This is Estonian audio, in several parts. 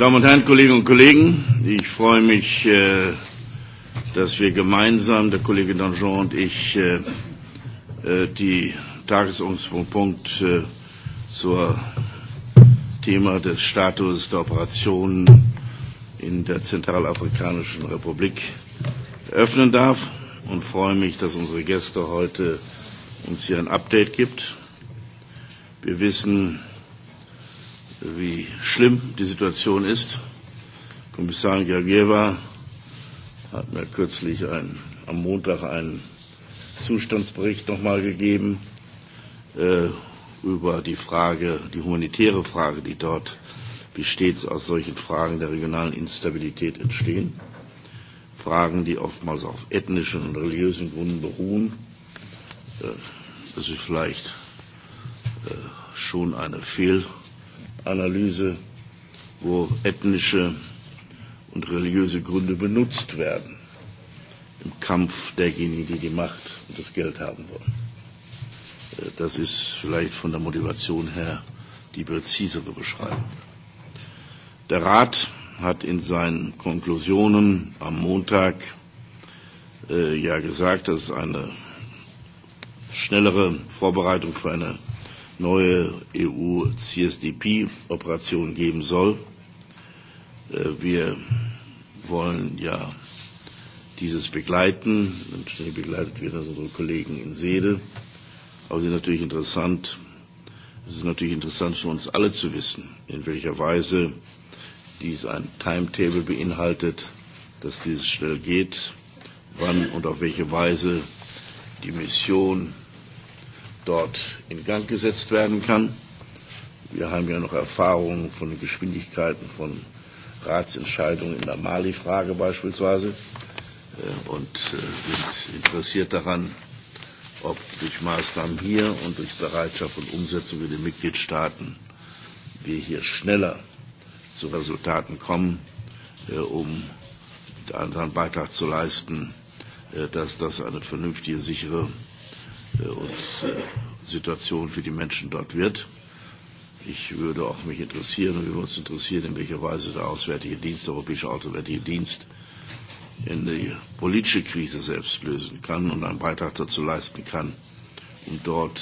Damen und Herren, Kolleginnen und Kollegen, ich freue mich, äh, dass wir gemeinsam, der Kollege Danjean und ich, äh, äh die Tagesordnungspunkt äh, zur Thema des Status der Operationen in der Zentralafrikanischen Republik eröffnen darf und freue mich, dass unsere Gäste heute uns hier ein Update gibt. Wir wissen, wie schlimm die Situation ist. Kommissarin Georgieva hat mir kürzlich ein, am Montag einen Zustandsbericht nochmal gegeben äh, über die Frage, die humanitäre Frage, die dort wie stets aus solchen Fragen der regionalen Instabilität entstehen. Fragen, die oftmals auf ethnischen und religiösen Gründen beruhen. Äh, das ist vielleicht äh, schon eine Fehlentwicklung Analyse, wo ethnische und religiöse Gründe benutzt werden im Kampf derjenigen, die die Macht und das Geld haben wollen. Äh, das ist vielleicht von der Motivation her die präzisere Beschreibung. Der Rat hat in seinen Konklusionen am Montag äh, ja gesagt, dass es eine schnellere Vorbereitung für eine neue EU-CSDP-Operation geben soll. Äh, wir wollen ja dieses begleiten. Natürlich begleitet wird das unsere Kollegen in Sede. Aber es ist natürlich interessant, es ist natürlich interessant für uns alle zu wissen, in welcher Weise dies ein Timetable beinhaltet, dass dieses schnell geht, wann und auf welche Weise die Mission dort in Gang gesetzt werden kann. Wir haben ja noch Erfahrungen von den Geschwindigkeiten von Ratsentscheidungen in der Mali-Frage beispielsweise äh, und äh, sind interessiert daran, ob durch Maßnahmen hier und durch Bereitschaft und Umsetzung in den Mitgliedstaaten wir hier schneller zu Resultaten kommen, äh, um einen Beitrag zu leisten, äh, dass das eine vernünftige, sichere uns äh, Situation für die Menschen dort wird. Ich würde auch mich interessieren und wir würden uns interessieren, in welcher Weise der Auswärtige Dienst, der Europäische Auswärtige Dienst, in die politische Krise selbst lösen kann und einen Beitrag dazu leisten kann, um dort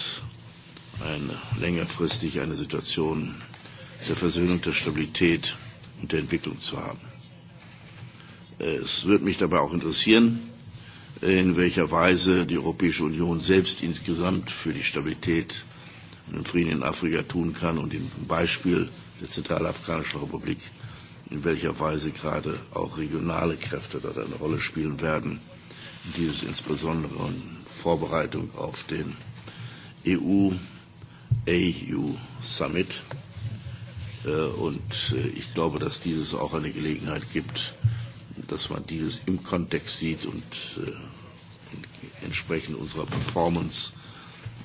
eine, längerfristig eine Situation der Versöhnung, der Stabilität und der Entwicklung zu haben. Äh, es würde mich dabei auch interessieren, in welcher Weise die Europäische Union selbst insgesamt für die Stabilität und den Frieden in Afrika tun kann und im Beispiel der Zentralafrikanischen Republik, in welcher Weise gerade auch regionale Kräfte dort eine Rolle spielen werden. Dieses insbesondere in Vorbereitung auf den EU-AU-Summit. E äh, und äh, ich glaube, dass dieses auch eine Gelegenheit gibt, dass man dieses im Kontext sieht und äh, entsprechend unserer Performance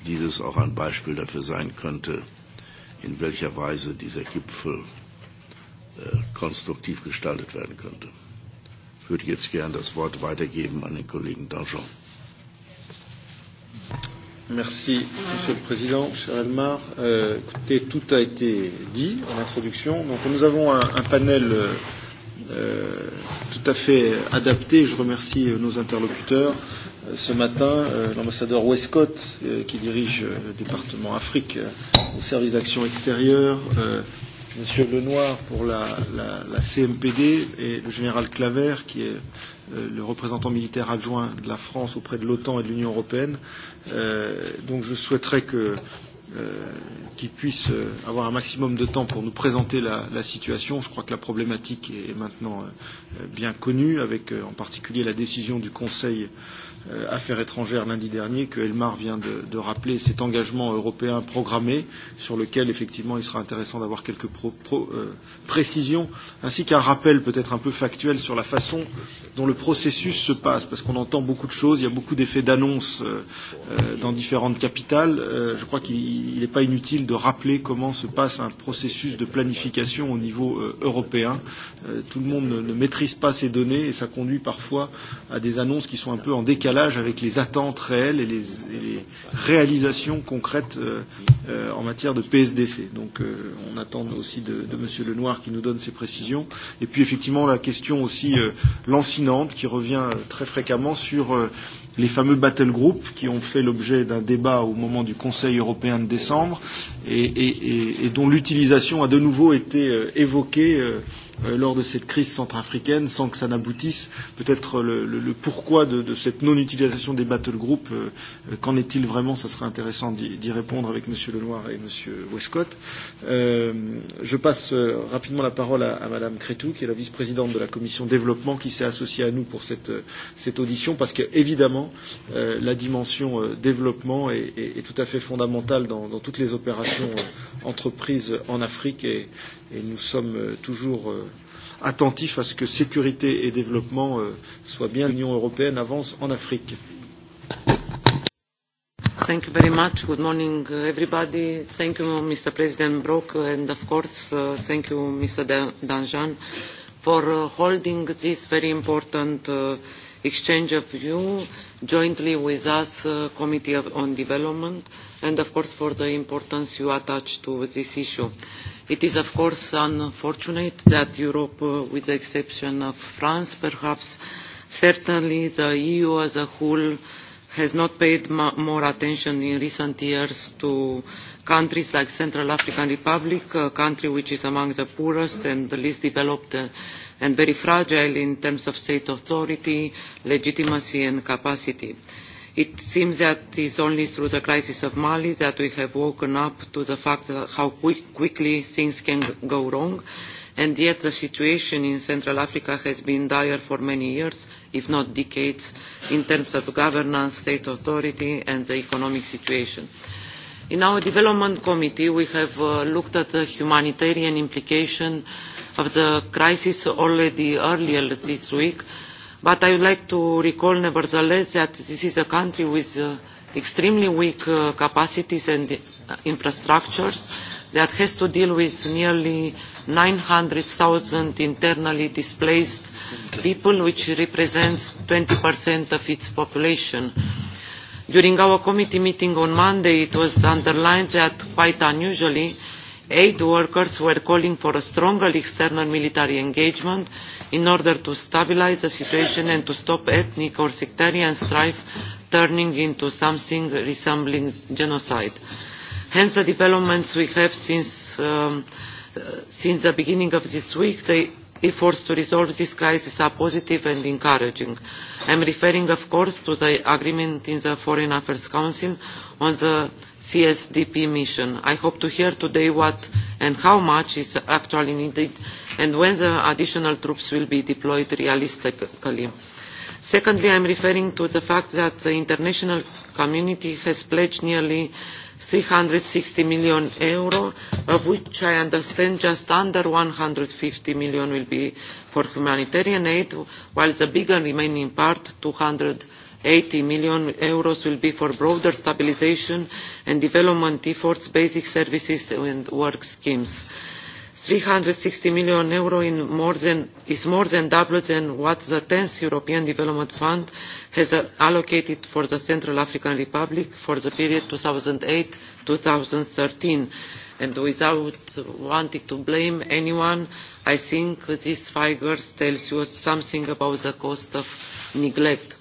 dieses auch ein Beispiel dafür sein könnte, in welcher Weise dieser Gipfel äh, konstruktiv gestaltet werden könnte. Ich würde jetzt gern das Wort weitergeben an den Kollegen Dangean. Merci, Monsieur le Président, cher Elmar. Euh, écoutez, tout a été dit en introduction. Donc, nous avons un, un panel euh, euh, tout à fait adaptée. Je remercie euh, nos interlocuteurs. Euh, ce matin, euh, l'ambassadeur Westcott, euh, qui dirige euh, le département Afrique euh, au service d'action extérieure, euh, Monsieur Lenoir pour la, la, la CMPD et le général Claver, qui est euh, le représentant militaire adjoint de la France auprès de l'OTAN et de l'Union européenne. Euh, donc je souhaiterais que Euh, qui puisse euh, avoir un maximum de temps pour nous présenter la, la situation. Je crois que la problématique est maintenant euh, bien connue, avec en particulier la décision du Conseil euh, euh, Affaires étrangères lundi dernier que Elmar vient de, de rappeler cet engagement européen programmé sur lequel effectivement il sera intéressant d'avoir quelques pro, pro, euh, précisions ainsi qu'un rappel peut-être un peu factuel sur la façon dont le processus se passe parce qu'on entend beaucoup de choses, il y a beaucoup d'effets d'annonce euh, euh, dans différentes capitales. Euh, je crois qu'il n'est pas inutile de rappeler comment se passe un processus de planification au niveau euh, européen. Euh, tout le monde ne, ne maîtrise pas ces données et ça conduit parfois à des annonces qui sont un peu en décalage décalage avec les attentes réelles et les, et les réalisations concrètes euh, euh, en matière de PSDC. Donc euh, on attend aussi de, de M. Lenoir qui nous donne ces précisions. Et puis effectivement la question aussi euh, lancinante qui revient euh, très fréquemment sur euh, les fameux battle groups qui ont fait l'objet d'un débat au moment du Conseil européen de décembre et, et, et, et dont l'utilisation a de nouveau été euh, évoquée euh, euh lors de cette crise centrafricaine sans que ça n'aboutisse. Peut-être le, le, le pourquoi de, de cette non-utilisation des battle groups, euh, euh qu'en est-il vraiment Ça serait intéressant d'y répondre avec M. Lenoir et M. Westcott. Euh, je passe euh, rapidement la parole à, à Mme Crétou, qui est la vice-présidente de la commission développement, qui s'est associée à nous pour cette, cette audition, parce que, évidemment, évidemment, euh, la dimension euh, développement est, est, est tout à fait fondamentale dans, dans toutes les opérations euh, entreprises en Afrique et, et nous sommes euh, toujours euh, attentifs à ce que sécurité et développement euh, soient bien l'Union européenne avance en Afrique. Thank you very much. Good morning, uh, everybody. Thank you, Mr. President Brok, and of course, uh, thank you, Mr. Dan Danjan, for uh, holding this very important uh, exchange of view jointly with us, uh, Committee of, on Development, and of course for the importance you attach to this issue. It is of course unfortunate that Europe, uh, with the exception of France perhaps, certainly the EU as a whole has not paid more attention in recent years to countries like Central African Republic, a country which is among the poorest and the least developed uh, and very fragile in terms of state authority, legitimacy and capacity. It seems that it's only through the crisis of Mali that we have woken up to the fact that how quick, quickly things can go wrong, and yet the situation in Central Africa has been dire for many years, if not decades, in terms of governance, state authority, and the economic situation. In our development committee, we have uh, looked at the humanitarian implication uh, of the crisis already earlier this week. But I would like to recall nevertheless that this is a country with uh, extremely weak uh, capacities and uh, infrastructures that has to deal with nearly 900,000 internally displaced people, which represents 20% of its population. During our committee meeting on Monday, it was underlined that, quite unusually, uh, aid workers were calling for a stronger external military engagement in order to stabilise the situation and to stop ethnic or sectarian strife turning into something resembling genocide. Hence the developments we have since, um, uh, since the beginning of this week, they efforts to resolve this crisis are positive and encouraging. i am referring of course to the agreement in the foreign affairs council on the csdp mission. i hope to hear today what and how much is actually needed and when the additional troops will be deployed realistically. secondly i am referring to the fact that the international community has pledged nearly eur 360 million euro, of which I understand just under 150 million will be for humanitarian aid, while the bigger remaining part, 280 million euros, will be for broader stabilization and development efforts, basic services and work schemes. Uh, 360 million euro in more than, is more than double than what the 10th European Development Fund has allocated for the Central African Republic for the period 2008-2013. And without wanting to blame anyone, I think these figures tell you something about the cost of neglect.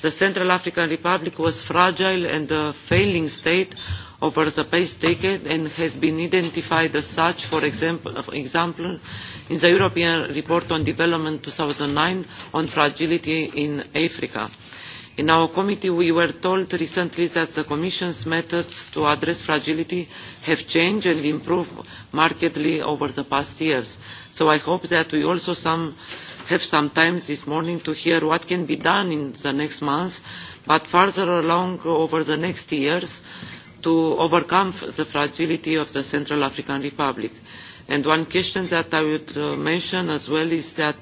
The Central African Republic was fragile and a failing state over the past decade and has been identified as such, for example, for example in the European Report on Development 2009 on fragility in Africa. In our committee, we were told recently that the Commission's methods to address fragility have changed and improved markedly over the past years. So I hope that we also some, have some time this morning to hear what can be done in the next months, but further along over the next years, to overcome the fragility of the Central African Republic. And one question that I would uh, mention as well is that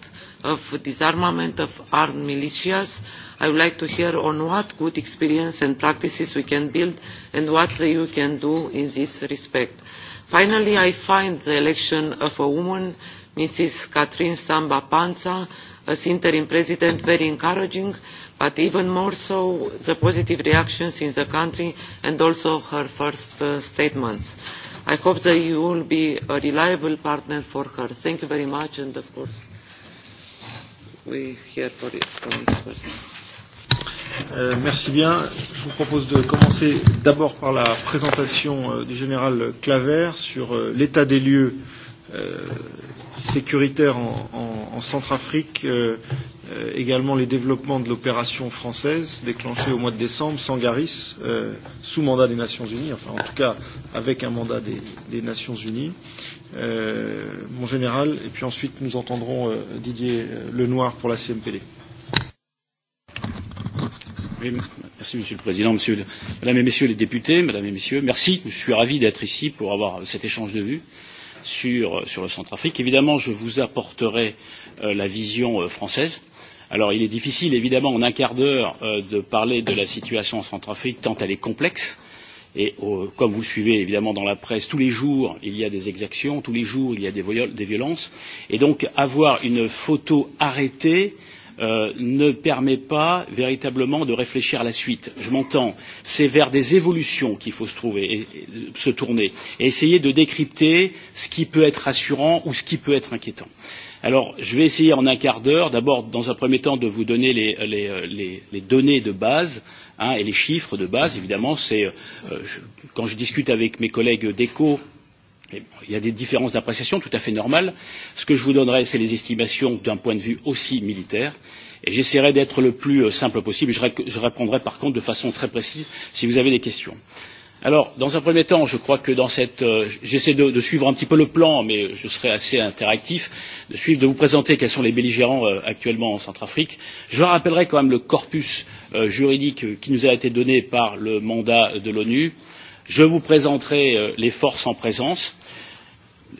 of disarmament of armed militias. I would like to hear on what good experience and practices we can build and what the EU can do in this respect. Finally, I find the election of a woman, Mrs. Catherine Samba Panza, as interim president very encouraging but even more so the positive reactions in the country and also her first uh, statements. I hope the EU will be a reliable partner for her. Thank you very much, and of course, we hear for it from experts. Euh, merci bien. Je vous propose de commencer d'abord par la présentation euh, du général Claver sur euh, l'état des lieux euh, sécuritaire en, en, en Centrafrique euh, euh, également les développements de l'opération française déclenchée au mois de décembre, Sangaris, euh, sous mandat des Nations Unies, enfin en tout cas avec un mandat des, des Nations Unies. Euh, mon général, et puis ensuite nous entendrons euh, Didier euh, Lenoir pour la CMPD. Oui, merci Monsieur le Président, monsieur, Madame et Messieurs les députés, Madame et Messieurs, merci. Je suis ravi d'être ici pour avoir cet échange de vues. Euh, sur, sur le Centrafrique. Évidemment, je vous apporterai euh, la vision euh, française. Alors, il est difficile, évidemment, en un quart d'heure, euh, de parler de la situation en Centrafrique, tant elle est complexe. Et euh, comme vous le suivez évidemment dans la presse, tous les jours il y a des exactions, tous les jours il y a des, viol des violences. Et donc avoir une photo arrêtée euh, euh, ne permet pas véritablement de réfléchir à la suite. Je m'entends, c'est vers des évolutions qu'il faut se, trouver, et, et, se tourner et essayer de décrypter ce qui peut être rassurant ou ce qui peut être inquiétant. Alors, je vais essayer en un quart d'heure, d'abord, dans un premier temps, de vous donner les, les, les, les données de base hein, et les chiffres de base. Évidemment, c'est euh, je, quand je discute avec mes collègues d'ECO, Et il y a des différences d'appréciation tout à fait normales. Ce que je vous donnerai, c'est les estimations d'un point de vue aussi militaire. Et j'essaierai d'être le plus euh, simple possible. Je, ré je répondrai par contre de façon très précise si vous avez des questions. Alors, dans un premier temps, je crois que dans cette, euh, j'essaie de, de suivre un petit peu le plan, mais je serai assez interactif, de suivre, de vous présenter quels sont les belligérants euh, actuellement en Centrafrique. Je rappellerai quand même le corpus euh, juridique euh, qui nous a été donné par le mandat de l'ONU. Euh, je vous présenterai euh, les forces en présence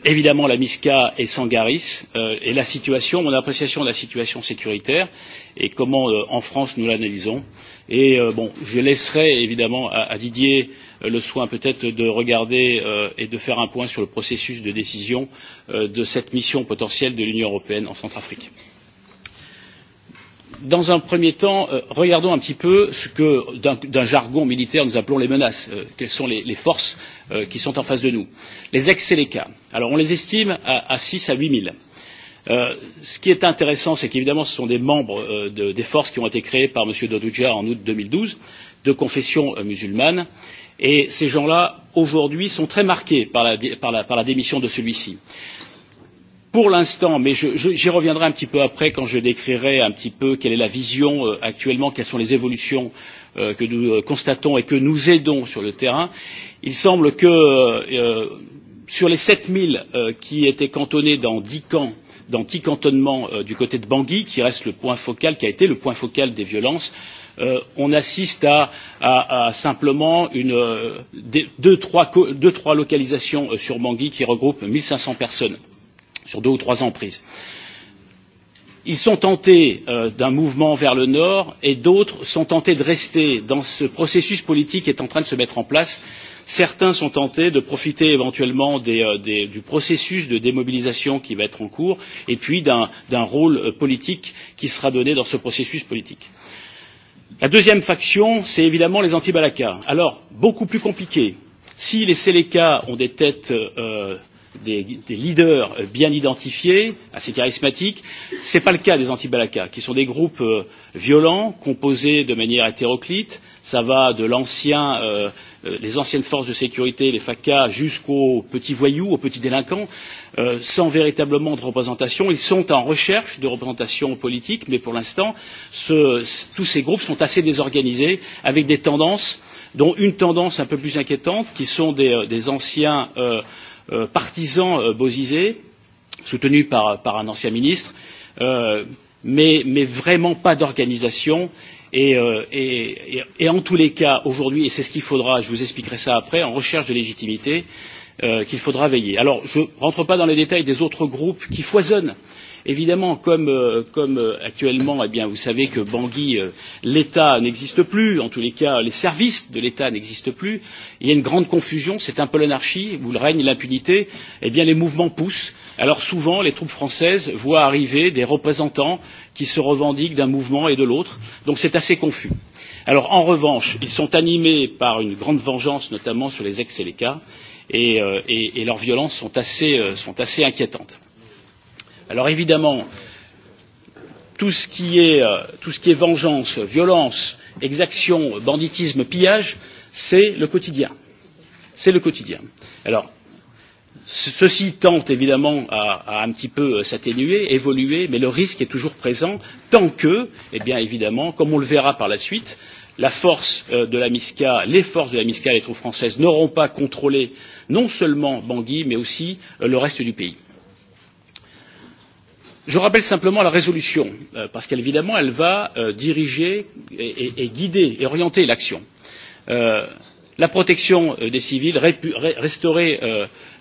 évidemment la misca et sangaris euh, et la situation mon appréciation de la situation sécuritaire et comment euh, en france nous l'analysons et bon je laisserai évidemment à, à didier le soin peut être de regarder euh, et de faire un point sur le processus de décision euh, de cette mission potentielle de l'union européenne en centrafrique dans un premier temps euh, regardons un petit peu ce que d'un jargon militaire nous appelons les menaces euh, quelles sont les, les forces euh, qui sont en face de nous les ex seleka alors on les estime à six à huit mille euh, ce qui est intéressant, c'est qu'évidemment, ce sont des membres euh, de, des forces qui ont été créées par M. Dodouja en août 2012, de confession euh, musulmane, et ces gens-là, aujourd'hui, sont très marqués par la, par la, par la démission de celui-ci. Euh, pour l'instant mais j'y reviendrai un petit peu après quand je décrirai un petit peu quelle est la vision euh, actuellement quelles sont les évolutions euh, que nous euh, constatons et que nous aidons sur le terrain il semble que euh, euh, sur les sept mille euh, qui étaient cantonnés dans dix camps dans dix cantonnements du côté de bangui qui reste le point focal qui a été le point focal des violences euh, on assiste à, à, à simplement une, euh, deux, trois, deux trois localisations euh, sur Bangui qui regroupent 1500 personnes. Euh, sur deux ou trois emprises. Ils sont tentés euh, d'un mouvement vers le nord et d'autres sont tentés de rester dans ce processus politique qui est en train de se mettre en place. Certains sont tentés de profiter éventuellement des, euh, des, du processus de démobilisation qui va être en cours et puis d'un rôle euh, politique qui sera donné dans ce processus politique. La deuxième faction, c'est évidemment les anti-Balaka. Alors, beaucoup plus compliqué. Si les Séléka ont des têtes euh, des, des leaders bien identifiés, assez charismatiques. Ce n'est pas le cas des anti-Balaka, qui sont des groupes euh, violents, composés de manière hétéroclite. Ça va de l'ancien, euh, euh les anciennes forces de sécurité, les FACA, jusqu'aux petits voyous, aux petits délinquants, euh, sans véritablement de représentation. Ils sont en recherche de représentation politique, mais pour l'instant, ce, tous ces groupes sont assez désorganisés, avec des tendances, dont une tendance un peu plus inquiétante, qui sont des, euh, des anciens euh, euh, partisan euh, Bozizé, soutenu par, par un ancien ministre, euh, mais, mais vraiment pas d'organisation. Et, euh, et, et, et en tous les cas, aujourd'hui, et c'est ce qu'il faudra, je vous expliquerai ça après, en recherche de légitimité, euh, qu'il faudra veiller. Alors, je ne rentre pas dans les détails des autres groupes qui foisonnent. Euh, Évidemment, comme, euh, comme euh, actuellement, eh bien, vous savez que Bangui, euh, l'État n'existe plus, en tous les cas, les services de l'État n'existent plus, il y a une grande confusion, c'est un peu l'anarchie, où le règne l'impunité, eh bien, les mouvements poussent. Alors souvent, les troupes françaises voient arriver des représentants qui se revendiquent d'un mouvement et de l'autre, donc c'est assez confus. Alors, en revanche, ils sont animés par une grande vengeance, notamment sur les ex et les cas, et, euh, et, et leurs violences sont assez, euh, sont assez inquiétantes alors évidemment tout ce qui est, euh, tout ce qui est vengeance violence exaction banditisme pillage c'est le quotidien c'est le quotidien. alors ceci tente évidemment à, à un petit peu euh, s'atténuer évoluer mais le risque est toujours présent tant que eh bien évidemment comme on le verra par la suite la force euh, de la MISCA, les forces de la MISCA et les troupes françaises n'auront pas contrôlé non seulement Bangui, mais aussi le reste du pays je rappelle simplement la résolution euh, parce qu'évidemment elle va euh, diriger et, et, et guider et orienter l'action euh, la protection des civils restaurer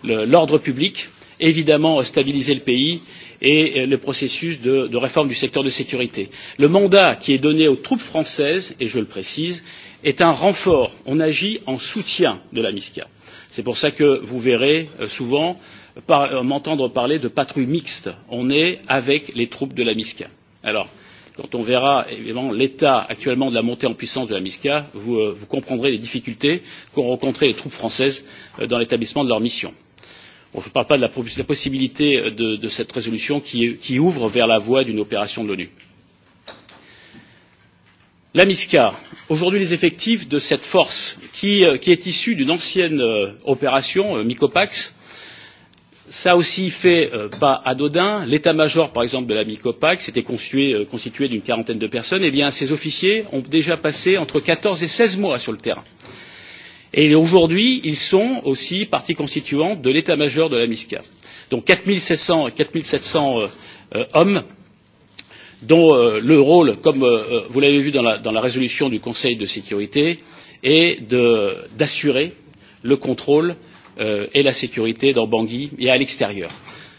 l'ordre public évidemment stabiliser le pays et le processus de, de réforme du secteur de sécurité. le mandat qui est donné aux troupes françaises et je le précise est un renfort on agit en soutien de la misca. c'est pour cela que vous verrez souvent euh, par, euh, m'entendre parler de patrouille mixte. On est avec les troupes de la MISCA. Alors, quand on verra évidemment l'état actuellement de la montée en puissance de la MISCA, vous, euh, vous comprendrez les difficultés qu'ont rencontrées les troupes françaises euh, dans l'établissement de leur mission. Bon, je ne parle pas de la, de la possibilité euh, de, de cette résolution qui, qui ouvre vers la voie d'une opération de l'ONU. La MISCA, aujourd'hui les effectifs de cette force qui, euh, qui est issue d'une ancienne opération, MICOPAX, Ça aussi fait euh, pas anodin. L'état-major, par exemple, de la MICOPAC, c'était constitué, euh, constitué d'une quarantaine de personnes. Eh bien, ces officiers ont déjà passé entre 14 et 16 mois sur le terrain. Et aujourd'hui, ils sont aussi partie constituante de l'état-major de la MISCA. Donc 4700, 4700 euh, euh, hommes dont euh, le rôle, comme euh, euh, vous l'avez vu dans la, dans la résolution du Conseil de sécurité, est d'assurer le contrôle euh, euh, et la sécurité dans Bangui et à l'extérieur.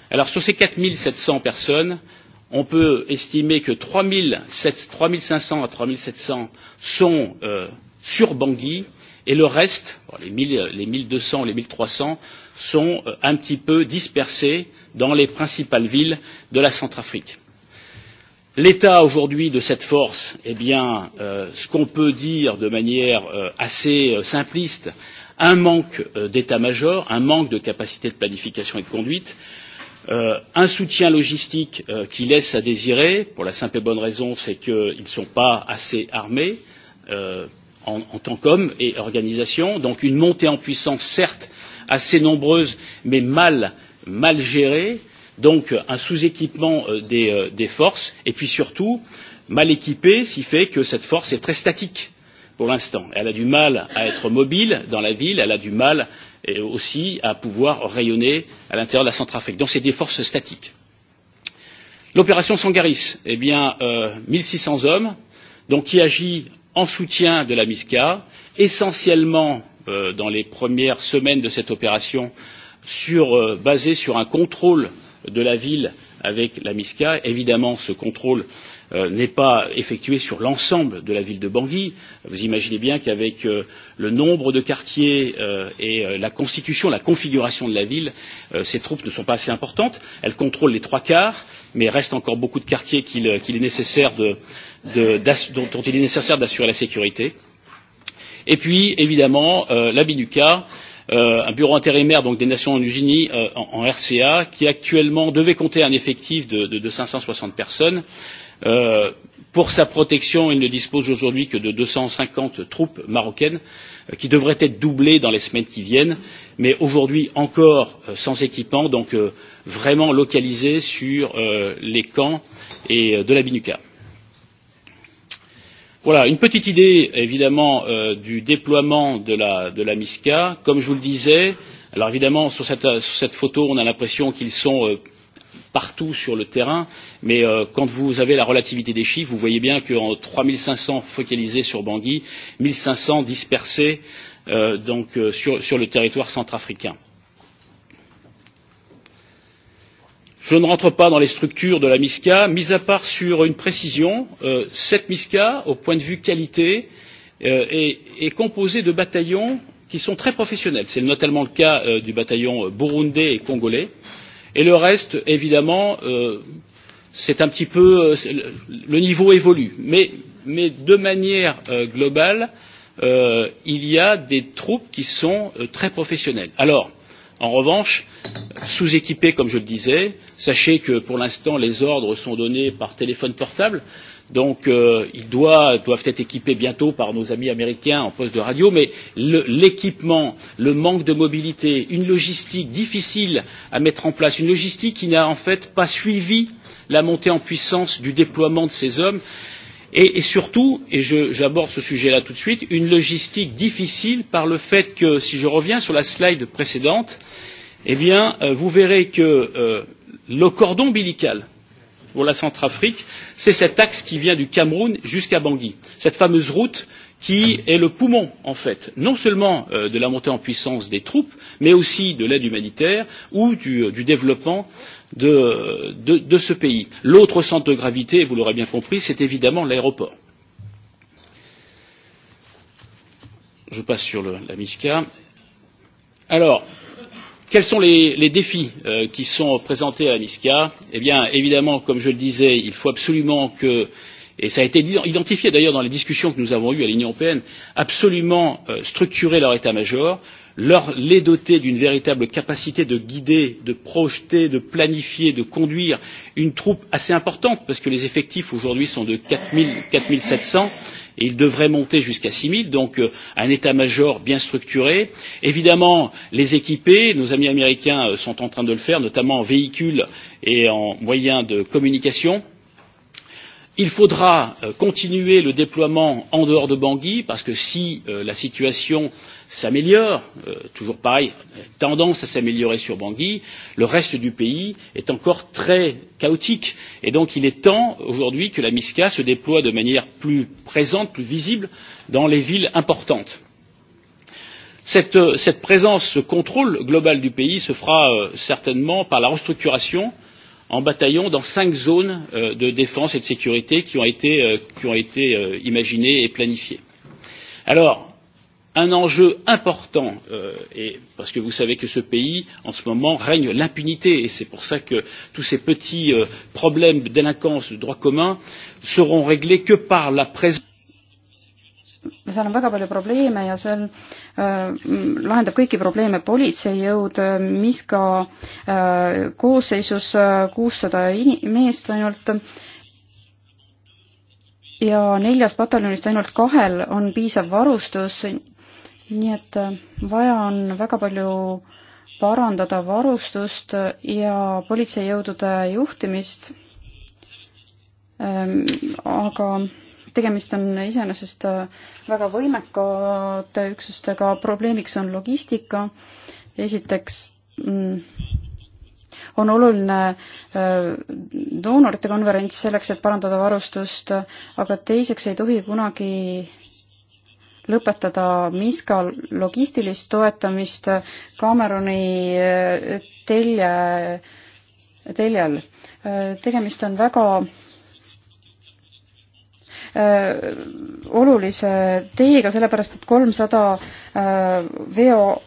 Alors sur ces 4 700 personnes, on peut estimer que 3 500 à 3 700 sont euh, sur Bangui et le reste, les 1 les 200, les 1 300, sont euh, un petit peu dispersés dans les principales villes de la Centrafrique. L'état aujourd'hui de cette force, eh bien, euh, ce qu'on peut dire de manière euh, assez euh, simpliste, euh, un manque euh, d'état major un manque de capacité de planification et de conduite euh, un soutien logistique euh, qui laisse à désirer pour la simple et bonne raison c'est qu'ils ne sont pas assez armés euh, en, en tant qu'hommes et organisations donc une montée en puissance certes assez nombreuse mais mal, mal gérée donc un sous équipement euh, des, euh, des forces et puis surtout mal équipée ce qui fait que cette force est très statique pour l'instant. Elle a du mal à être mobile dans la ville, elle a du mal et aussi à pouvoir rayonner à l'intérieur de la Centrafrique. Donc c'est des forces statiques. L'opération Sangaris, eh bien, euh, 1600 hommes, donc qui agit en soutien de la MISCA, essentiellement euh, dans les premières semaines de cette opération, sur, euh, basée sur un contrôle de la ville avec la MISCA. Évidemment, ce contrôle euh, Euh, n'est pas effectué sur l'ensemble de la ville de Bangui. Vous imaginez bien qu'avec euh, le nombre de quartiers euh, et euh, la constitution, la configuration de la ville, euh, ces troupes ne sont pas assez importantes. Elles contrôlent les trois quarts, mais reste encore beaucoup de quartiers qu'il euh, qu est nécessaire de, de, dont, dont il est nécessaire d'assurer la sécurité. Et puis, évidemment, euh, la BINUCA, euh, un bureau intérimaire donc des Nations Unies euh, en, en RCA, qui actuellement devait compter un effectif de, de, de 560 personnes, euh, Euh, pour sa protection, il ne dispose aujourd'hui que de 250 troupes marocaines, euh, qui devraient être doublées dans les semaines qui viennent, mais aujourd'hui encore euh, sans équipement, donc euh, vraiment localisées sur euh, les camps et euh, de la Binuca. Voilà, une petite idée évidemment euh, du déploiement de la, de la MISCA. Comme je vous le disais, alors évidemment sur cette, sur cette photo on a l'impression qu'ils sont euh, partout sur le terrain, mais euh, quand vous avez la relativité des chiffres, vous voyez bien qu'en 3500 focalisés sur Bangui, 1500 dispersés euh, donc, euh, sur, sur le territoire centrafricain. Je ne rentre pas dans les structures de la MISCA, mis à part sur une précision, euh, cette MISCA, au point de vue qualité, euh, est, est composée de bataillons qui sont très professionnels. C'est notamment le cas euh, du bataillon burundais et congolais. Euh, et le reste évidemment euh, c'est un petit peu le niveau évolue mais, mais de manière euh, globale euh, il y a des troupes qui sont euh, très professionnelles. alors en revanche sous équipées comme je le disais sachez que pour l'instant les ordres sont donnés par téléphone portable mais Donc euh, ils doivent, doivent être équipés bientôt par nos amis américains en poste de radio, mais l'équipement, le, le manque de mobilité, une logistique difficile à mettre en place, une logistique qui n'a en fait pas suivi la montée en puissance du déploiement de ces hommes et, et surtout et j'aborde ce sujet là tout de suite une logistique difficile par le fait que si je reviens sur la slide précédente eh bien euh, vous verrez que euh, le cordon ombilical pour la Centrafrique, c'est cet axe qui vient du Cameroun jusqu'à Bangui, cette fameuse route qui est le poumon, en fait, non seulement euh, de la montée en puissance des troupes, mais aussi de l'aide humanitaire ou du, euh, du développement de, de, de ce pays. L'autre centre de gravité, vous l'aurez bien compris, c'est évidemment l'aéroport. Je passe sur le, la MISCA. Alors, Quels sont les, les défis euh, qui sont présentés à l'ISCA Eh bien, évidemment, comme je le disais, il faut absolument que, et ça a été identifié d'ailleurs dans les discussions que nous avons eues à l'Union européenne, absolument euh, structurer leur état-major, leur, les doter d'une véritable capacité de guider, de projeter, de planifier, de conduire une troupe assez importante, parce que les effectifs aujourd'hui sont de 4 700 et il devrait monter jusqu'à six zéro donc euh, un état major bien structuré. évidemment les équiper nos amis américains euh, sont en train de le faire notamment en véhicules et en moyens de communication il faudra euh, continuer le déploiement en dehors de bangui parce que si euh, la situation s'améliore euh, toujours pareil tendance à s'améliorer sur bangui le reste du pays est encore très chaotique et donc il est temps aujourd'hui que la misca se déploie de manière plus présente plus visible dans les villes importantes. cette, cette présence ce contrôle global du pays se fera certainement par la restructuration euh, en bataillon dans cinq zones euh, de défense et de sécurité qui ont été, euh, qui ont été euh, imaginées et planifiées. Alors, un enjeu important, euh, et parce que vous savez que ce pays, en ce moment, règne l'impunité, et c'est pour ça que tous ces petits euh, problèmes de délinquance, de droit commun, seront réglés que par la présence seal on väga palju probleeme ja seal äh, lahendab kõiki probleeme politseijõud, äh, mis ka äh, koosseisus äh, kuussada äh, meest ainult ja neljast pataljonist ainult kahel on piisav varustus, nii et äh, vaja on väga palju parandada varustust ja politseijõudude juhtimist ähm,, aga tegemist on iseenesest äh, väga võimekate üksustega, probleemiks on logistika, esiteks mm, on oluline äh, doonorite konverents selleks, et parandada varustust, aga teiseks ei tohi kunagi lõpetada Minska logistilist toetamist Cameroni äh, telje, teljel. tegemist on väga Äh, olulise teega, sellepärast et kolmsada äh, veo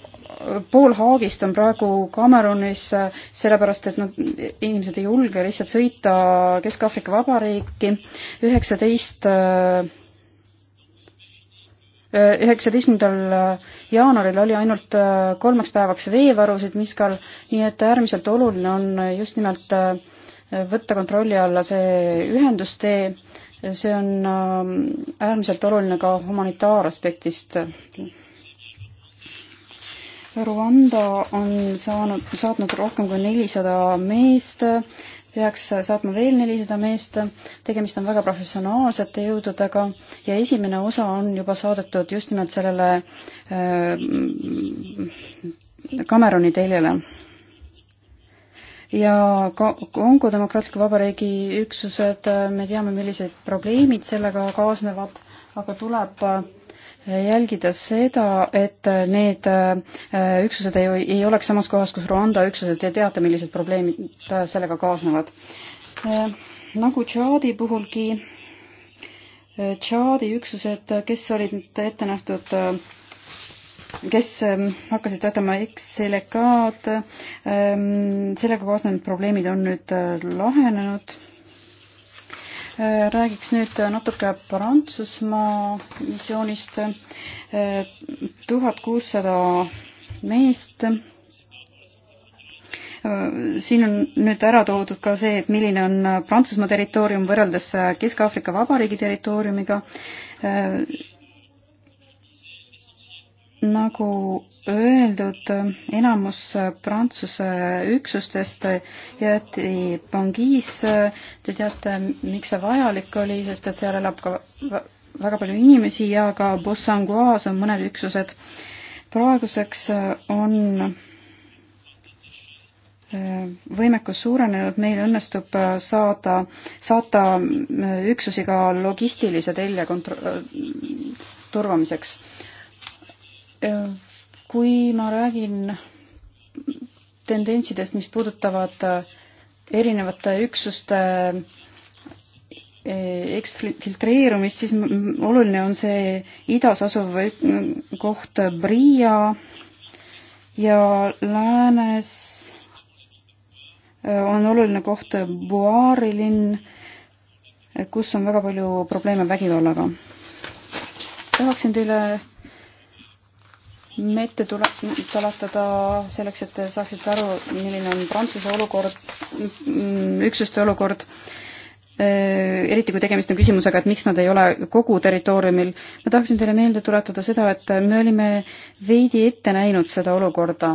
pool Haagist on praegu Kamerunis, äh, sellepärast et nad, inimesed ei julge lihtsalt sõita Kesk-Aafrika Vabariiki. üheksateist, üheksateistkümnendal jaanuaril oli ainult kolmeks päevaks veevarusid Miskal, nii et äärmiselt oluline on just nimelt võtta kontrolli alla see ühendustee see on ähm, äärmiselt oluline ka humanitaaraspektist. Rwanda on saanud, saatnud rohkem kui nelisada meest, peaks saatma veel nelisada meest, tegemist on väga professionaalsete jõududega ja esimene osa on juba saadetud just nimelt sellele äh, Cameroni teljele ja Kongo Demokraatliku Vabariigi üksused, äh, me teame, millised probleemid sellega kaasnevad, aga tuleb äh, jälgida seda, et äh, need üksused ei, ei oleks samas kohas, kus Rwanda üksused ja teate, millised probleemid sellega kaasnevad. nagu Tšaadi puhulgi, Tšaadi üksused, kes olid ette nähtud kes ähm, hakkasid töötama X-Selekaad, ähm, sellega kaasnenud probleemid on nüüd äh, lahenenud. Äh, räägiks nüüd äh, natuke Prantsusmaa missioonist. tuhat kuussada meest siin on nüüd ära toodud ka see, et milline on Prantsusmaa territoorium võrreldes Kesk-Aafrika Vabariigi territooriumiga nagu öeldud, enamus Prantsuse üksustest jäeti Pangisse. Te teate, miks see vajalik oli, sest et seal elab ka väga palju inimesi ja ka Bossangoas on mõned üksused. praeguseks on äh, võimekus suurenenud, meil õnnestub saada, saata äh, üksusi ka logistilise telje kontro-, äh, turvamiseks kui ma räägin tendentsidest, mis puudutavad äh, erinevate üksuste äh, eksfiltreerumist, siis oluline on see idas asuv äh, koht Bria ja läänes on oluline koht Buari linn, kus on väga palju probleeme vägivallaga. tahaksin teile mette tuletada selleks, et te saaksite aru, milline on Prantsuse olukord, mm, mm, üksuste olukord. Äh, eriti kui tegemist on küsimusega, et miks nad ei ole kogu territooriumil. ma tahaksin teile meelde tuletada seda, et me olime veidi ette näinud seda olukorda.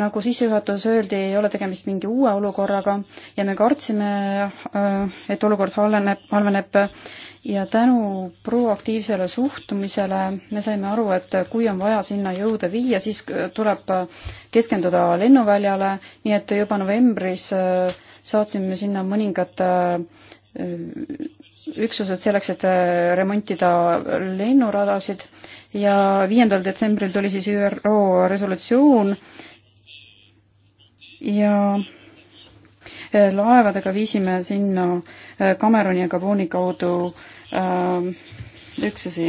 nagu sissejuhatuses öeldi, ei ole tegemist mingi uue olukorraga ja me kartsime, äh, et olukord halveneb, halveneb ja tänu proaktiivsele suhtumisele me saime aru, et kui on vaja sinna jõuda viia, siis tuleb keskenduda lennuväljale, nii et juba novembris äh, saatsime sinna mõningad üksused selleks, et äh, remontida lennuradasid ja viiendal detsembril tuli siis ÜRO resolutsioon ja äh, laevadega viisime sinna Kameruni äh, ja Gabooni kaudu üksusi.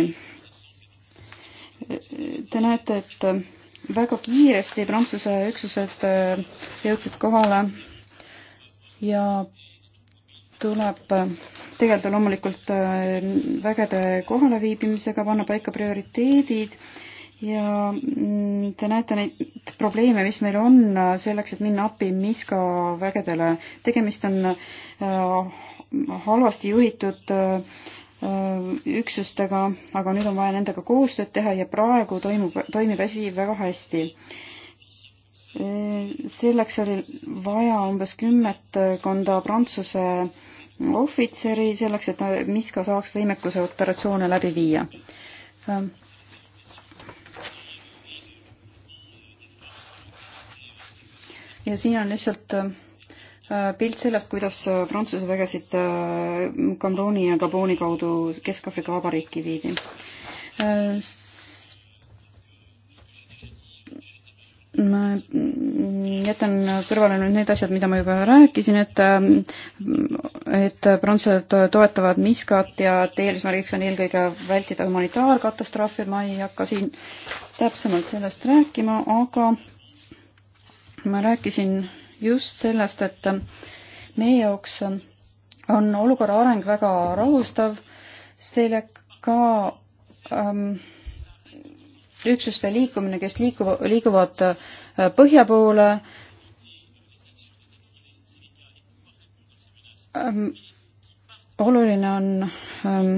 Te näete, et väga kiiresti Prantsuse üksused jõudsid kohale ja tuleb tegeleda loomulikult äh, vägede kohaleviibimisega, panna paika prioriteedid ja mm, te näete neid probleeme, mis meil on äh, selleks, et minna appi Miska vägedele. tegemist on äh, halvasti juhitud üksustega, aga nüüd on vaja nendega koostööd teha ja praegu toimub, toimib asi väga hästi selleks oli vaja umbes kümmet konda Prantsuse ohvitseri selleks, et Miska saaks võimekuse operatsioone läbi viia. ja siin on lihtsalt äh, pilt sellest, kuidas Prantsuse vägesid äh, Cameroni ja Gabooni kaudu Kesk-Aafrika Vabariiki viidi äh, ma jätan kõrvale nüüd need asjad, mida ma juba rääkisin, et et prantslased toetavad Miskat ja et eesmärgiks on eelkõige vältida humanitaarkatastroofi, ma ei hakka siin täpsemalt sellest rääkima, aga ma rääkisin just sellest, et meie jaoks on olukorra areng väga rahustav, sellega ähm, üksuste liikumine, kes liikuva, liiguvad äh, põhja poole. Ähm, oluline on ähm,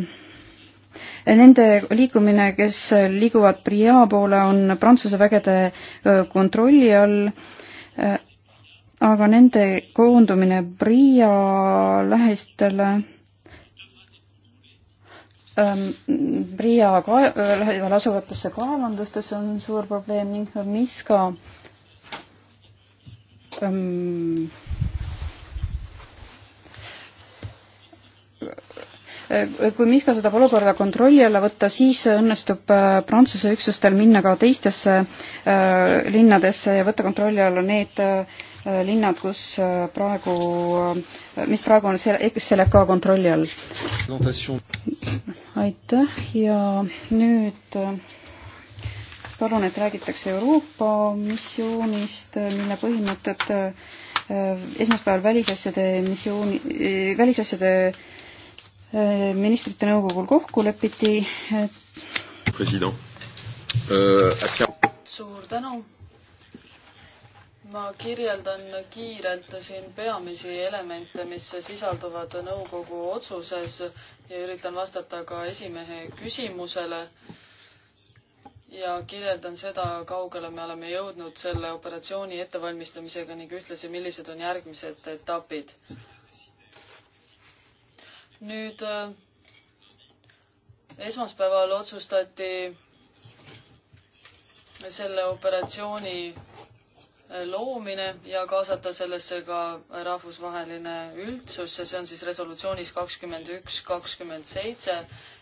nende liikumine, kes liiguvad Pria poole, on Prantsuse vägede äh, kontrolli all. Äh, aga nende koondumine Pria lähistele Ähm, Riia lähedal asuvatesse kaevandustesse on suur probleem ning mis ka ähm, äh, kui Miska suudab olukorda kontrolli alla võtta, siis õnnestub äh, Prantsuse üksustel minna ka teistesse äh, linnadesse ja võtta kontrolli alla need äh, linnad, kus äh, praegu, äh, mis praegu on XLK kontrolli all. aitäh ja nüüd äh, palun, et räägitakse Euroopa missioonist, mille põhimõtted esmaspäeval välisasjade missiooni, välisasjade ministrite nõukogul kokku lepiti. president äh,. suur tänu ma kirjeldan kiirelt siin peamisi elemente, mis sisalduvad nõukogu otsuses ja üritan vastata ka esimehe küsimusele. ja kirjeldan seda, kaugele me oleme jõudnud selle operatsiooni ettevalmistamisega ning ühtlasi, millised on järgmised etapid. nüüd äh, esmaspäeval otsustati selle operatsiooni loomine ja kaasata sellesse ka rahvusvaheline üldsus ja see on siis resolutsioonis kakskümmend üks, kakskümmend seitse,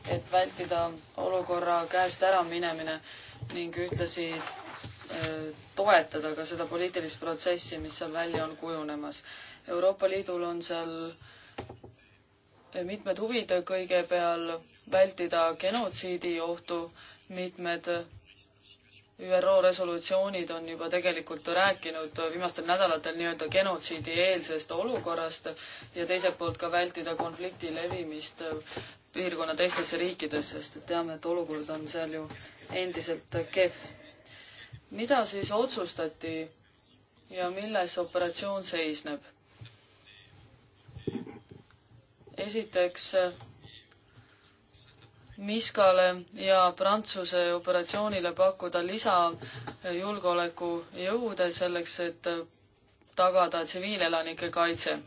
et vältida olukorra käest äraminemine ning ühtlasi äh, toetada ka seda poliitilist protsessi, mis seal välja on kujunemas. Euroopa Liidul on seal äh, mitmed huvid, kõigepeal vältida genotsiidi ohtu, mitmed ÜRO resolutsioonid on juba tegelikult rääkinud viimastel nädalatel nii-öelda genotsiidieelsest olukorrast ja teiselt poolt ka vältida konflikti levimist piirkonna teistesse riikidesse, sest et teame, et olukord on seal ju endiselt kehv. mida siis otsustati ja milles operatsioon seisneb? esiteks Miskale ja Prantsuse operatsioonile pakkuda lisajulgeolekujõude selleks, et tagada tsiviilelanike kaitse.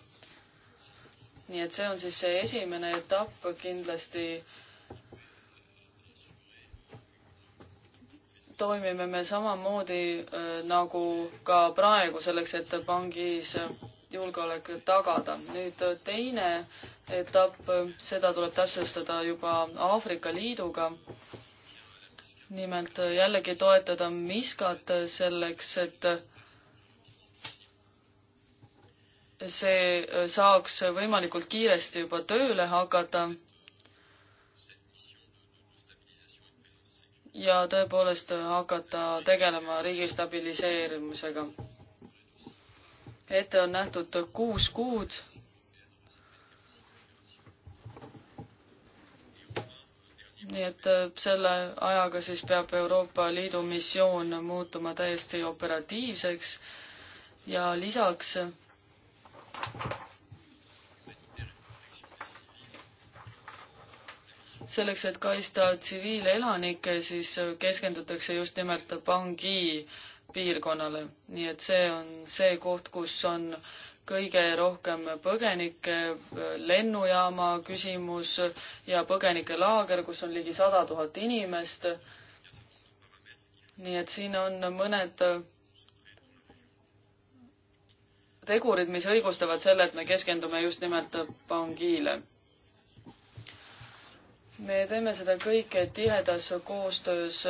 nii et see on siis see esimene etapp kindlasti toimime me samamoodi äh, nagu ka praegu selleks, et pangis julgeolek tagada. nüüd äh, teine etapp, seda tuleb täpsustada juba Aafrika Liiduga. nimelt jällegi toetada Miskat selleks, et see saaks võimalikult kiiresti juba tööle hakata. ja tõepoolest hakata tegelema riigi stabiliseerimisega. ette on nähtud kuus kuud nii et äh, selle ajaga siis peab Euroopa Liidu missioon muutuma täiesti operatiivseks ja lisaks selleks, et kaitsta tsiviilelanikke, siis keskendutakse just nimelt Bangi piirkonnale, nii et see on see koht, kus on äh, kõige rohkem põgenikke, lennujaama küsimus ja põgenikelaager, kus on ligi sada tuhat inimest. nii et siin on mõned tegurid, mis õigustavad selle, et me keskendume just nimelt Bangile. me teeme seda kõike tihedas koostöös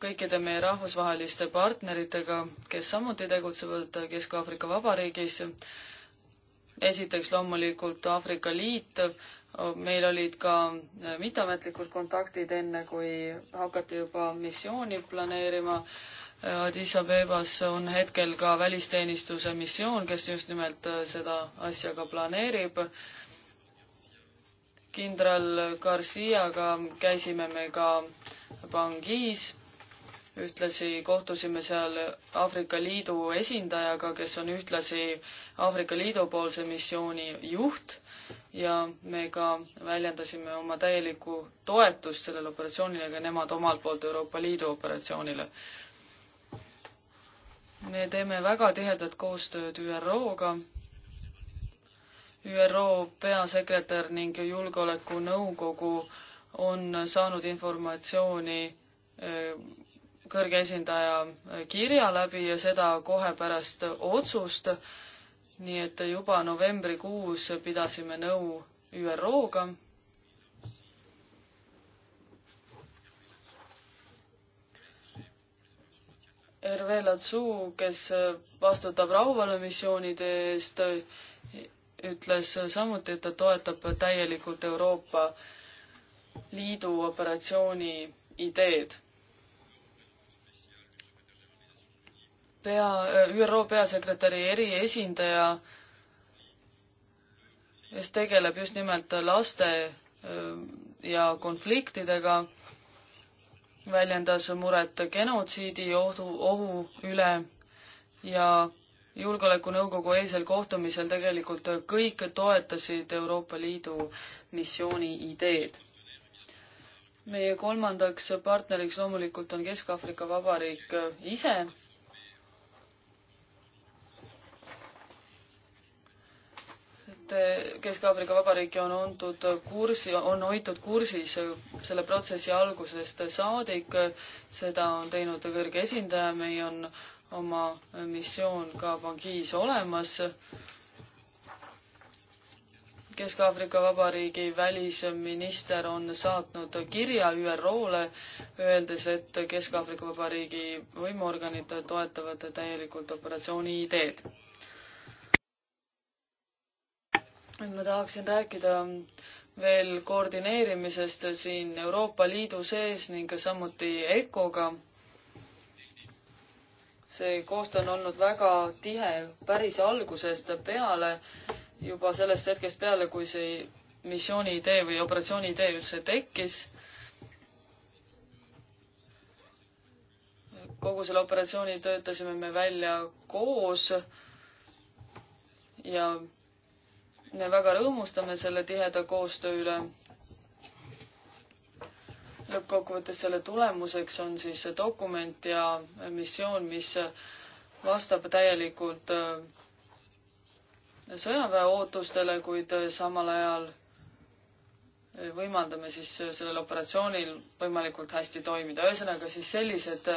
kõikide meie rahvusvaheliste partneritega, kes samuti tegutsevad Kesk-Aafrika Vabariigis esiteks loomulikult Aafrika Liit, meil olid ka äh, mitteametlikud kontaktid enne, kui hakati juba missiooni planeerima. Äh, Addis Abebas on hetkel ka välisteenistuse missioon, kes just nimelt äh, seda asja ka planeerib. kindral Garciaga käisime me ka Bangis ühtlasi kohtusime seal Aafrika Liidu esindajaga, kes on ühtlasi Aafrika Liidu poolse missiooni juht ja me ka väljendasime oma täielikku toetust sellele operatsioonile, ka nemad omalt poolt Euroopa Liidu operatsioonile. me teeme väga tihedat koostööd ÜRO-ga, ÜRO peasekretär ning Julgeolekunõukogu on saanud informatsiooni kõrge esindaja kirja läbi ja seda kohe pärast otsust. nii et juba novembrikuus pidasime nõu ÜRO-ga. Hervé Latsou, kes vastutab rahuvalvemissioonide eest, ütles samuti, et ta toetab täielikult Euroopa Liidu operatsiooni ideed pea, ÜRO peasekretäri eriesindaja, kes tegeleb just nimelt laste ja konfliktidega, väljendas muret genotsiidi ohu, ohu üle ja julgeolekunõukogu eilsel kohtumisel tegelikult kõik toetasid Euroopa Liidu missiooni ideed. meie kolmandaks partneriks loomulikult on Kesk-Aafrika Vabariik ise et Kesk-Aafrika Vabariik on antud kursi, on hoitud kursis selle protsessi algusest saadik, seda on teinud kõrge esindaja, meil on oma missioon ka Bangis olemas. Kesk-Aafrika Vabariigi välisminister on saatnud kirja ÜRO-le, öeldes, et Kesk-Aafrika Vabariigi võimuorganid toetavad täielikult operatsiooni ideed et ma tahaksin rääkida veel koordineerimisest siin Euroopa Liidu sees ning samuti ECO-ga. see koostöö on olnud väga tihe päris algusest peale, juba sellest hetkest peale, kui see missiooni idee või operatsiooni idee üldse tekkis. kogu selle operatsiooni töötasime me välja koos ja me väga rõõmustame selle tiheda koostöö üle. lõppkokkuvõttes selle tulemuseks on siis see dokument ja missioon, mis vastab täielikult äh, sõjaväe ootustele, kuid äh, samal ajal äh, võimaldame siis sellel operatsioonil võimalikult hästi toimida. ühesõnaga siis sellised,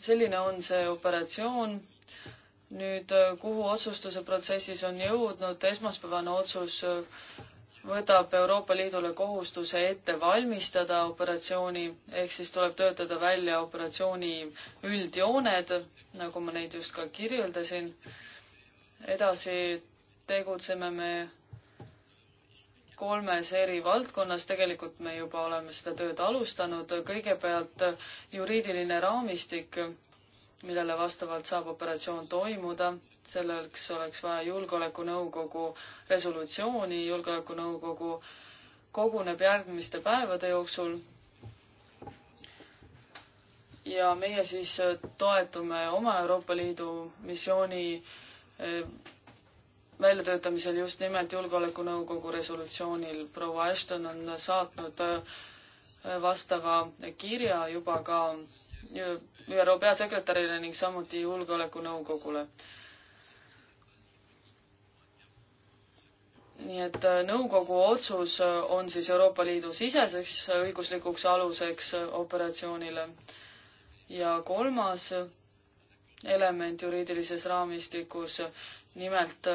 selline on see operatsioon nüüd, äh, kuhu otsustuse protsessis on jõudnud, esmaspäevane otsus äh, võtab Euroopa Liidule kohustuse ette valmistada operatsiooni, ehk siis tuleb töötada välja operatsiooni üldjooned, nagu ma neid just ka kirjeldasin. edasi tegutseme me kolmes eri valdkonnas, tegelikult me juba oleme seda tööd alustanud, kõigepealt juriidiline raamistik millele vastavalt saab operatsioon toimuda. selleks oleks vaja Julgeolekunõukogu resolutsiooni, Julgeolekunõukogu koguneb järgmiste päevade jooksul. ja meie siis toetume oma Euroopa Liidu missiooni eh, väljatöötamisel just nimelt Julgeolekunõukogu resolutsioonil. proua Ashton on saatnud eh, vastava kirja juba ka ÜRO peasekretärile ning samuti Julgeolekunõukogule. nii et äh, nõukogu otsus äh, on siis Euroopa Liidu siseseks äh, õiguslikuks aluseks operatsioonile. ja kolmas element juriidilises raamistikus, nimelt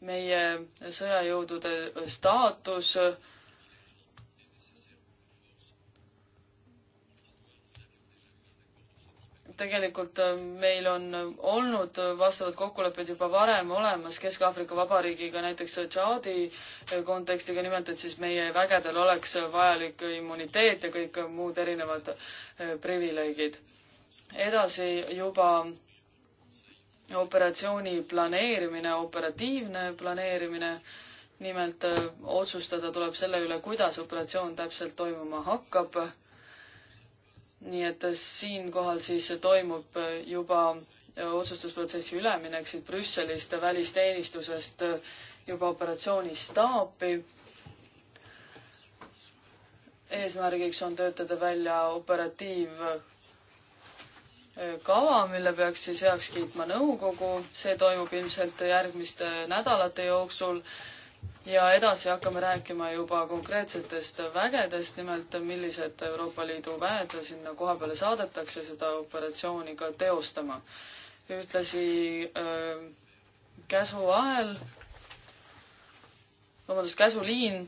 meie sõjajõudude staatus tegelikult äh, meil on äh, olnud vastavad kokkulepped juba varem olemas Kesk-Aafrika Vabariigiga, näiteks äh, Tšaadi kontekstiga, nimelt et siis meie vägedel oleks vajalik immuniteet ja kõik muud erinevad privileegid. edasi juba operatsiooni planeerimine, operatiivne planeerimine, nimelt otsustada tuleb selle üle, kuidas operatsioon täpselt toimuma hakkab nii et siinkohal siis toimub juba otsustusprotsessi üleminek siit Brüsselist välisteenistusest juba operatsioonistaapi. eesmärgiks on töötada välja operatiivkava, mille peaks siis heaks kiitma nõukogu, see toimub ilmselt järgmiste nädalate jooksul ja edasi hakkame rääkima juba konkreetsetest vägedest, nimelt millised Euroopa Liidu väed sinna koha peale saadetakse seda operatsiooni ka teostama. ühtlasi äh, käsuahel, vabandust, käsuliin,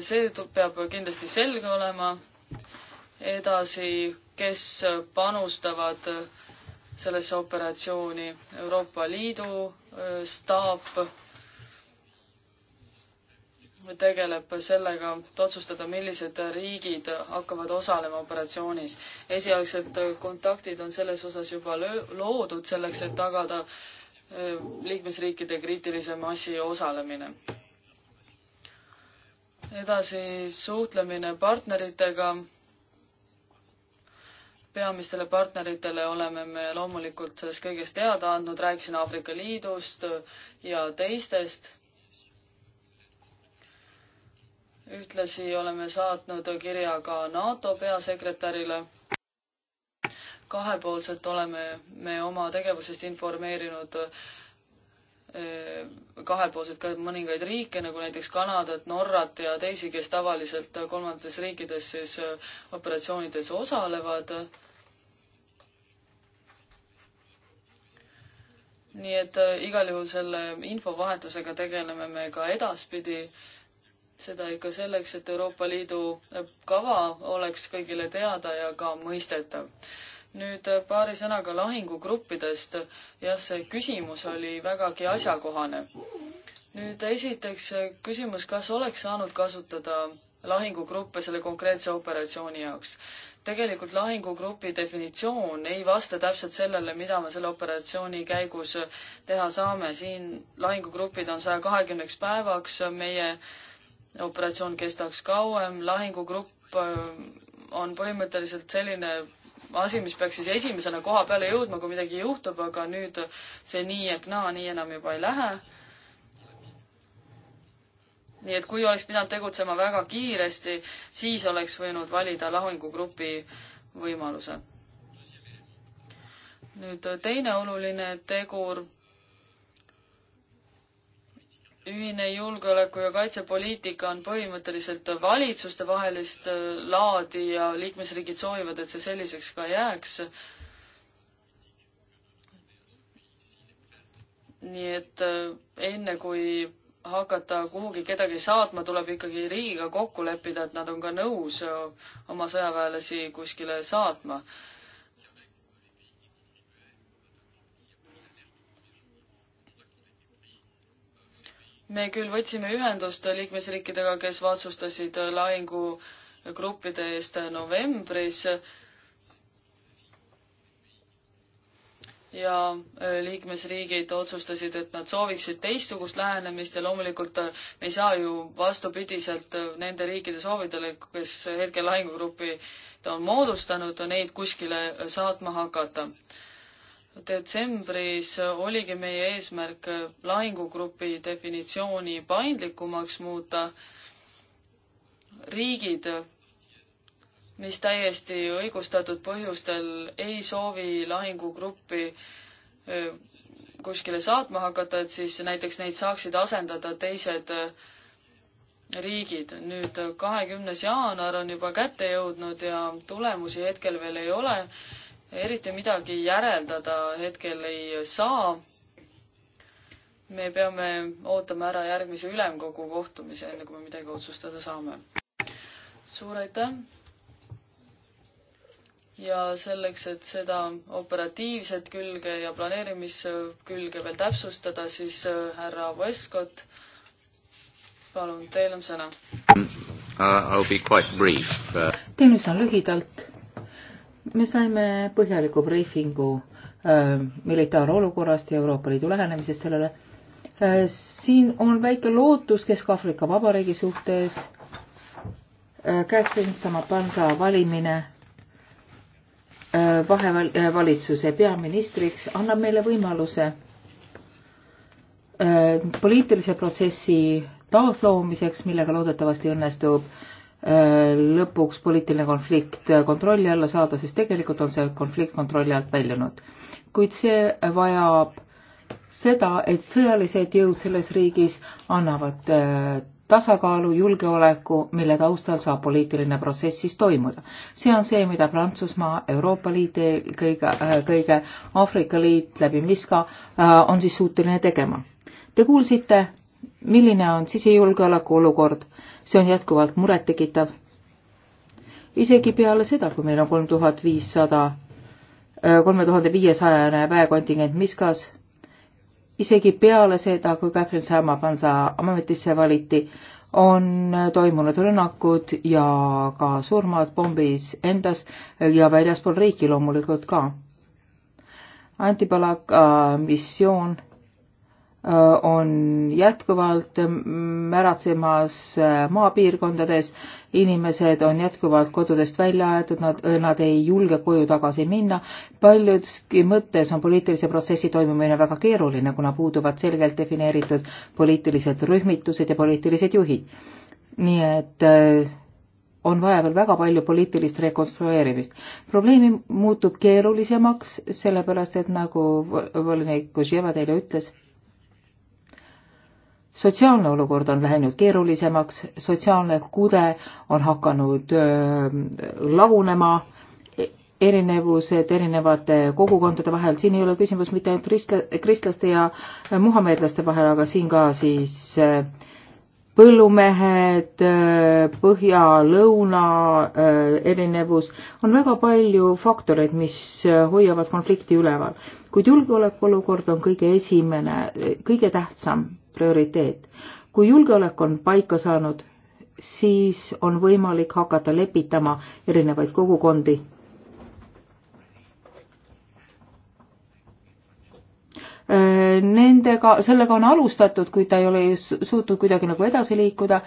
see peab kindlasti selge olema. edasi, kes panustavad sellesse operatsiooni, Euroopa Liidu staap tegeleb sellega, et otsustada, millised riigid hakkavad osalema operatsioonis. esialgsed kontaktid on selles osas juba loodud, selleks et tagada eh, liikmesriikide kriitilise massi osalemine. edasi suhtlemine partneritega. peamistele partneritele oleme me loomulikult sellest kõigest teada andnud, rääkisin Aafrika Liidust ja teistest ühtlasi oleme saatnud kirja ka NATO peasekretärile. kahepoolselt oleme me oma tegevusest informeerinud eh, kahepoolselt ka mõningaid riike, nagu näiteks Kanadat, Norrat ja teisi, kes tavaliselt kolmandates riikides siis eh, operatsioonides osalevad. nii et eh, igal juhul selle infovahetusega tegeleme me ka edaspidi seda ikka selleks, et Euroopa Liidu kava oleks kõigile teada ja ka mõistetav. nüüd äh, paari sõnaga lahingugruppidest. jah, see küsimus oli vägagi asjakohane. nüüd esiteks äh, küsimus, kas oleks saanud kasutada lahingugruppe selle konkreetse operatsiooni jaoks. tegelikult lahingugrupi definitsioon ei vasta täpselt sellele, mida me selle operatsiooni käigus teha saame. siin lahingugrupid on saja kahekümneks päevaks meie äh, operatsioon kestaks kauem, lahingugrupp äh, on põhimõtteliselt selline asi, mis peaks siis esimesena koha peale jõudma, kui midagi juhtub, aga nüüd see nii ehk naa nii enam juba ei lähe. nii et kui oleks pidanud tegutsema väga kiiresti, siis oleks võinud valida lahingugrupi võimaluse. nüüd teine oluline tegur ühine julgeoleku- ja kaitsepoliitika on põhimõtteliselt valitsustevahelist äh, laadi ja liikmesriigid soovivad, et see selliseks ka jääks. nii et äh, enne, kui hakata kuhugi kedagi saatma, tuleb ikkagi riigiga kokku leppida, et nad on ka nõus äh, oma sõjaväelasi kuskile saatma me küll võtsime ühendust liikmesriikidega, kes vastustasid äh, lahingugruppide eest äh, novembris. ja äh, liikmesriigid otsustasid, et nad sooviksid teistsugust lähenemist ja loomulikult me ei saa ju vastupidiselt nende riikide soovidele, kes hetkel lahingugrupi ta on moodustanud, neid kuskile saatma hakata detsembris oligi meie eesmärk lahingugrupi definitsiooni paindlikumaks muuta. riigid, mis täiesti õigustatud põhjustel ei soovi lahingugruppi e, kuskile saatma hakata, et siis näiteks neid saaksid asendada teised e, riigid. nüüd kahekümnes jaanuar on juba kätte jõudnud ja tulemusi hetkel veel ei ole eriti midagi järeldada hetkel ei saa. me peame ootama ära järgmise ülemkogu kohtumise, enne kui me midagi otsustada saame. suur aitäh! ja selleks, et seda operatiivset külge ja planeerimiskülge veel täpsustada, siis äh, härra Westcott, palun, teil on sõna. Mm, uh, teen uh. üsna lühidalt me saime põhjaliku briifingu äh, militaarolukorrast ja Euroopa Liidu lähenemisest sellele äh,. siin on väike lootus Kesk-Aafrika Vabariigi suhtes äh,. Catherine Samapansa valimine äh, vahevalitsuse äh, peaministriks annab meile võimaluse äh, poliitilise protsessi taasloomiseks, millega loodetavasti õnnestub äh, Äh, lõpuks poliitiline konflikt äh, kontrolli alla saada, sest tegelikult on see konflikt kontrolli alt väljunud. kuid see vajab seda, et sõjalised jõud selles riigis annavad äh, tasakaalu julgeoleku, mille taustal saab poliitiline protsess siis toimuda. see on see, mida Prantsusmaa, Euroopa Liit eelkõige, kõige Aafrika Liit läbi Miska on siis suuteline tegema. Te kuulsite milline on sisejulgeoleku olukord, see on jätkuvalt murettekitav. isegi peale seda, kui meil on kolm tuhat viissada, äh, kolme tuhande viiesajane väekontingent Miskas, isegi peale seda, kui Catherine Samapansa ametisse valiti, on toimunud rünnakud ja ka surmad pombis endas ja väljaspool riiki loomulikult ka. antipalaka missioon Äh, on jätkuvalt märatsemas äh, maapiirkondades, inimesed on jätkuvalt kodudest välja aetud, nad, äh, nad ei julge koju tagasi minna. paljuski mõttes on poliitilise protsessi toimumine väga keeruline, kuna puuduvad selgelt defineeritud poliitilised rühmitused ja poliitilised juhid. nii et on vaja veel väga palju poliitilist rekonstrueerimist. probleemi muutub keerulisemaks, sellepärast et nagu volinik Koževa teile ütles, sotsiaalne olukord on läinud keerulisemaks, sotsiaalne kude on hakanud lagunema, e-, erinevused erinevate kogukondade vahel, siin ei ole küsimus mitte ainult kristla-, kristlaste ja muhameedlaste vahel, aga siin ka siis põllumehed, põhja-lõuna erinevus, on väga palju faktoreid, mis hoiavad konflikti üleval. kuid julgeolekuolukord on kõige esimene, kõige tähtsam prioriteet. kui julgeolek on paika saanud, siis on võimalik hakata lepitama erinevaid kogukondi. Nendega, sellega on alustatud, kuid ta ei ole suutnud kuidagi nagu edasi liikuda.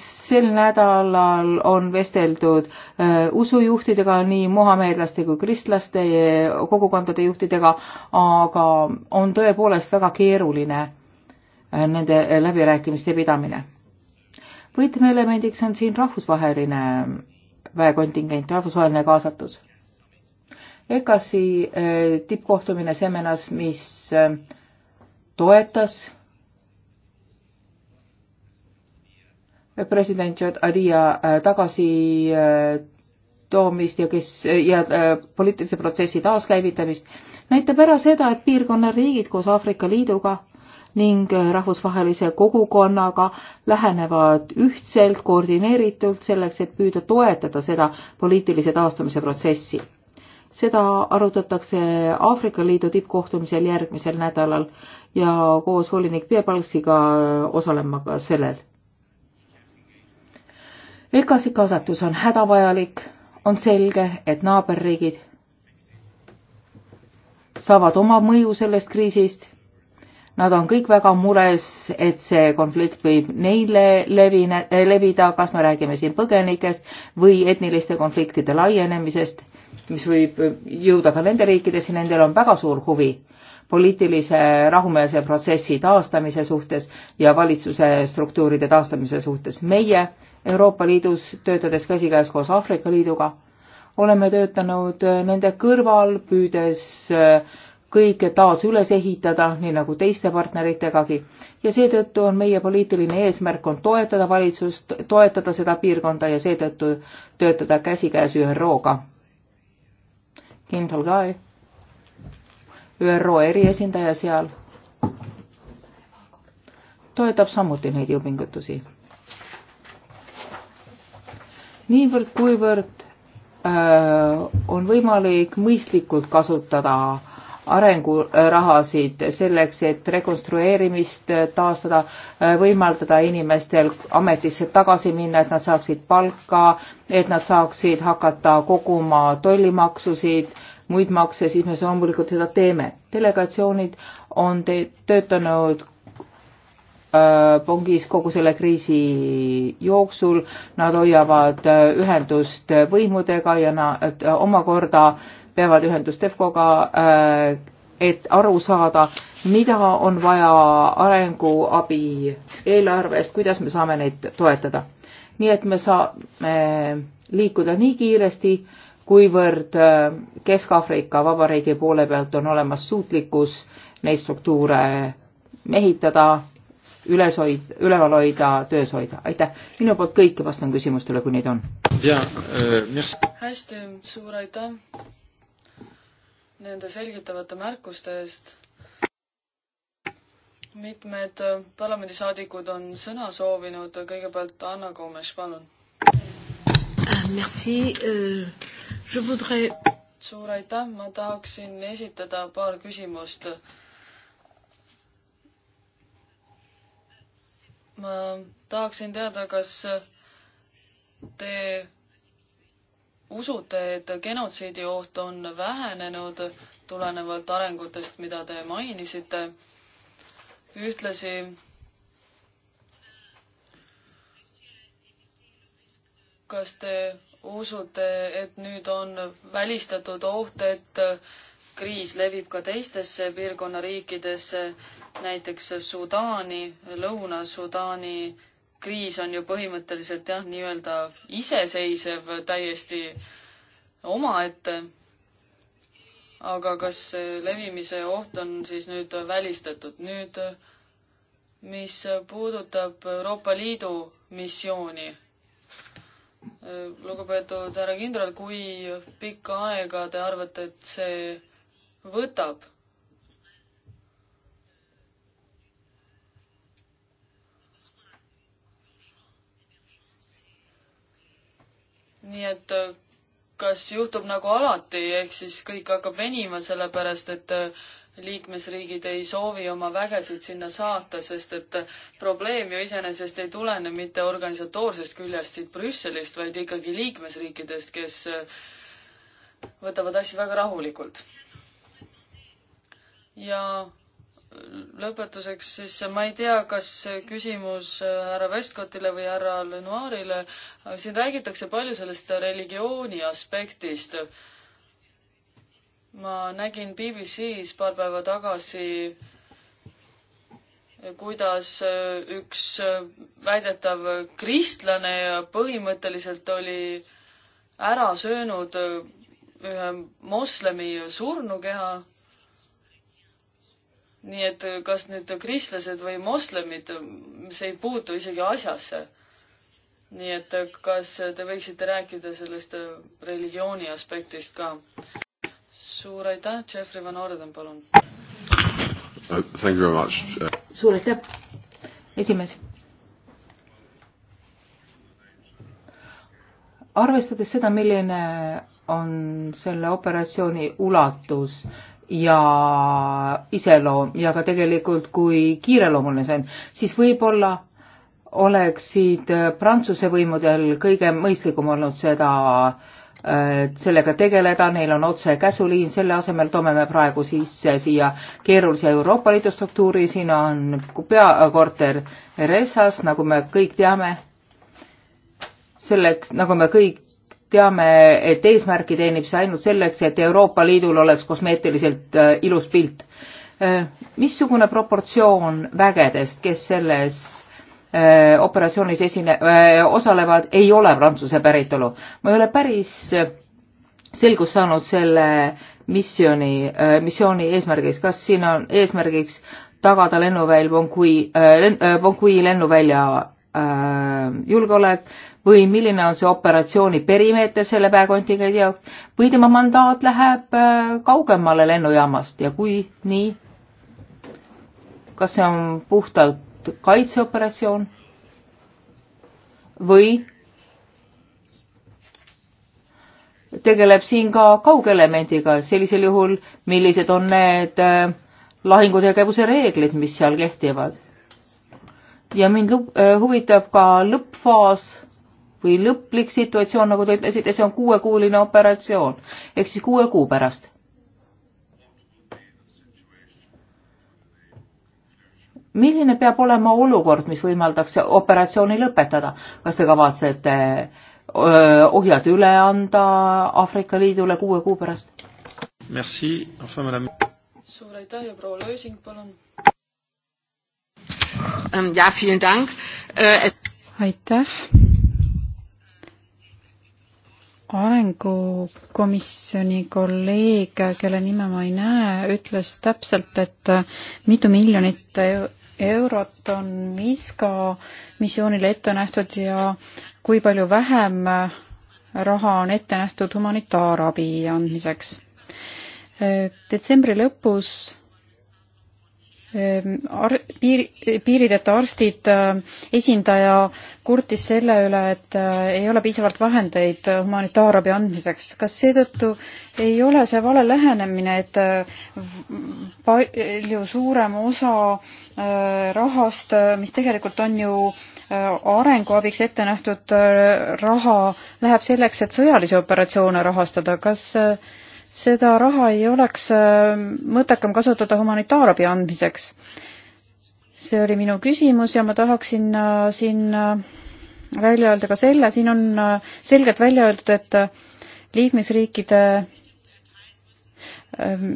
sel nädalal on vesteldud eh, usujuhtidega, nii muhameedlaste kui kristlaste eh, kogukondade juhtidega, aga on tõepoolest väga keeruline nende läbirääkimiste pidamine. võtmeelemendiks on siin rahvusvaheline väekontingent, rahvusvaheline kaasatus. EKAS-i eh, tippkohtumine Semenas, mis eh, toetas president Adia eh, tagasitoomist ja kes ja poliitilise protsessi taaskäivitamist, näitab ära seda, et piirkonna riigid koos Aafrika Liiduga ning rahvusvahelise kogukonnaga lähenevad ühtselt, koordineeritult selleks, et püüda toetada seda poliitilise taastumise protsessi. seda arutatakse Aafrika Liidu tippkohtumisel järgmisel nädalal ja koos volinik Piebalgsiga osalema ka sellel. EKAS-i kaasatus on hädavajalik, on selge, et naaberriigid saavad oma mõju sellest kriisist Nad on kõik väga mures, et see konflikt võib neile levine, eh, levida, kas me räägime siin põgenikest või etniliste konfliktide laienemisest, mis võib jõuda ka nende riikidesse, nendel on väga suur huvi poliitilise rahumeelse protsessi taastamise suhtes ja valitsuse struktuuride taastamise suhtes. meie Euroopa Liidus, töötades käsikäes koos Aafrika Liiduga, oleme töötanud nende kõrval, püüdes äh, kõike taas üles ehitada, nii nagu teiste partneritegagi. ja seetõttu on meie poliitiline eesmärk, on toetada valitsust, toetada seda piirkonda ja seetõttu töötada käsikäes ÜRO-ga. kindral Kae, ÜRO eriesindaja seal, toetab samuti neid jõupingutusi. niivõrd-kuivõrd äh, on võimalik mõistlikult kasutada arengurahasid selleks, et rekonstrueerimist taastada, võimaldada inimestel ametisse tagasi minna, et nad saaksid palka, et nad saaksid hakata koguma tollimaksusid, muid makse, siis me loomulikult seda teeme. delegatsioonid on te-, töötanud äh, pongis kogu selle kriisi jooksul, nad hoiavad äh, ühendust võimudega ja nad omakorda äh, peavad ühendust EFKOga, äh, et aru saada, mida on vaja arenguabi eelarvest, kuidas me saame neid toetada. nii et me saame liikuda nii kiiresti, kuivõrd äh, Kesk-Aafrika Vabariigi poole pealt on olemas suutlikkus neid struktuure mehitada, üles hoid-, üleval hoida, töös hoida. aitäh, minu poolt kõik ja vastan küsimustele, kui neid on. jaa äh,, euh, hästi, suur aitäh nende selgitavate märkuste eest. mitmed parlamendisaadikud on sõna soovinud, kõigepealt Anna Gomes, palun. Ah, merci euh,, je voudrais. suur aitäh, ma tahaksin esitada paar küsimust. ma tahaksin teada, kas te usute, et genotsiidi oht on vähenenud tulenevalt arengutest, mida te mainisite. ühtlasi kas te usute, et nüüd on välistatud oht, et kriis levib ka teistesse piirkonna riikidesse, näiteks Sudaani, Lõuna-Sudaani kriis on ju põhimõtteliselt jah, nii-öelda iseseisev täiesti omaette. aga kas levimise oht on siis nüüd välistatud? nüüd, mis puudutab Euroopa Liidu missiooni, lugupeetud härra kindral, kui pikka aega te arvate, et see võtab? nii et äh, kas juhtub nagu alati, ehk siis kõik hakkab venima, sellepärast et äh, liikmesriigid ei soovi oma vägesid sinna saata, sest et äh, probleem ju iseenesest ei tulene mitte organisatoorsest küljest siit Brüsselist, vaid ikkagi liikmesriikidest, kes võtavad asju väga rahulikult. ja lõpetuseks siis ma ei tea, kas küsimus härra Westcottile või härra Lenoirile, aga siin räägitakse palju sellest religiooni aspektist. ma nägin BBC-s paar päeva tagasi, kuidas üks väidetav kristlane põhimõtteliselt oli ära söönud ühe moslemi surnukeha nii et äh, kas nüüd kristlased või moslemid, äh, see ei puutu isegi asjasse. nii et äh, kas te võiksite rääkida sellest religiooni aspektist ka? suur aitäh, Jeffrey Van Orden, palun uh,. Thank you very much uh.... suur aitäh, esimees. arvestades seda, milline on selle operatsiooni ulatus uh,, ja iseloom ja ka tegelikult, kui kiireloomuline see on, siis võib-olla oleksid äh, Prantsuse võimudel kõige mõistlikum olnud seda äh, sellega tegeleda, neil on otse käsuliin, selle asemel toome me praegu sisse siia keerulise Euroopa Liidu struktuuri, siin on peakorter Ressas, nagu me kõik teame. selleks, nagu me kõik teame, et eesmärki teenib see ainult selleks, et Euroopa Liidul oleks kosmeetiliselt äh, ilus pilt. Äh, missugune proportsioon vägedest, kes selles äh, operatsioonis esine-, osalevad, ei ole Prantsuse päritolu? ma ei ole päris selgust saanud selle missiooni, missiooni eesmärgiks, kas siin on eesmärgiks tagada lennuväel Bonqui, Bonqui lennuvälja julgeolek, või milline on see operatsiooni perimeeter selle väekontingendi jaoks või tema mandaat läheb äh, kaugemale lennujaamast ja kui nii, kas see on puhtalt kaitseoperatsioon või tegeleb siin ka kaugelemendiga, sellisel juhul, millised on need äh, lahingutegevuse reeglid, mis seal kehtivad. ja mind äh, huvitab ka lõppfaas või lõplik situatsioon, nagu te ütlesite, see on kuuekuuline operatsioon ehk siis kuue kuu pärast. milline peab olema olukord, mis võimaldaks operatsiooni lõpetada, kas te kavatsete ohjad üle anda Aafrika Liidule kuue kuu pärast? Merci, enfin madame. suur aitäh ja proua Lösing, palun. Ähm, ja, vielen Dank. Äh, aitäh arengukomisjoni kolleeg, kelle nime ma ei näe, ütles täpselt, et mitu miljonit eurot on Miska missioonile ette nähtud ja kui palju vähem raha on ette nähtud humanitaarabi andmiseks. detsembri lõpus Ehm, ar-, piir, piirideta arstid äh, esindaja kurtis selle üle, et äh, ei ole piisavalt vahendeid äh, humanitaarabi andmiseks. kas seetõttu ei ole see vale lähenemine, et palju suurem osa rahast, mis tegelikult on ju arenguabiks ette nähtud raha, läheb selleks, et sõjalisi operatsioone rahastada, kas äh, seda raha ei oleks äh, mõttekam kasutada humanitaarabi andmiseks. see oli minu küsimus ja ma tahaksin äh, siin äh, välja öelda ka selle, siin on selgelt välja öeldud, et liikmesriikide ähm,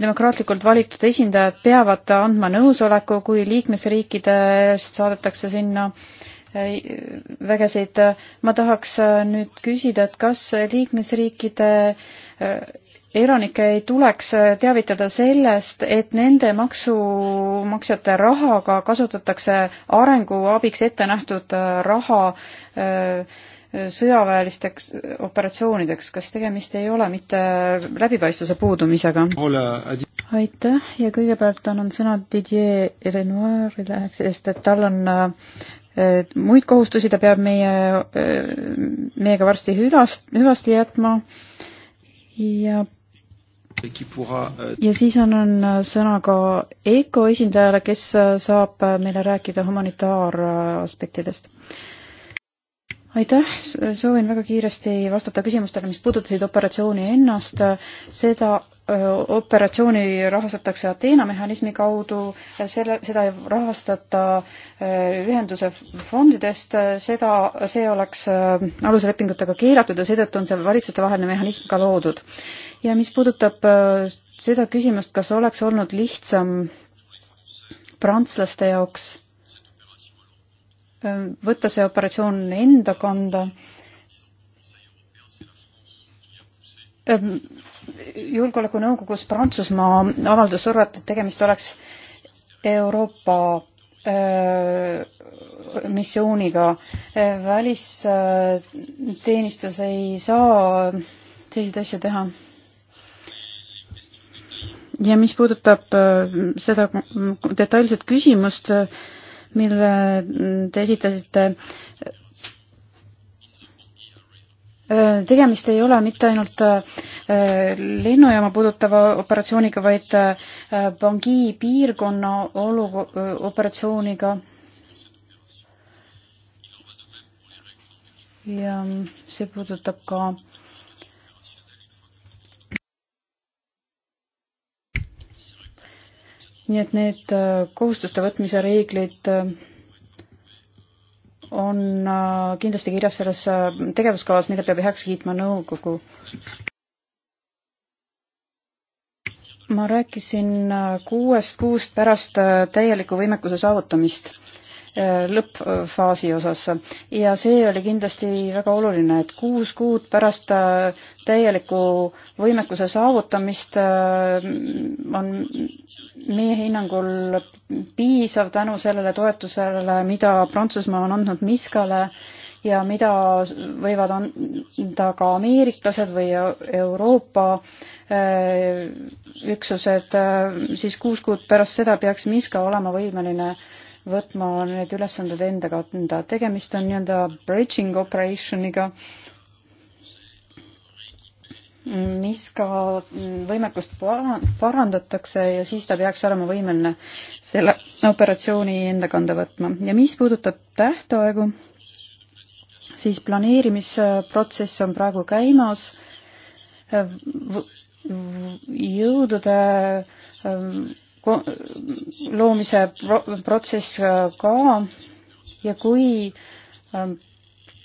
demokraatlikult valitud esindajad peavad andma nõusoleku, kui liikmesriikidest saadetakse sinna vägesid. ma tahaks nüüd küsida, et kas liikmesriikide elanikke ei tuleks äh, teavitada sellest, et nende maksumaksjate rahaga kasutatakse arenguabiks ette nähtud äh, raha äh, sõjaväelisteks operatsioonideks, kas tegemist ei ole mitte läbipaistvuse puudumisega? aitäh ja kõigepealt annan sõna Didier Renoirile, sest et tal on muid kohustusi, ta peab meie, meiega varsti hüvast, hüvasti jätma ja Euh, ja siis annan äh, sõna ka EKO esindajale, kes äh, saab äh, meile rääkida humanitaaraspektidest. aitäh, soovin väga kiiresti vastata küsimustele, mis puudutasid operatsiooni ennast, seda operatsiooni rahastatakse Ateena mehhanismi kaudu, selle, seda ei rahastata ühenduse fondidest, seda, see oleks aluslepingutega keelatud ja seetõttu on see valitsustevaheline mehhanism ka loodud. ja mis puudutab seda küsimust, kas oleks olnud lihtsam prantslaste jaoks võtta see operatsioon enda kanda, julgeolekunõukogus Prantsusmaa avaldas arvata, et tegemist oleks Euroopa äh, missiooniga. välisteenistus ei saa selliseid asju teha. ja mis puudutab äh, seda detailset küsimust, mille te esitasite äh, Äh, tegemist ei ole mitte ainult äh, lennujaama puudutava operatsiooniga, vaid äh, Bangi piirkonna olu-, operatsiooniga. ja see puudutab ka nii et need kohustuste võtmise reeglid on äh, kindlasti kirjas selles äh, tegevuskavas, mille peab heaks kiitma nõukogu. ma rääkisin äh, kuuest kuust pärast täieliku võimekuse saavutamist lõppfaasi osas. ja see oli kindlasti väga oluline, et kuus kuud pärast äh, täieliku võimekuse saavutamist äh, on meie hinnangul piisav tänu sellele toetusele, mida Prantsusmaa on andnud Miskale ja mida võivad anda ka ameeriklased või Euroopa äh, üksused, siis kuus kuud pärast seda peaks Miska olema võimeline äh, võtma need ülesanded enda kanda. tegemist on nii-öelda bridging operation'iga, mis ka võimekust parandatakse ja siis ta peaks olema võimeline selle operatsiooni enda kanda võtma. ja mis puudutab tähtaegu, siis planeerimisprotsess on praegu käimas v, jõudude ähm, loomise protsess äh, ka ja kui ähm,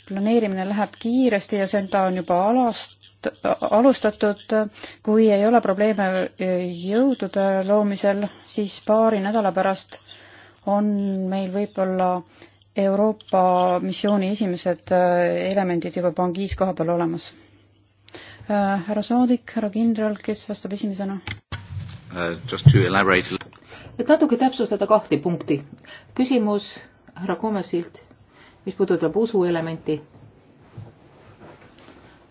planeerimine läheb kiiresti ja seda on juba alast, alustatud, kui ei ole probleeme äh, jõudude loomisel, siis paari nädala pärast on meil võib-olla Euroopa missiooni esimesed äh, elemendid juba Bangis koha peal olemas. härra saadik, härra kindral, kes vastab esimesena? uh, just to elaborate. et natuke täpsustada kahte punkti. küsimus härra Komesilt, mis puudutab usuelementi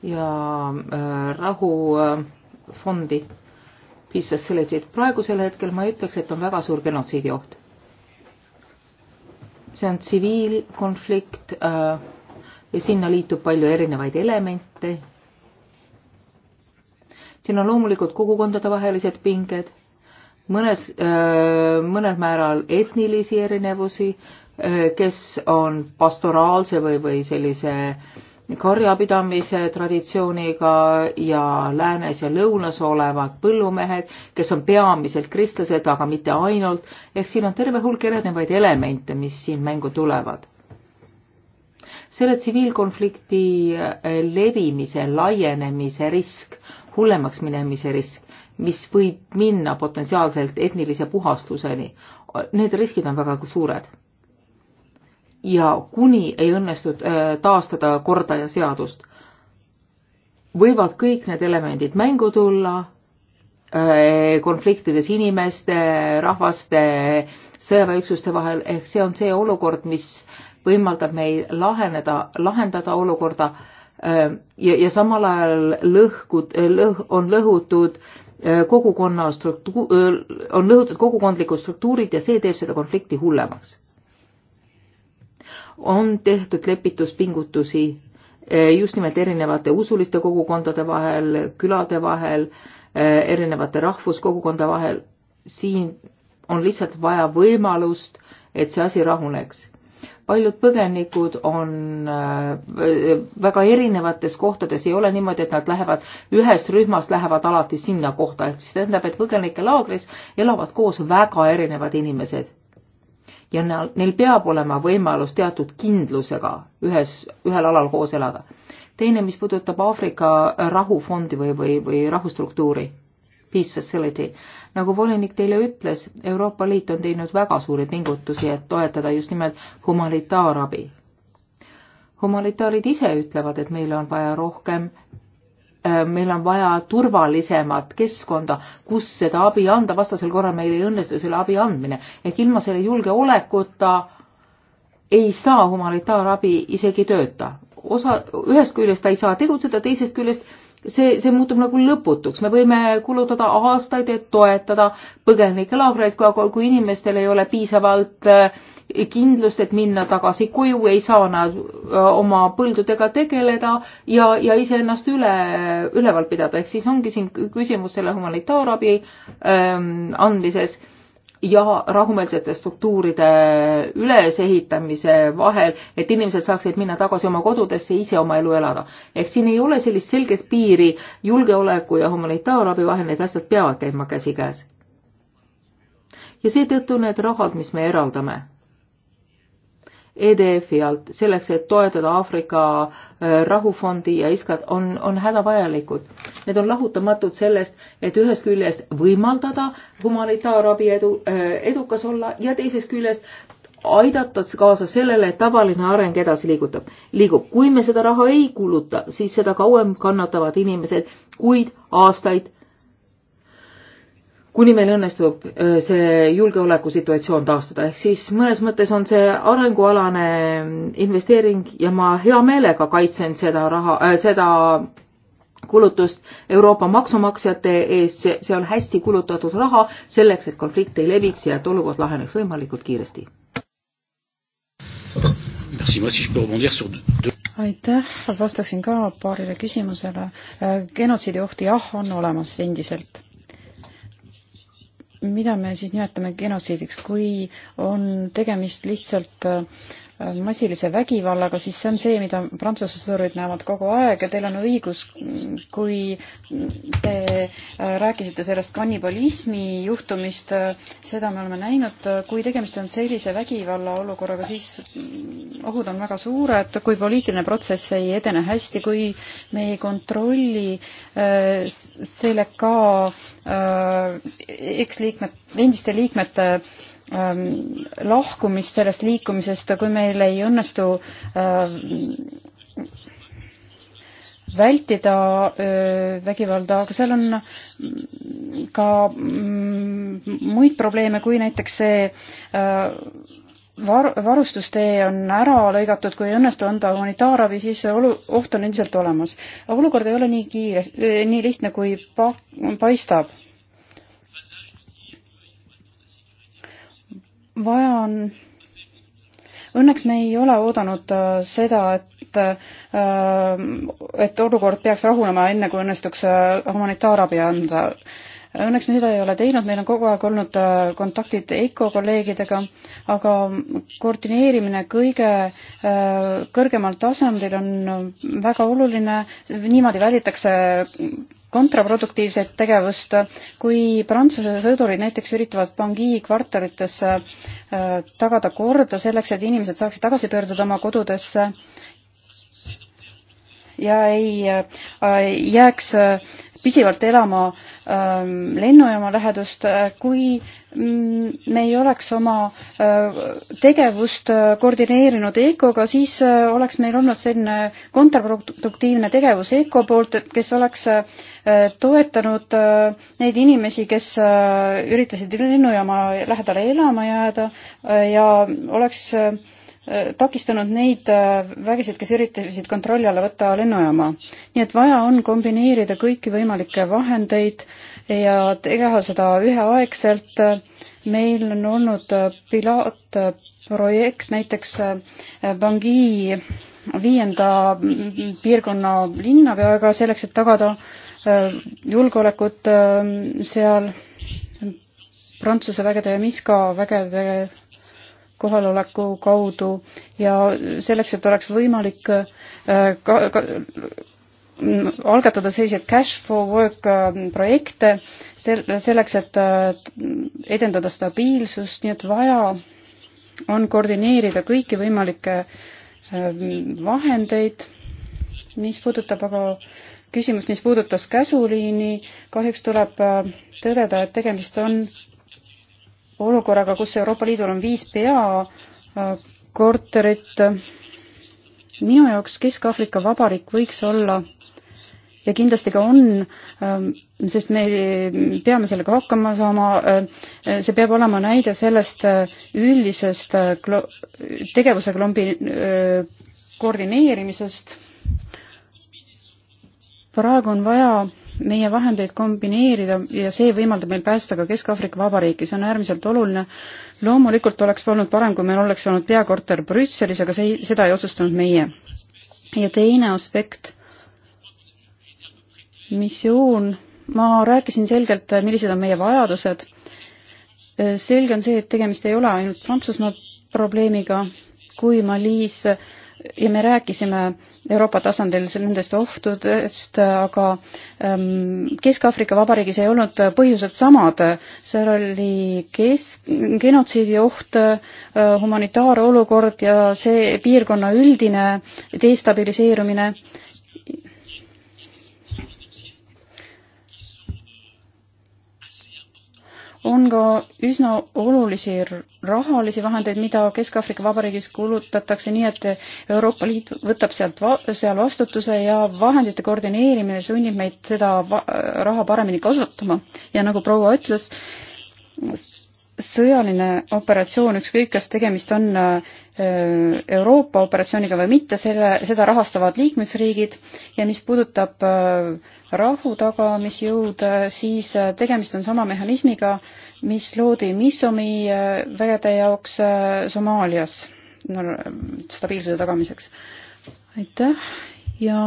ja äh, rahufondi äh,, Peace Facility't. praegusel hetkel ma ütleks, et on väga suur genotsiidi oht. see on tsiviilkonflikt äh, ja sinna liitub palju erinevaid elemente siin on loomulikult kogukondadevahelised pinged, mõnes, mõnel määral etnilisi erinevusi, kes on pastoraalse või, või sellise karjapidamise traditsiooniga ja läänes ja lõunas olevad põllumehed, kes on peamiselt kristlased, aga mitte ainult, ehk siin on terve hulk erinevaid elemente, mis siin mängu tulevad. selle tsiviilkonflikti levimise, laienemise risk hullemaks minemise risk, mis võib minna potentsiaalselt etnilise puhastuseni. Need riskid on väga suured. ja kuni ei õnnestu äh, taastada korda ja seadust, võivad kõik need elemendid mängu tulla, äh, konfliktides inimeste, rahvaste, sõjaväeüksuste vahel, ehk see on see olukord, mis võimaldab meil laheneda, lahendada olukorda äh, Äh, ja, ja samal ajal lõhkud, äh, lõh-, on lõhutud äh, kogukonna struktuur, on lõhutud kogukondlikud struktuurid ja see teeb seda konflikti hullemaks. on tehtud lepituspingutusi just nimelt erinevate usuliste kogukondade vahel, külade vahel, erinevate rahvuskogukonda vahel, siin on lihtsalt vaja võimalust, et see asi rahuneks paljud põgenikud on äh, väga erinevates kohtades, ei ole niimoodi, et nad lähevad ühest rühmast, lähevad alati sinna kohta, ehk siis tähendab, et põgenikelaagris elavad koos väga erinevad inimesed. ja neil peab olema võimalus teatud kindlusega ühes, ühel alal koos elada. teine, mis puudutab Aafrika rahufondi või, või, või rahustruktuuri Peace Facility. nagu volinik teile ütles, Euroopa Liit on teinud väga suuri pingutusi, et toetada just nimelt humanitaarabi. humanitaarid ise ütlevad, et meil on vaja rohkem äh, meil on vaja turvalisemat keskkonda, kus seda abi anda, vastasel korral meil ei õnnestu selle abi andmine. ehk ilma selle julgeolekuta ei saa humanitaarabi isegi tööta osa, ühest küljest ta ei saa tegutseda, teisest küljest see, see muutub nagu lõputuks, me võime kulutada aastaid, et toetada põgenikelaagreid, kui, kui inimestel ei ole piisavalt eh, kindlust, et minna tagasi koju, ei saa nad eh, oma põldudega tegeleda ja, ja iseennast üle, üleval pidada, ehk siis ongi siin küsimus selle humanitaarabi ähm, andmises ja rahumeelsete struktuuride ülesehitamise vahel, et inimesed saaksid minna tagasi oma kodudesse ja ise oma elu elada. ehk siin ei ole sellist selget piiri julgeoleku ja humanitaarabi vahel, need asjad peavad käima käsikäes. ja seetõttu need rahad, mis me eraldame EDF-i alt, selleks, et toetada Aafrika äh, rahufondi ja ISKA-t, on, on hädavajalikud. Need on lahutamatud sellest, et ühest küljest võimaldada humanitaarabi edu, äh, edukas olla ja teisest küljest aidata kaasa sellele, et tavaline areng edasi liigutab, liigub. kui me seda raha ei kuluta, siis seda kauem kannatavad inimesed, kuid aastaid kuni meil õnnestub see julgeolekusituatsioon taastada, ehk siis mõnes mõttes on see arengualane investeering ja ma hea meelega kaitsen seda raha äh,, seda kulutust Euroopa maksumaksjate ees, see, see on hästi kulutatud raha selleks, et konflikt ei leviks ja et olukord laheneks võimalikult kiiresti. aitäh, vastaksin ka paarile küsimusele. genotsiidi oht jah, on olemas endiselt mida me siis nimetame genotsiidiks, kui on tegemist lihtsalt äh, Äh, massilise vägivallaga, siis see on see, mida prantsuse sõdurid näevad kogu aeg ja teil on õigus, kui te äh, rääkisite sellest kannibalismi juhtumist, äh, seda me oleme näinud, kui tegemist on sellise vägivalla olukorraga, siis mm, ohud on väga suured, kui poliitiline protsess ei edene hästi, kui me ei kontrolli selle ka eksliikmed, endiste liikmete Ähm, lahkumist sellest liikumisest, kui meil ei õnnestu ähm, vältida äh, vägivalda, aga seal on ka mm, muid probleeme, kui näiteks see äh, var-, varustustee on ära lõigatud, kui ei õnnestu anda humanitaarabi, siis olu-, oht on endiselt olemas. olukord ei ole nii kiire, nii lihtne, kui pa-, paistab vaja on õnneks me ei ole oodanud äh, seda, et äh, et olukord peaks rahunema, enne kui õnnestuks äh, humanitaarabi anda. Õnneks me seda ei ole teinud, meil on kogu aeg olnud kontaktid EIKO kolleegidega, aga koordineerimine kõige kõrgemal tasandil on väga oluline, niimoodi välditakse kontraproduktiivset tegevust, kui Prantsuse sõdurid näiteks üritavad Bangui kvartalitesse äh, tagada korda selleks, et inimesed saaksid tagasi pöörduda oma kodudesse ja ei äh, jääks äh, pidevalt elama ähm, lennujaama lähedust, äh, kui mm, me ei oleks oma äh, tegevust äh, koordineerinud EKO-ga, siis oleks meil olnud selline kontraproduktiivne tegevus EKO poolt, et kes oleks toetanud neid inimesi, kes üritasid lennujaama lähedale elama jääda ja oleks takistanud neid äh, vägesid, kes üritasid kontrolli alla võtta lennujaama. nii et vaja on kombineerida kõiki võimalikke vahendeid ja teha seda üheaegselt. meil on olnud äh, pilootprojekt näiteks äh, Bangi viienda piirkonna linnapeaga selleks, et tagada julgeolekut seal Prantsuse vägede ja Miska vägede kohaloleku kaudu ja selleks, et oleks võimalik äh, ka, ka, mm, algatada selliseid cash for work äh, projekte, sel-, selleks, et äh, edendada stabiilsust, nii et vaja on koordineerida kõiki võimalikke vahendeid, mis puudutab aga küsimust, mis puudutas käsuliini, kahjuks tuleb tõdeda, et tegemist on olukorraga, kus Euroopa Liidul on viis peakorterit. minu jaoks Kesk-Aafrika Vabariik võiks olla ja kindlasti ka on, ähm, sest me peame sellega hakkama saama, äh, see peab olema näide sellest äh, üldisest äh, tegevuse klombi koordineerimisest. praegu on vaja meie vahendeid kombineerida ja see võimaldab meil päästa ka Kesk-Aafrika Vabariiki, see on äärmiselt oluline. loomulikult oleks olnud parem, kui meil oleks olnud peakorter Brüsselis, aga see, seda ei otsustanud meie. ja teine aspekt, missioon, ma rääkisin selgelt, millised on meie vajadused. selge on see, et tegemist ei ole ainult Prantsusmaa probleemiga, kui Malis äh, ja me rääkisime Euroopa tasandil nendest ohtudest, aga ähm, Kesk-Aafrika Vabariigis ei olnud põhjused samad. seal oli kesk, genotsiidi oht, äh, humanitaarolukord ja see piirkonna üldine destabiliseerumine on ka üsna olulisi rahalisi vahendeid, mida Kesk-Aafrika Vabariigis kulutatakse, nii et Euroopa Liit võtab sealt va-, seal vastutuse ja vahendite koordineerimine sunnib meid seda va-, raha paremini kasutama. ja nagu proua ütles, sõjaline operatsioon, ükskõik kas tegemist on äh, Euroopa operatsiooniga või mitte, selle, seda rahastavad liikmesriigid ja mis puudutab äh, rahu tagamisjõude, äh, siis tegemist on sama mehhanismiga, mis loodi Missomi vägede jaoks Somaalias no, stabiilsuse tagamiseks. aitäh ja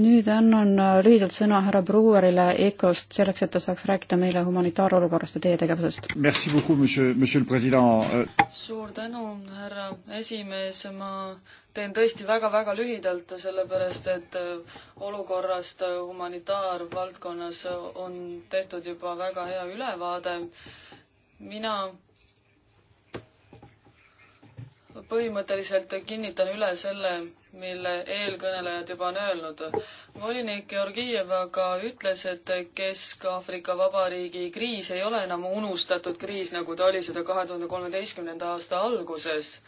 nüüd annan äh, lühidalt sõna härra Brewerile EKOst, selleks et ta saaks rääkida meile humanitaarolukorrast ja teie tegevusest. Euh, suur tänu, härra esimees, ma teen tõesti väga-väga lühidalt, sellepärast et äh, olukorrast äh, humanitaarvaldkonnas on tehtud juba väga hea ülevaade. mina põhimõtteliselt kinnitan üle selle, mille eelkõnelejad juba on öelnud. volinik Georgieva ka ütles, et Kesk-Aafrika Vabariigi kriis ei ole enam unustatud kriis, nagu ta oli seda kahe tuhande kolmeteistkümnenda aasta alguses.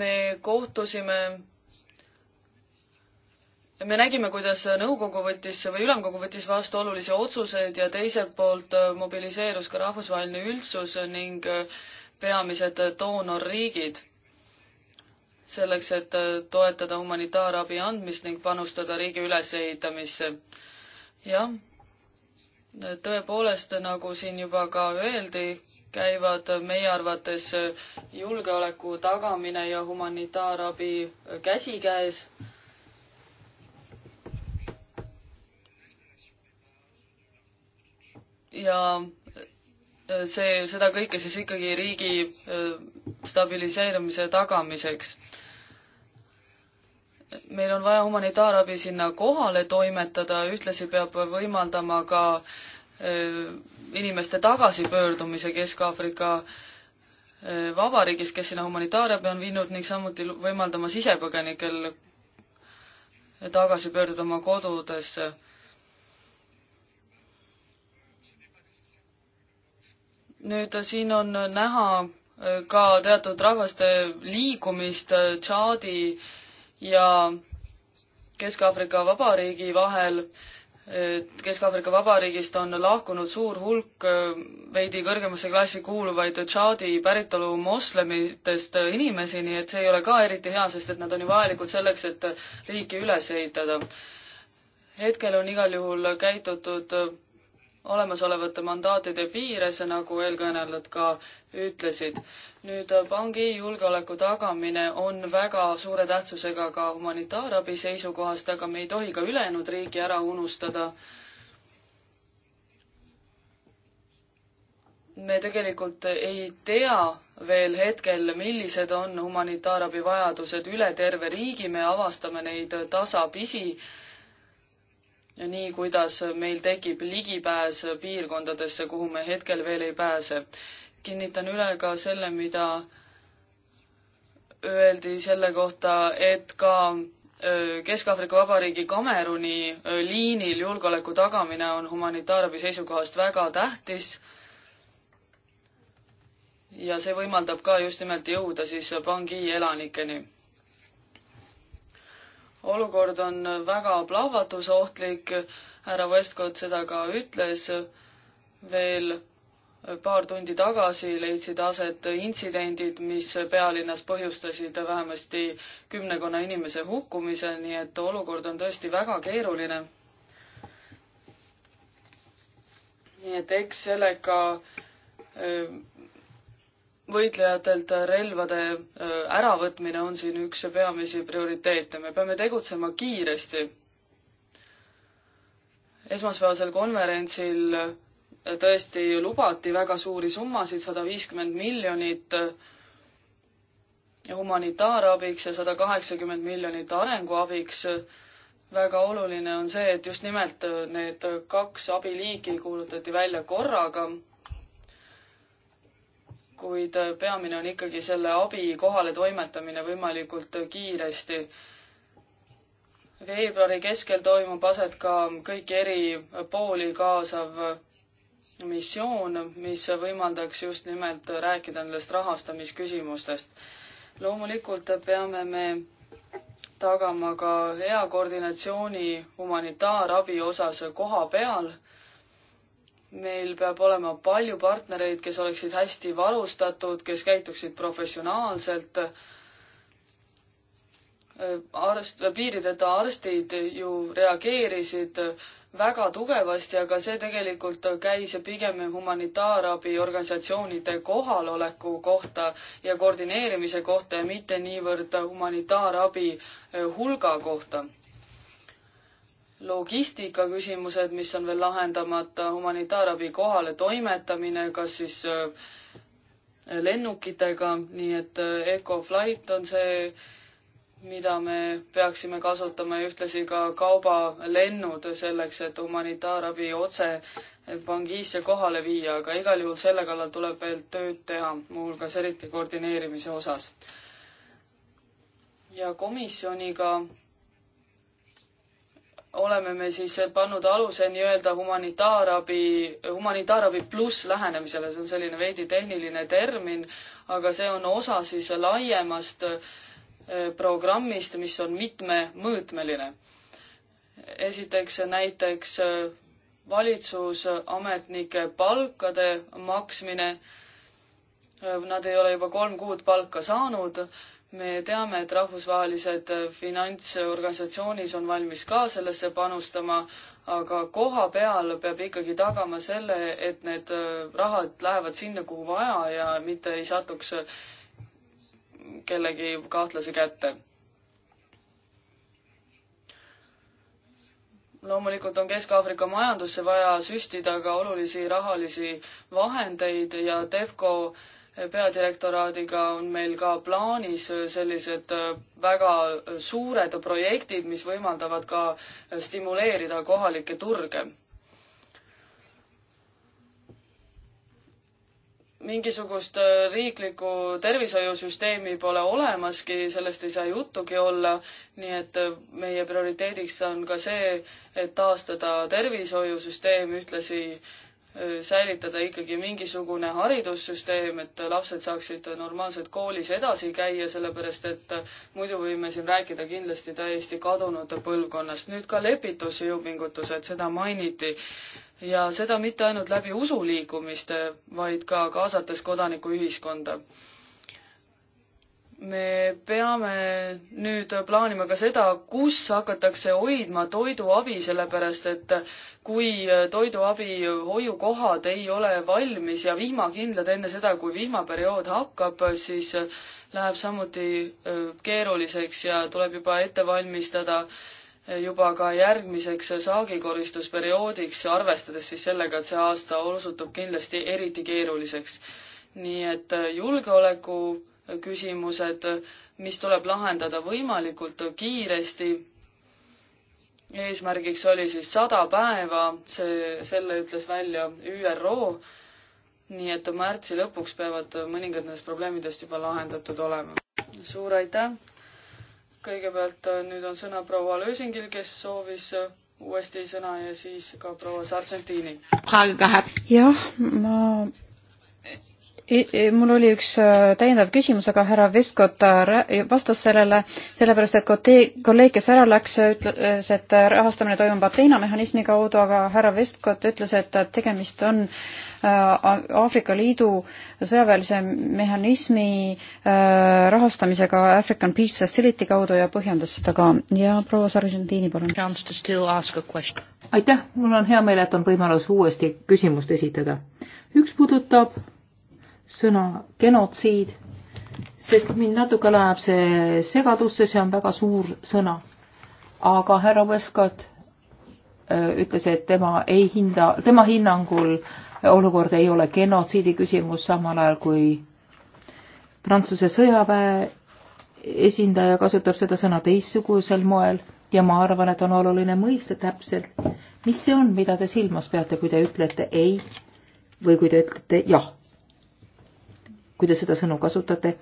me kohtusime me nägime, kuidas nõukogu võttis või ülemkogu võttis vastu olulisi otsuseid ja teiselt poolt äh, mobiliseerus ka rahvusvaheline üldsus ning äh, peamised äh, doonorriigid selleks, et toetada humanitaarabi andmist ning panustada riigi ülesehitamisse. jah, tõepoolest, nagu siin juba ka öeldi, käivad meie arvates julgeoleku tagamine ja humanitaarabi käsikäes ja äh, see, seda kõike siis ikkagi riigi äh, stabiliseerumise tagamiseks. meil on vaja humanitaarabi sinna kohale toimetada, ühtlasi peab võimaldama ka äh, inimeste tagasipöördumise Kesk-Aafrika Vabariigis, kes sinna humanitaarabi on viinud ning samuti võimaldama sisepõgenikel tagasi pöörduda oma kodudesse nüüd äh, siin on äh, näha äh, ka teatud rahvaste liikumist Tšaadi ja Kesk-Aafrika Vabariigi vahel. Kesk-Aafrika Vabariigist on lahkunud suur hulk veidi kõrgemasse klassi kuuluvaid Tšaadi päritolu moslemitest inimesi, nii et see ei ole ka eriti hea, sest et nad on ju vajalikud selleks, et riiki üles ehitada. hetkel on igal juhul käitutud olemasolevate mandaatide piires, nagu eelkõnelejad ka ütlesid. nüüd vangi julgeoleku tagamine on väga suure tähtsusega ka humanitaarabi seisukohast, aga me ei tohi ka ülejäänud riigi ära unustada. me tegelikult ei tea veel hetkel, millised on humanitaarabi vajadused üle terve riigi, me avastame neid tasapisi nii, kuidas meil tekib ligipääs piirkondadesse, kuhu me hetkel veel ei pääse. kinnitan üle ka selle, mida öeldi selle kohta, et ka Kesk-Aafrika Vabariigi Kameruni liinil julgeoleku tagamine on humanitaarabi seisukohast väga tähtis. ja see võimaldab ka just nimelt jõuda siis Bangi elanikeni olukord on väga plahvatusohtlik, härra Westcott seda ka ütles, veel paar tundi tagasi leidsid aset intsidendid, mis pealinnas põhjustasid vähemasti kümnekonna inimese hukkumise, nii et olukord on tõesti väga keeruline. nii et eks sellega võitlejatelt relvade äravõtmine on siin üks peamisi prioriteete, me peame tegutsema kiiresti. esmaspäevasel konverentsil tõesti lubati väga suuri summasid, sada viiskümmend miljonit humanitaarabiks ja sada kaheksakümmend miljonit arenguabiks. väga oluline on see, et just nimelt need kaks abiliiki kuulutati välja korraga kuid äh, peamine on ikkagi selle abi kohale toimetamine võimalikult äh, kiiresti. veebruari keskel toimub aset ka kõiki eri pooli kaasav missioon, mis võimaldaks just nimelt rääkida nendest rahastamisküsimustest. loomulikult peame me tagama ka hea koordinatsiooni humanitaarabi osas koha peal meil peab olema palju partnereid, kes oleksid hästi varustatud, kes käituksid professionaalselt. arst, piirideta arstid ju reageerisid väga tugevasti, aga see tegelikult käis pigem humanitaarabi organisatsioonide kohaloleku kohta ja koordineerimise kohta ja mitte niivõrd humanitaarabi hulga kohta logistika küsimused, mis on veel lahendamata, humanitaarabi kohale toimetamine, kas siis äh, lennukitega, nii et äh, EcoFlight on see, mida me peaksime kasutama ja ühtlasi ka kaubalennud selleks, et humanitaarabi otse Bangisse kohale viia, aga igal juhul selle kallal tuleb veel tööd teha, muuhulgas eriti koordineerimise osas. ja komisjoniga oleme me siis pannud aluse nii-öelda humanitaarabi, humanitaarabi pluss lähenemisele, see on selline veidi tehniline termin, aga see on osa siis laiemast eh, programmist, mis on mitmemõõtmeline. esiteks näiteks eh, valitsusametnike palkade maksmine, eh, nad ei ole juba kolm kuud palka saanud me teame, et rahvusvahelised äh, finantsorganisatsioonis on valmis ka sellesse panustama, aga koha peal peab ikkagi tagama selle, et need äh, rahad lähevad sinna, kuhu vaja ja mitte ei satuks äh, kellegi kahtlase kätte. loomulikult on Kesk-Aafrika majandusse vaja süstida ka olulisi rahalisi vahendeid ja Defco äh, peadirektoraadiga on meil ka plaanis sellised äh, väga suured projektid, mis võimaldavad ka äh, stimuleerida kohalikke turge. mingisugust äh, riiklikku tervishoiusüsteemi pole olemaski, sellest ei saa juttugi olla, nii et meie prioriteediks on ka see, et taastada tervishoiusüsteem ühtlasi äh, säilitada ikkagi mingisugune haridussüsteem, et lapsed saaksid normaalselt koolis edasi käia, sellepärast et muidu võime siin rääkida kindlasti täiesti kadunud põlvkonnast. nüüd ka lepitusjõupingutused, seda mainiti. ja seda mitte ainult läbi usuliikumiste, vaid ka kaasates kodanikuühiskonda me peame nüüd plaanima ka seda, kus hakatakse hoidma toiduabi, sellepärast et kui toiduabi hoiukohad ei ole valmis ja vihmakindlad enne seda, kui vihmaperiood hakkab, siis läheb samuti keeruliseks ja tuleb juba ette valmistada juba ka järgmiseks saagikoristusperioodiks, arvestades siis sellega, et see aasta osutub kindlasti eriti keeruliseks. nii et julgeoleku küsimused, mis tuleb lahendada võimalikult kiiresti. eesmärgiks oli siis sada päeva, see, selle ütles välja ÜRO. nii et märtsi lõpuks peavad mõningad nendest probleemidest juba lahendatud olema. suur aitäh! kõigepealt äh, nüüd on sõna proua Lösingil, kes soovis äh, uuesti sõna ja siis ka proua Sargentini. jah, ma mul oli üks äh, täiendav küsimus, aga härra Veskot äh, vastas sellele, sellepärast et kolleeg, kes ära läks, ütles, et äh, rahastamine toimub Ateena mehhanismi kaudu, aga härra Veskot ütles, et tegemist on Aafrika Liidu sõjaväelise mehhanismi rahastamisega African Peace Facility kaudu ja põhjendas seda ka. ja proua Sargentini, palun. aitäh, mul on hea meel, et on võimalus uuesti küsimust esitada üks puudutab sõna genotsiid, sest mind natuke läheb see segadusse, see on väga suur sõna. aga härra Westcott äh, ütles, et tema ei hinda, tema hinnangul olukord ei ole genotsiidi küsimus, samal ajal kui Prantsuse sõjaväe esindaja kasutab seda sõna teistsugusel moel ja ma arvan, et on oluline mõista täpselt, mis see on, mida te silmas peate, kui te ütlete ei või kui te ütlete jah, kui te seda sõnu kasutate,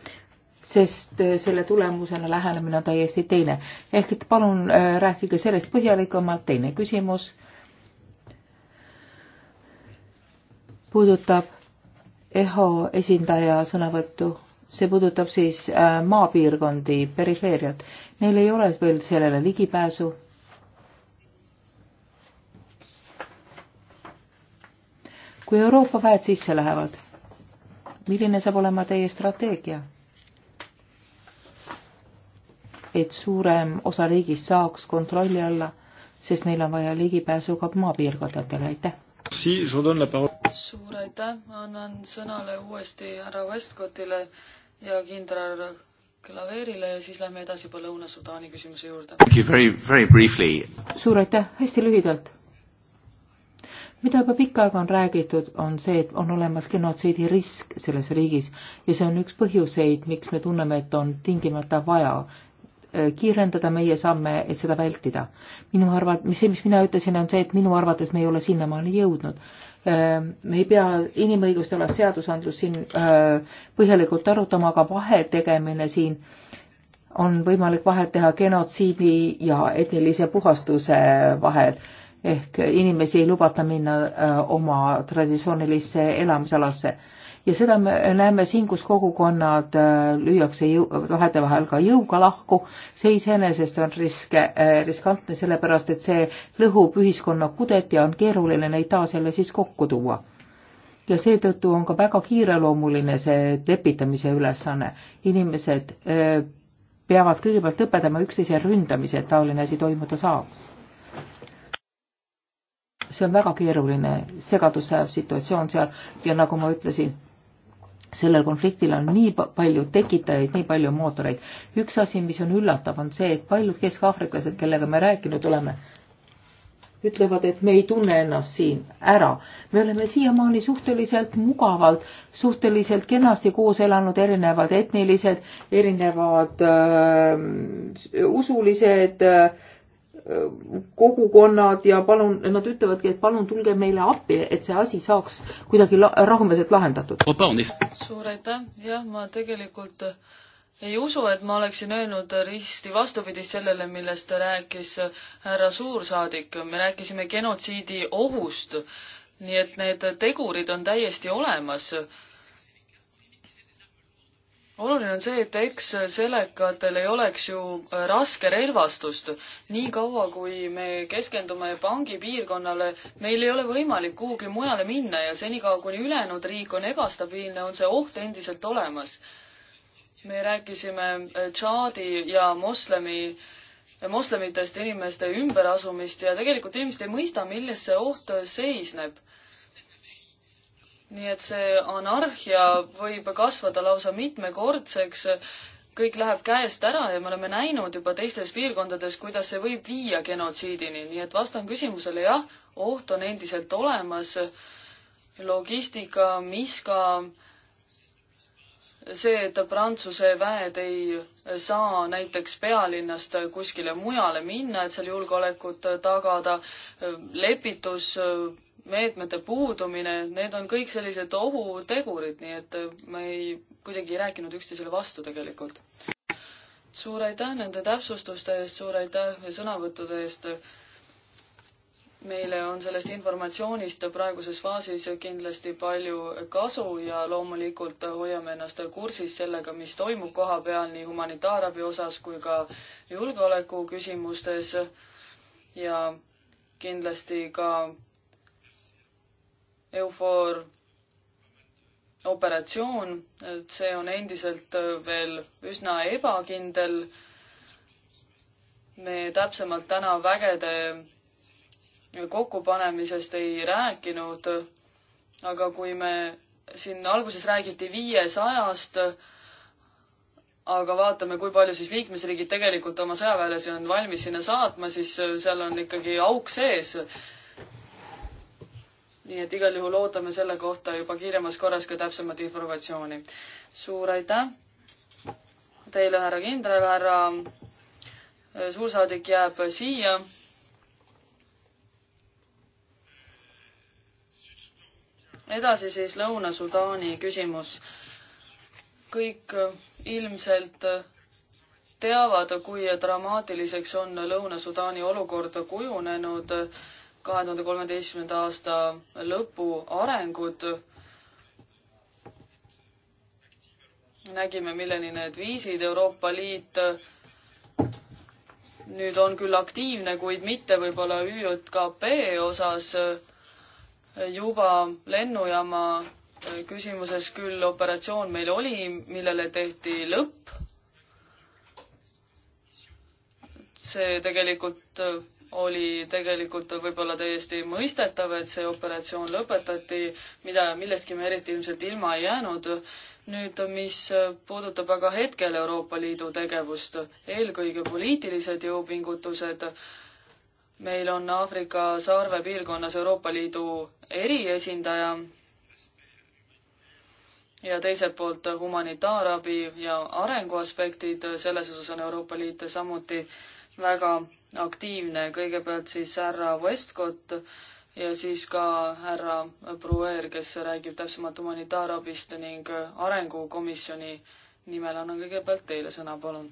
sest äh, selle tulemusena lähenemine on täiesti teine. ehk et palun äh, rääkige sellest põhjalikumalt, teine küsimus puudutab EHO esindaja sõnavõttu see puudutab siis äh, maapiirkondi, perifeeriat. Neil ei ole veel sellele ligipääsu. kui Euroopa väed sisse lähevad, milline saab olema teie strateegia? et suurem osa riigist saaks kontrolli alla, sest meil on vaja ligipääsu ka maapiirkondadele, aitäh! suur aitäh, annan sõnale uuesti härra Westcottile ja kindral klaveerile ja siis lähme edasi juba Lõuna-Sudaani küsimuse juurde. suur aitäh, hästi lühidalt mida juba pikka aega on räägitud, on see, et on olemas genotsiidi risk selles riigis ja see on üks põhjuseid, miks me tunneme, et on tingimata vaja äh, kiirendada meie samme, et seda vältida. minu arvat-, mis see, mis mina ütlesin, on see, et minu arvates me ei ole sinnamaani jõudnud. Ähm, me ei pea inimõiguste alast seadusandlust siin äh, põhjalikult arutama, aga vahe tegemine siin on võimalik vahet teha genotsiidi ja etnilise puhastuse vahel ehk inimesi ei lubata minna äh, oma traditsioonilisse elamisalasse. ja seda me näeme siin, kus kogukonnad äh, lüüakse jõu, vahetevahel ka jõuga lahku, see iseenesest on riske, äh, riskantne, sellepärast et see lõhub ühiskonna kudet ja on keeruline neid taas jälle siis kokku tuua ja seetõttu on ka väga kiireloomuline see lepitamise ülesanne. inimesed peavad kõigepealt õpetama üksteise ründamise, et taoline asi toimuda saaks see on väga keeruline segaduse situatsioon seal ja nagu ma ütlesin, sellel konfliktil on nii palju tekitajaid, nii palju mootoreid. üks asi, mis on üllatav, on see, et paljud keskaafriklased, kellega me rääkinud oleme, ütlevad, et me ei tunne ennast siin ära. me oleme siiamaani suhteliselt mugavalt, suhteliselt kenasti koos elanud, erinevad etnilised, erinevad äh, usulised äh, kogukonnad ja palun, nad ütlevadki, et palun tulge meile appi, et see asi saaks kuidagi rahumeelselt lahendatud. suur aitäh, jah, ma tegelikult ei usu, et ma oleksin öelnud risti vastupidist sellele, millest rääkis härra suursaadik, me rääkisime genotsiidi ohust, nii et need tegurid on täiesti olemas oluline on see, et eks selekatel ei oleks ju äh, raske relvastust. niikaua, kui me keskendume pangipiirkonnale, meil ei ole võimalik kuhugi mujale minna ja senikaua, kuni ülejäänud riik on ebastabiilne, on see oht endiselt olemas. me rääkisime äh, Tšaadi ja moslemi äh, moslemitest inimeste ümberasumist ja tegelikult inimesed ei mõista, milles see oht seisneb nii et see anarhia võib kasvada lausa mitmekordseks, kõik läheb käest ära ja me oleme näinud juba teistes piirkondades, kuidas see võib viia genotsiidini, nii et vastan küsimusele jah, oht on endiselt olemas, logistika, miska, see, et Prantsuse väed ei saa näiteks pealinnast kuskile mujale minna, et seal julgeolekut tagada, lepitus meetmete puudumine, need on kõik sellised ohutegurid, nii et me ei, kuidagi ei rääkinud üksteisele vastu tegelikult. suur aitäh nende täpsustuste eest, suur aitäh sõnavõttude eest. meile on sellest informatsioonist praeguses faasis kindlasti palju kasu ja loomulikult hoiame ennast kursis sellega, mis toimub koha peal nii humanitaarabi osas kui ka julgeoleku küsimustes ja kindlasti ka EUFOR operatsioon, et see on endiselt äh, veel üsna ebakindel. me täpsemalt täna vägede kokkupanemisest ei rääkinud, aga kui me siin alguses räägiti viiesajast, aga vaatame, kui palju siis liikmesriigid tegelikult oma sõjaväelasi on valmis sinna saatma, siis äh, seal on ikkagi auk sees nii et igal juhul ootame selle kohta juba kiiremas korras ka täpsemat informatsiooni. suur aitäh teile, härra kindral, härra äh, suursaadik jääb siia. edasi siis Lõuna-Sudaani küsimus. kõik äh, ilmselt äh, teavad, kui dramaatiliseks on Lõuna-Sudaani olukord kujunenud kahe tuhande kolmeteistkümnenda aasta lõpu arengud. nägime, milleni need viisid Euroopa Liit nüüd on küll aktiivne, kuid mitte võib-olla ÜJKP osas juba lennujaama küsimuses küll operatsioon meil oli, millele tehti lõpp. see tegelikult oli tegelikult võib-olla täiesti mõistetav, et see operatsioon lõpetati, mida, millestki me eriti ilmselt ilma ei jäänud. nüüd, mis puudutab aga hetkel Euroopa Liidu tegevust, eelkõige poliitilised jõupingutused, meil on Aafrika saarve piirkonnas Euroopa Liidu eriesindaja ja teiselt poolt humanitaarabi ja arenguaspektid, selles osas on Euroopa Liit samuti äh, väga aktiivne, kõigepealt siis härra Westcott ja siis ka härra Bruer, kes räägib täpsemalt humanitaarabist ning arengukomisjoni nimel annan kõigepealt teile sõna, palun.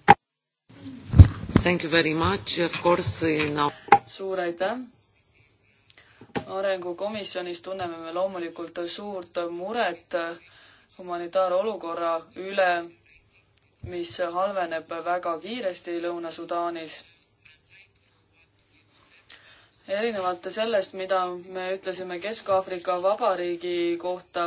Thank you very much, of course no.. suur aitäh. arengukomisjonis tunneme me loomulikult suurt muret humanitaarolukorra üle, mis halveneb väga kiiresti Lõuna-Sudaanis erinevalt sellest, mida me ütlesime Kesk-Aafrika Vabariigi kohta,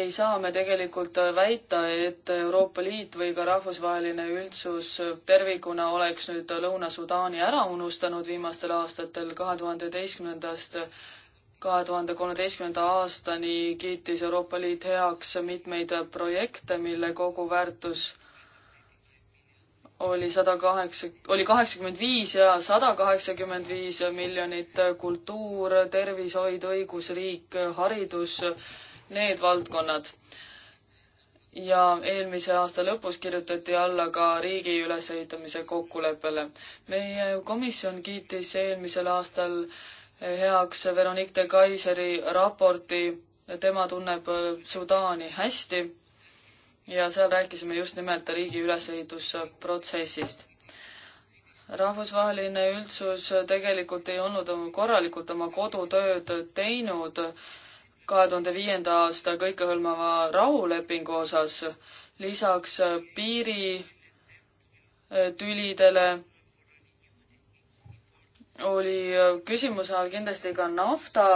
ei saa me tegelikult väita, et Euroopa Liit või ka rahvusvaheline üldsus tervikuna oleks nüüd Lõuna-Sudaani ära unustanud viimastel aastatel, kahe tuhande üheteistkümnendast kahe tuhande kolmeteistkümnenda aastani kiitis Euroopa Liit heaks mitmeid projekte, mille koguväärtus oli sada kaheksa, oli kaheksakümmend viis ja sada kaheksakümmend viis miljonit, äh, kultuur, tervishoid, õigusriik, äh, haridus, need valdkonnad. ja eelmise aasta lõpus kirjutati alla ka riigi ülesehitamise kokkuleppele. meie komisjon kiitis eelmisel aastal äh, heaks Veronique de Kaiseri raporti, tema tunneb Sudaani hästi ja seal rääkisime just nimelt riigi ülesehitusprotsessist. rahvusvaheline üldsus tegelikult ei olnud korralikult oma kodutööd teinud kahe tuhande viienda aasta kõikehõlmava rahulepingu osas, lisaks piiritülidele oli küsimuse all kindlasti ka nafta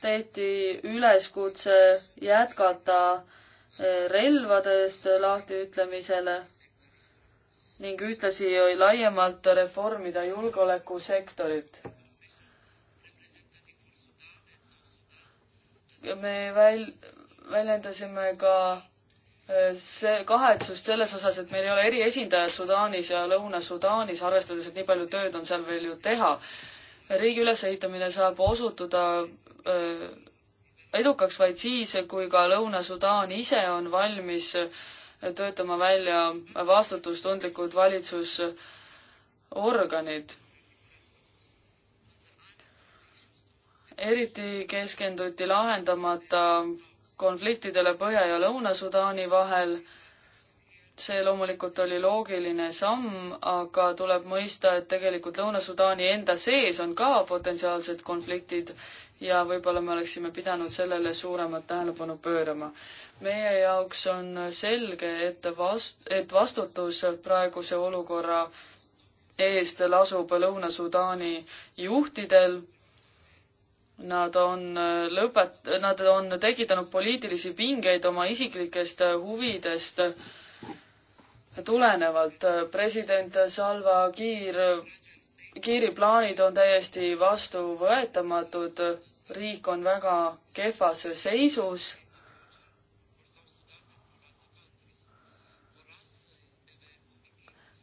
tehti üleskutse jätkata eh, relvadest lahtiütlemisele ning ühtlasi laiemalt reformida julgeolekusektorit. me väl-, väljendasime ka eh, see kahetsust selles osas, et meil ei ole eriesindajad Sudaanis ja Lõuna-Sudaanis, arvestades, et nii palju tööd on seal veel ju teha. riigi ülesehitamine saab osutuda Äh, edukaks vaid siis, kui ka Lõuna-Sudaan ise on valmis töötama välja vastutustundlikud valitsusorganid. eriti keskenduti lahendamata konfliktidele Põhja- ja Lõuna-Sudaani vahel. see loomulikult oli loogiline samm, aga tuleb mõista, et tegelikult Lõuna-Sudaani enda sees on ka potentsiaalsed konfliktid ja võib-olla me oleksime pidanud sellele suuremat tähelepanu pöörama. meie jaoks on selge, et vast-, et vastutus praeguse olukorra eest lasub Lõuna-Sudaani juhtidel. Nad on lõpet-, nad on tekitanud poliitilisi pingeid oma isiklikest huvidest tulenevalt. president Salva Kiir Kiiri plaanid on täiesti vastuvõetamatud riik on väga kehvas seisus.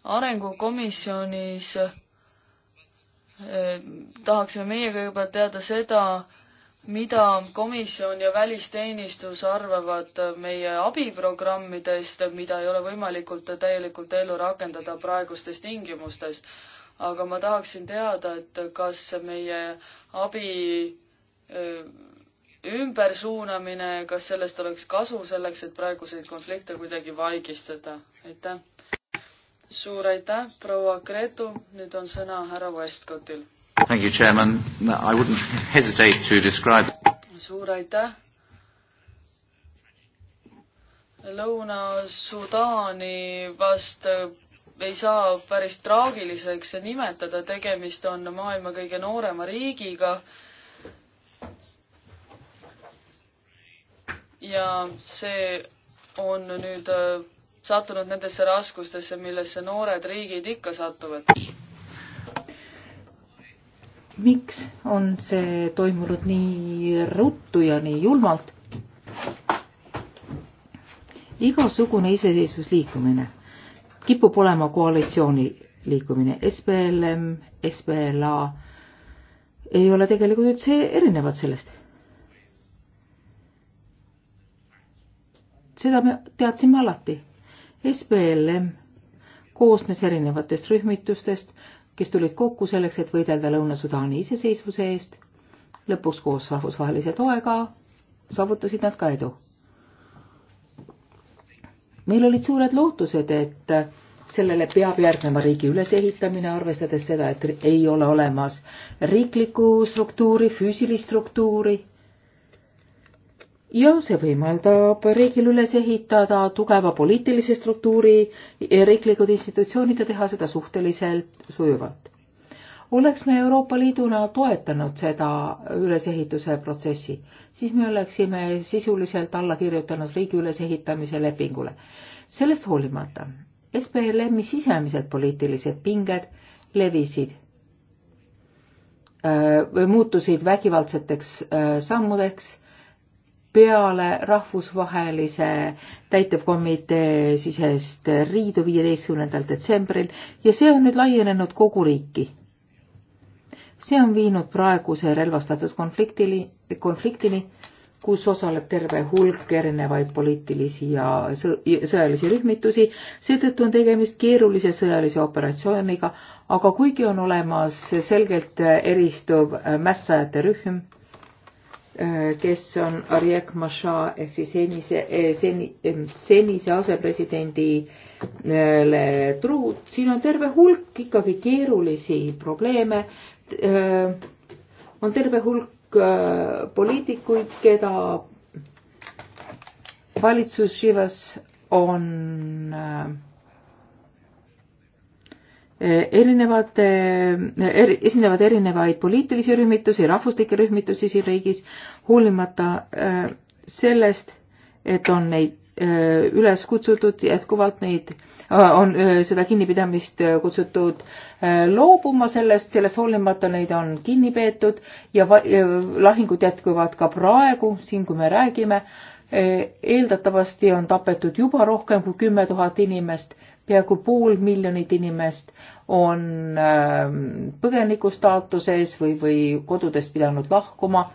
arengukomisjonis eh, tahaksime meie kõigepealt teada seda, mida komisjon ja välisteenistus arvavad meie abiprogrammidest, mida ei ole võimalikult täielikult ellu rakendada praegustes tingimustes. aga ma tahaksin teada, et kas meie abi ümbersuunamine, kas sellest oleks kasu selleks, et praeguseid konflikte kuidagi vaigistada? aitäh! suur aitäh, proua Gretu, nüüd on sõna härra Westcottil. Thank you, chairman, I wouldn't hesitate to describe suur aitäh! Lõuna-Sudaani vast äh, ei saa päris traagiliseks nimetada, tegemist on maailma kõige noorema riigiga ja see on nüüd äh, sattunud nendesse raskustesse, millesse noored riigid ikka satuvad. miks on see toimunud nii ruttu ja nii julmalt? igasugune iseseisvusliikumine kipub olema koalitsiooni liikumine SPLM, SPLA ei ole tegelikult üldse erinevad sellest. seda me teadsime alati. SPLM koosnes erinevatest rühmitustest, kes tulid kokku selleks, et võidelda Lõuna-Sudaani iseseisvuse eest. lõpuks koos rahvusvahelise toega saavutasid nad ka edu. meil olid suured lootused, et sellele peab järgnema riigi ülesehitamine, arvestades seda, et ei ole olemas riiklikku struktuuri, füüsilist struktuuri. ja see võimaldab riigil üles ehitada tugeva poliitilise struktuuri ja riiklikud institutsioonid ja teha seda suhteliselt sujuvalt. oleks me Euroopa Liiduna toetanud seda ülesehituse protsessi, siis me oleksime sisuliselt alla kirjutanud riigi ülesehitamise lepingule. sellest hoolimata SPLM-i sisemised poliitilised pinged levisid äh, või muutusid vägivaldseteks äh, sammudeks peale rahvusvahelise täitevkomitee sisest riidu viieteistkümnendal detsembril ja see on nüüd laienenud kogu riiki. see on viinud praeguse relvastatud konfliktini, konfliktini kus osaleb terve hulk erinevaid poliitilisi ja sõjalisi rühmitusi. seetõttu on tegemist keerulise sõjalise operatsiooniga, aga kuigi on olemas selgelt eristuv mässajate rühm, äh, kes on Ariek Maša ehk siis senise, äh, seni, äh, senise asepresidendile truud, siin on terve hulk ikkagi keerulisi probleeme. on terve hulk Äh, poliitikuid, keda valitsus Shivas on äh, erinevate äh, er,, esindavad erinevaid poliitilisi rühmitusi, rahvuslikke rühmitusi siin riigis, hoolimata sellest, et on neid Äh, üles kutsutud jätkuvalt neid, äh, on äh, seda kinnipidamist kutsutud loobuma sellest, sellest hoolimata neid on kinni peetud ja lahingud jätkuvad ka praegu, siin kui me räägime, eeldatavasti on tapetud juba rohkem kui kümme tuhat inimest, peaaegu pool miljonit inimest on põgeniku staatuses või, või kodudest pidanud lahkuma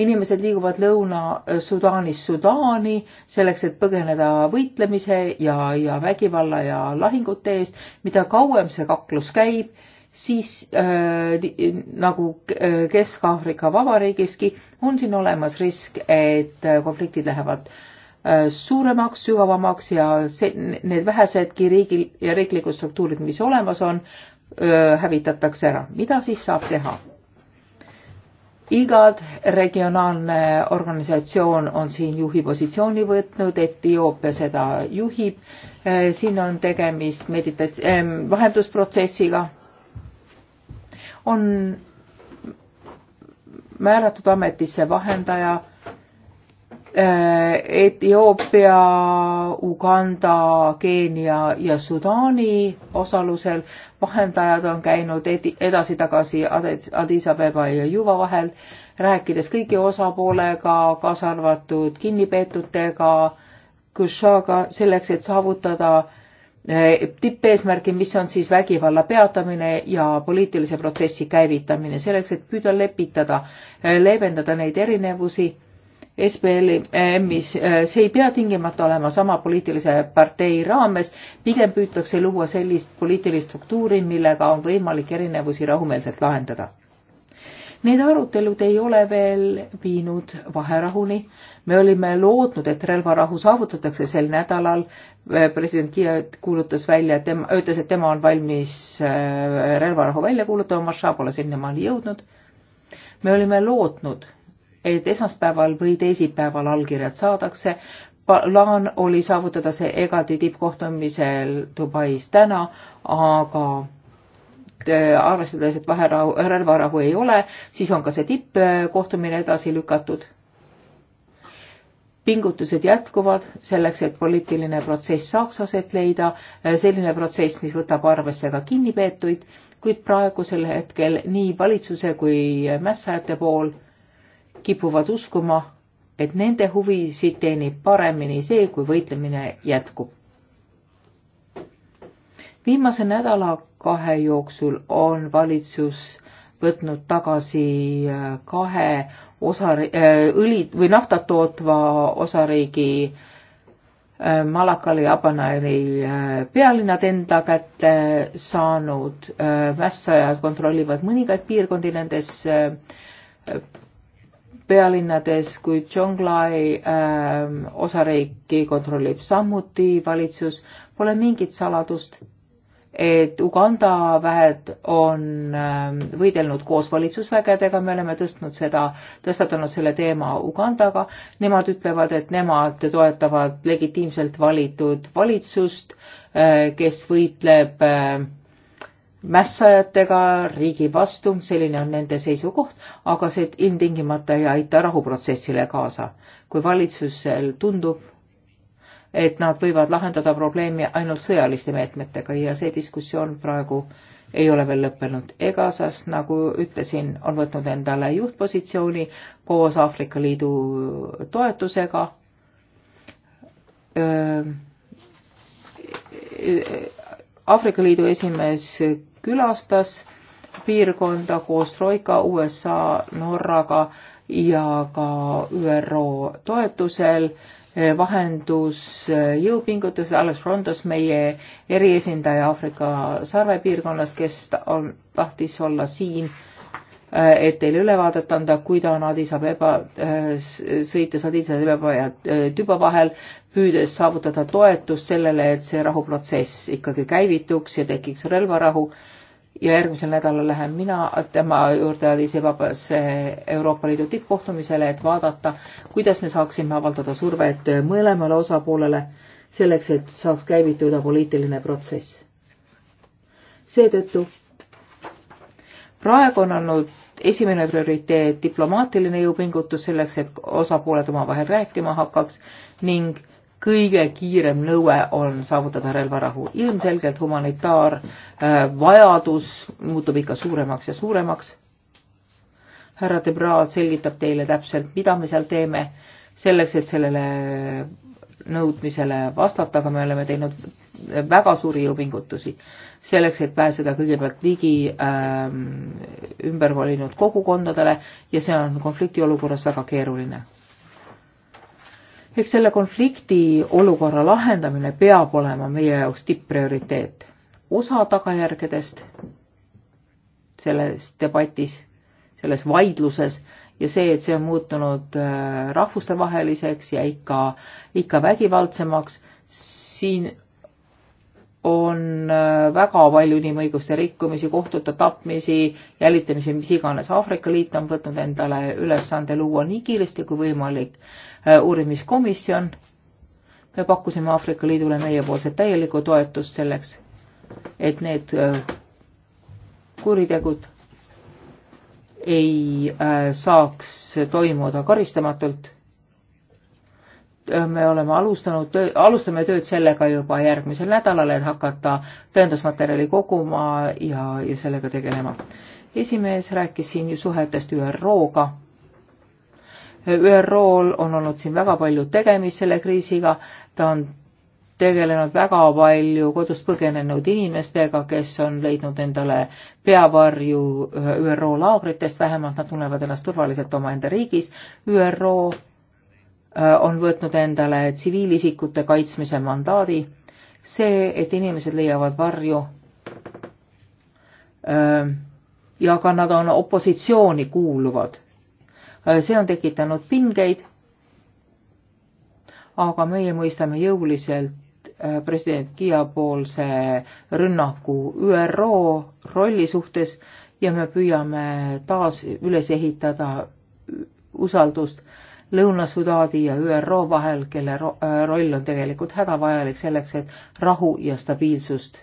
inimesed liiguvad Lõuna-Sudaanis Sudaani selleks, et põgeneda võitlemise ja, ja vägivalla ja lahingute eest. mida kauem see kaklus käib, siis äh, nagu äh, Kesk-Aafrika Vabariigiski on siin olemas risk, et äh, konfliktid lähevad äh, suuremaks, sügavamaks ja see, need vähesedki riigil ja riiklikud struktuurid, mis olemas on äh,, hävitatakse ära. mida siis saab teha? igad regionaalne organisatsioon on siin juhi positsiooni võtnud, Etioopia seda juhib. Eh, siin on tegemist meditats-, vahendusprotsessiga. on määratud ametisse vahendaja Äh, Etioopia, Uganda, Keenia ja Sudaani osalusel. vahendajad on käinud edasi-tagasi Addis Abeba ja Juba vahel, rääkides kõigi osapoolega, kaasa arvatud kinnipeetutega, Kushaga, selleks, et saavutada äh, tippeesmärgi, mis on siis vägivalla peatamine ja poliitilise protsessi käivitamine, selleks, et püüda lepitada, äh, leevendada neid erinevusi SPLM-is, äh, see ei pea tingimata olema sama poliitilise partei raames, pigem püütakse luua sellist poliitilist struktuuri, millega on võimalik erinevusi rahumeelselt lahendada. Need arutelud ei ole veel viinud vaherahuni. me olime lootnud, et relvarahu saavutatakse sel nädalal. Äh, president Kiiev kuulutas välja, tema, ütles, et tema on valmis äh, relvarahu välja kuulutama, Maša pole sinnamaani jõudnud. me olime lootnud, et esmaspäeval või teisipäeval allkirjad saadakse. plaan oli saavutada see EGAD-i tippkohtumisel Dubais täna, aga äh, arvestades, et vaherahu, relvarahu ei ole, siis on ka see tippkohtumine edasi lükatud. pingutused jätkuvad selleks, et poliitiline protsess saaks aset leida, äh, selline protsess, mis võtab arvesse ka kinnipeetuid, kuid praegusel hetkel nii valitsuse kui mässajate pool kipuvad uskuma, et nende huvisid teenib paremini see, kui võitlemine jätkub. viimase nädala kahe jooksul on valitsus võtnud tagasi äh, kahe osa äh,, õli või naftat tootva osariigi äh, Malakali ja Abanari äh, pealinnad enda kätte saanud, mässajad äh, kontrollivad mõningaid piirkondi nendes äh, pealinnades, kui Zhonglai äh, osariiki kontrollib samuti valitsus. Pole mingit saladust, et Uganda väed on äh, võidelnud koos valitsusvägedega, me oleme tõstnud seda, tõstatanud selle teema Ugandaga. Nemad ütlevad, et nemad toetavad legitiimselt valitud valitsust äh,, kes võitleb äh, mässajatega riigi vastu, selline on nende seisukoht, aga see ilmtingimata ei aita rahuprotsessile kaasa. kui valitsusel tundub, et nad võivad lahendada probleemi ainult sõjaliste meetmetega ja see diskussioon praegu ei ole veel lõppenud. EGASAS, nagu ütlesin, on võtnud endale juhtpositsiooni koos Aafrika Liidu toetusega öö, Aafrika Liidu esimees külastas piirkonda koos Troika, USA, Norraga ja ka ÜRO toetusel vahendus jõupingutus Alex Rondos, meie eriesindaja Aafrika sarvepiirkonnas, kes on, tahtis olla siin äh, Äh, et teile ülevaadet anda, kui ta on Addis Abeba, äh, sõites Addis Abeba ja äh, Tüba vahel, püüdes saavutada toetust sellele, et see rahuprotsess ikkagi käivituks ja tekiks relvarahu. ja järgmisel nädalal lähen mina tema juurde Addis Abebasse Euroopa Liidu tippkohtumisele, et vaadata, kuidas me saaksime avaldada survet mõlemale osapoolele selleks, et saaks käivituda poliitiline protsess. seetõttu praegu on olnud esimene prioriteet diplomaatiline jõupingutus selleks, et osapooled omavahel rääkima hakkaks ning kõige kiirem nõue on saavutada relvarahu. ilmselgelt humanitaarvajadus äh, muutub ikka suuremaks ja suuremaks. härra Debraad selgitab teile täpselt, mida me seal teeme selleks, et sellele nõudmisele vastata, aga me oleme teinud väga suuri jõupingutusi selleks, et pääseda kõigepealt ligi ähm, ümberkolinud kogukondadele ja see on konflikti olukorras väga keeruline. eks selle konflikti olukorra lahendamine peab olema meie jaoks tipp-prioriteet. osa tagajärgedest selles debatis, selles vaidluses äh, ja see, et see on muutunud äh, rahvustevaheliseks ja ikka, ikka vägivaldsemaks, siin on äh, väga palju inimõiguste rikkumisi, kohtute tapmisi, jälitamisi, mis iganes. Aafrika Liit on võtnud endale ülesande luua nii kiiresti kui võimalik äh, uurimiskomisjon. me pakkusime Aafrika Liidule meiepoolset täielikku toetust selleks, et need kuritegud ei äh, saaks toimuda karistamatult. me oleme alustanud, alustame tööd sellega juba järgmisel nädalal, et hakata tõendusmaterjali koguma ja, ja sellega tegelema. esimees rääkis siin ju suhetest ÜRO-ga ÜRO-l on olnud siin väga palju tegemist selle kriisiga, ta on tegelenud väga palju kodust põgenenud inimestega, kes on leidnud endale peavarju ÜRO laagritest, vähemalt nad tunnevad ennast turvaliselt omaenda riigis. ÜRO äh, on võtnud endale tsiviilisikute kaitsmise mandaadi. see, et inimesed leiavad varju äh, ja ka nad on opositsiooni kuuluvad, äh, see on tekitanud pingeid aga meie mõistame jõuliselt Äh, president Kiia poolse rünnaku ÜRO rolli suhtes ja me püüame taas üles ehitada usaldust Lõuna-Sudaadi ja ÜRO vahel, kelle äh, roll on tegelikult hädavajalik selleks, et rahu ja stabiilsust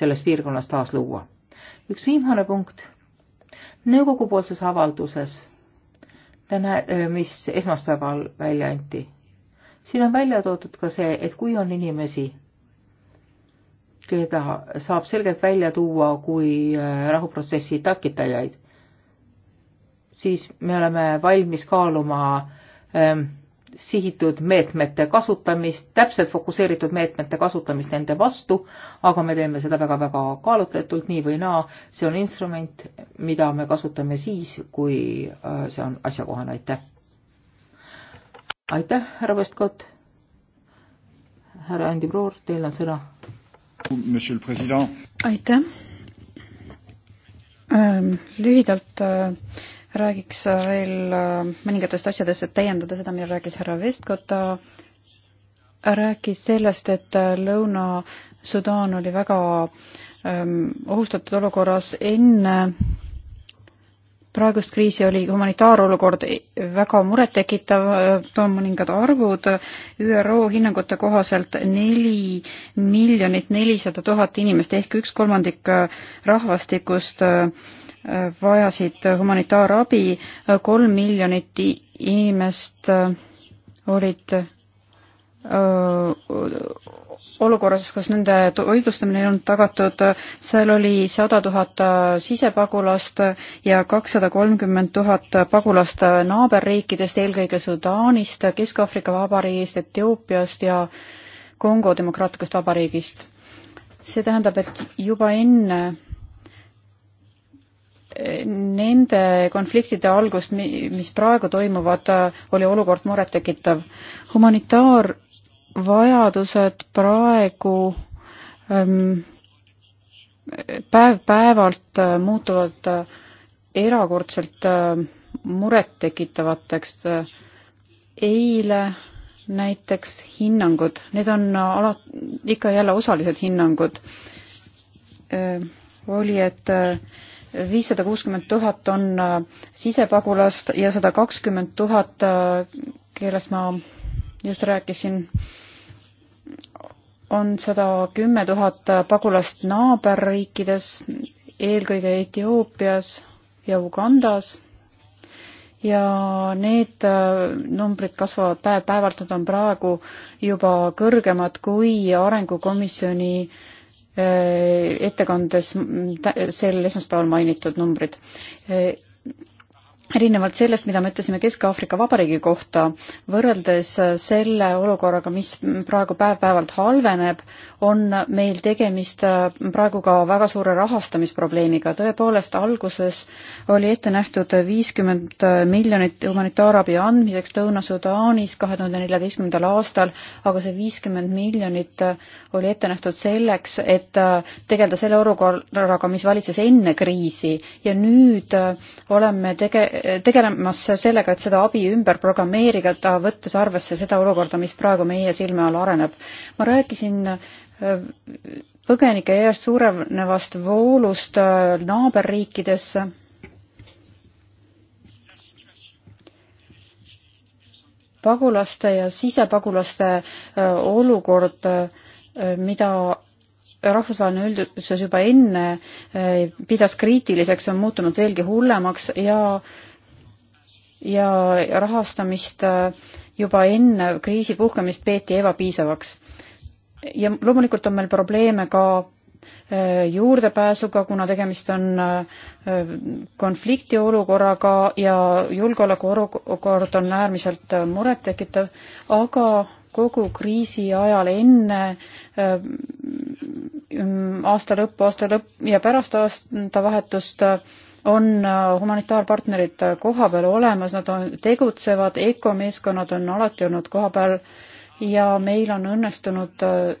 selles piirkonnas taas luua. üks viimane punkt. nõukogu poolses avalduses, mis esmaspäeval välja anti siin on välja toodud ka see, et kui on inimesi, keda saab selgelt välja tuua kui äh, rahuprotsessi takitajaid, siis me oleme valmis kaaluma ähm, sihitud meetmete kasutamist, täpselt fokusseeritud meetmete kasutamist nende vastu, aga me teeme seda väga-väga kaalutletult, nii või naa. see on instrument, mida me kasutame siis, kui äh, see on asjakohane, aitäh aitäh, härra Westcott. härra Andy Proor, teil on sõna. aitäh. Ähm, lühidalt äh, räägiks äh, veel äh, mõningatest asjadest, et täiendada seda, mida rääkis härra Westcott. rääkis sellest, et Lõuna-Sudaan oli väga ähm, ohustatud olukorras enne praegust kriisi oli humanitaarolukord väga murettekitav, toon mõningad arvud. ÜRO hinnangute kohaselt neli miljonit nelisada tuhat inimest ehk üks kolmandik rahvastikust äh, vajasid humanitaarabi, kolm miljonit inimest äh, olid öö, äh, olukorras, kus nende toitlustamine ei olnud tagatud, seal oli sada tuhat äh, sisepagulast ja kakssada kolmkümmend tuhat pagulast äh, naaberriikidest, eelkõige Sudaanist, Kesk-Aafrika Vabariigist, Etioopiast ja Kongo Demokraatlikust Vabariigist. see tähendab, et juba enne äh, nende konfliktide algust, mis praegu toimuvad, oli olukord murettekitav. humanitaar vajadused praegu ähm, päev-päevalt äh, muutuvad äh, erakordselt äh, murettekitavateks. eile näiteks hinnangud, need on ala-, ikka jälle osalised hinnangud, oli, et viissada kuuskümmend tuhat on sisepagulast ja sada kakskümmend tuhat, kellest ma just rääkisin, on sada kümme tuhat pagulast naaberriikides, eelkõige Etioopias ja Ugandas ja need äh, numbrid kasvavad päev-päevalt, nad on praegu juba kõrgemad kui Arengukomisjoni äh, ettekandes sel esmaspäeval mainitud numbrid. Äh, erinevalt sellest, mida me ütlesime Kesk-Aafrika Vabariigi kohta, võrreldes äh, selle olukorraga, mis praegu päev-päevalt halveneb, on meil tegemist äh, praegu ka väga suure rahastamisprobleemiga. tõepoolest, alguses oli ette nähtud viiskümmend äh, miljonit humanitaarabi andmiseks Lõuna-Sudaanis kahe tuhande neljateistkümnendal aastal, aga see viiskümmend miljonit oli ette nähtud selleks, et tegeleda selle olukorraga, mis valitses enne kriisi ja nüüd oleme tege-, tegelemas sellega, et seda abi ümber programmeerida, võttes arvesse seda olukorda, mis praegu meie silme all areneb. ma rääkisin äh, põgenike järjest suurenevast voolust äh, naaberriikidesse pagulaste ja sisepagulaste äh, olukord, mida rahvusvaheline üldsus juba enne pidas kriitiliseks, on muutunud veelgi hullemaks ja ja rahastamist äh, juba enne kriisi puhkemist peeti ebapiisavaks. ja loomulikult on meil probleeme ka äh, juurdepääsuga, kuna tegemist on äh, konfliktiolukorraga ja julgeolekuolukord on äärmiselt murettekitav, aga kogu kriisi ajal enne mm, aasta lõppu, aasta lõpp ja pärast aastavahetust aasta on äh, humanitaarpartnerid kohapeal olemas, nad on, tegutsevad, EKO-meeskonnad on alati olnud kohapeal ja meil on õnnestunud äh,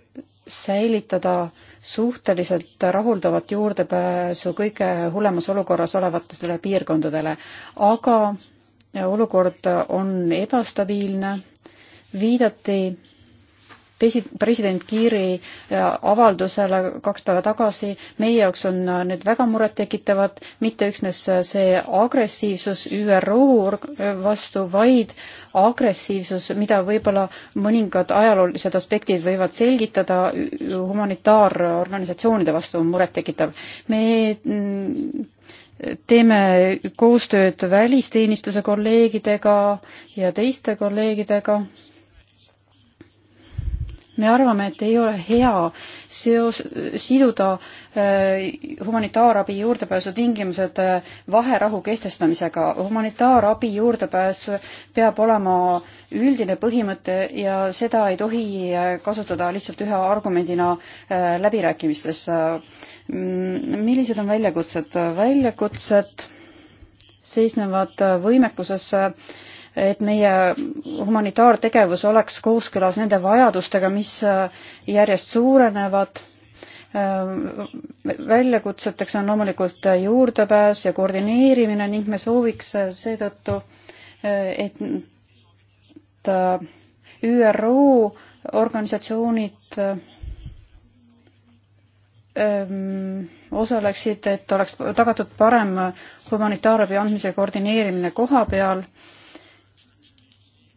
säilitada suhteliselt rahuldavat juurdepääsu kõige hullemas olukorras olevatele piirkondadele. aga olukord on ebastabiilne, viidati president Kiiri äh, avaldusele kaks päeva tagasi. meie jaoks on äh, need väga murettekitavad, mitte üksnes äh, see agressiivsus ÜRO vastu, vaid agressiivsus, mida võib-olla mõningad ajaloolised aspektid võivad selgitada humanitaarorganisatsioonide vastu, on murettekitav. me mm, teeme koostööd välisteenistuse kolleegidega ja teiste kolleegidega me arvame, et ei ole hea seos, siduda äh, humanitaarabi juurdepääsu tingimused äh, vaherahu kehtestamisega. humanitaarabi juurdepääs peab olema üldine põhimõte ja seda ei tohi äh, kasutada lihtsalt ühe argumendina läbirääkimistes. Mm, millised on väljakutsed? väljakutsed seisnevad võimekuses et meie humanitaartegevus oleks kooskõlas nende vajadustega, mis äh, järjest suurenevad. Äh, väljakutseteks on loomulikult äh, juurdepääs ja koordineerimine ning me sooviks seetõttu, et ÜRO organisatsioonid ähm, osaleksid, et oleks tagatud parem humanitaarabi andmise koordineerimine koha peal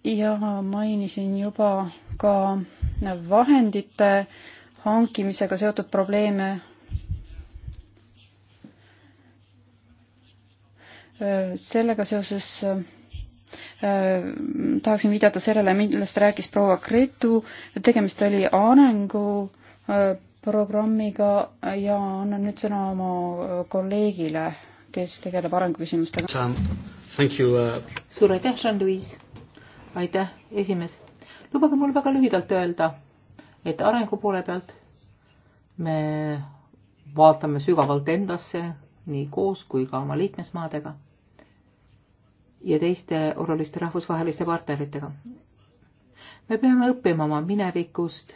ja mainisin juba ka vahendite hankimisega seotud probleeme. sellega seoses äh, tahaksin viidata sellele, millest rääkis proua Gretu, tegemist oli arenguprogrammiga äh, ja annan nüüd sõna oma kolleegile, kes tegeleb arenguküsimustega. Äh, suur aitäh, Jean-Louis! aitäh, esimees. lubage mul väga lühidalt öelda, et arengu poole pealt me vaatame sügavalt endasse, nii koos kui ka oma liikmesmaadega ja teiste oluliste rahvusvaheliste partneritega. me peame õppima oma minevikust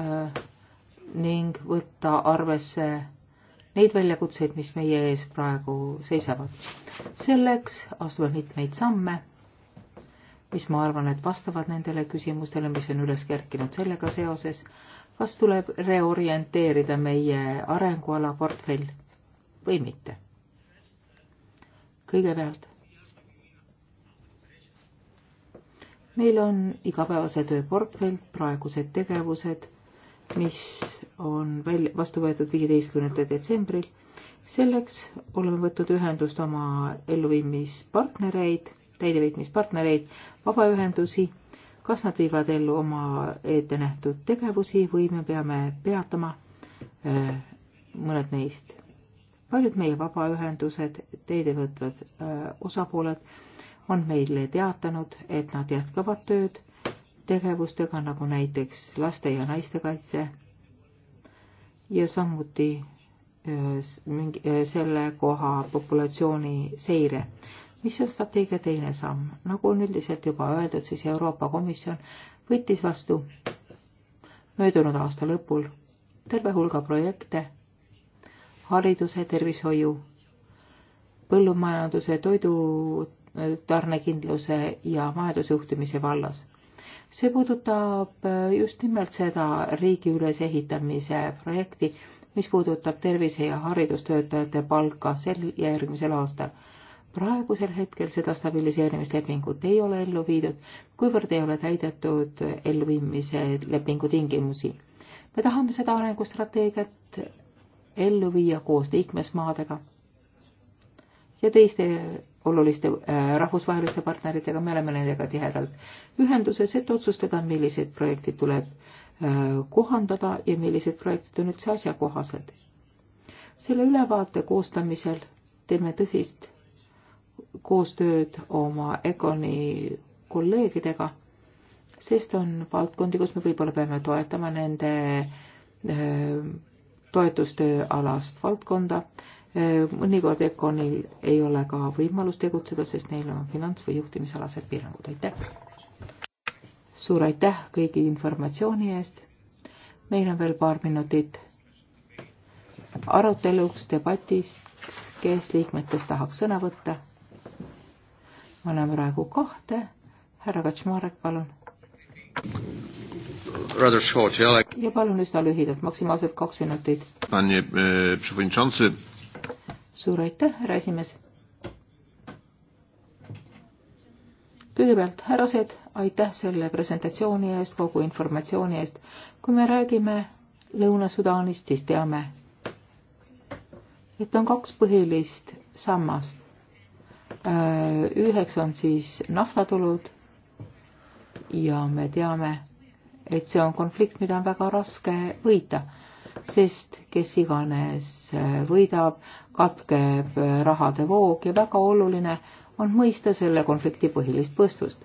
äh, ning võtta arvesse neid väljakutseid, mis meie ees praegu seisavad. selleks astume mitmeid samme mis ma arvan, et vastavad nendele küsimustele, mis on üles kerkinud sellega seoses, kas tuleb reorienteerida meie arenguala portfell või mitte. kõigepealt. meil on igapäevase töö portfell, praegused tegevused, mis on välja, vastu võetud viieteistkümnendal detsembril. selleks oleme võtnud ühendust oma elluviimispartnereid täideveitmispartnereid, vabaühendusi, kas nad viivad ellu oma ettenähtud tegevusi või me peame peatama äh, mõned neist. paljud meie vabaühendused, teedevõtvad äh, osapooled on meile teatanud, et nad jätkavad tööd tegevustega, nagu näiteks laste ja naistekaitse ja samuti äh, selle koha populatsiooni seire mis on strateegia teine samm? nagu on üldiselt juba öeldud, siis Euroopa Komisjon võttis vastu möödunud aasta lõpul terve hulga projekte hariduse, tervishoiu, põllumajanduse, toidu äh, tarnekindluse ja majandusjuhtimise vallas. see puudutab äh, just nimelt seda riigi ülesehitamise projekti, mis puudutab tervise ja haridustöötajate palka sel ja järgmisel aastal praegusel hetkel seda stabiliseerimislepingut ei ole ellu viidud, kuivõrd ei ole täidetud elluviimise lepingu tingimusi. me tahame seda arengustrateegiat ellu viia koos liikmesmaadega ja teiste oluliste äh, rahvusvaheliste partneritega, me oleme nendega tihedalt ühenduses, et otsustada, millised projektid tuleb äh, kohandada ja millised projektid on üldse asjakohased. selle ülevaate koostamisel teeme tõsist koostööd oma Econi kolleegidega, sest on valdkondi, kus me võib-olla peame toetama nende eh, toetustööalast valdkonda. Eh, mõnikord Econil ei ole ka võimalust tegutseda, sest neil on finants- või juhtimisalased piirangud, aitäh! suur aitäh kõigi informatsiooni eest, meil on veel paar minutit aruteluks, debatiks, kes liikmetest tahaks sõna võtta ma näen praegu kahte. härra Kaczmarek, palun. Rather short, yeah, like... ja palun üsna lühidalt, maksimaalselt kaks minutit. E, suur aitäh, härra esimees. kõigepealt, härrased, aitäh selle presentatsiooni eest, kogu informatsiooni eest. kui me räägime Lõuna-Sudaanist, siis teame, et on kaks põhilist sammast Äh, üheks on siis naftatulud ja me teame, et see on konflikt, mida on väga raske võita, sest kes iganes äh, võidab, katkeb äh, rahade voog ja väga oluline on mõista selle konflikti põhilist põhjust.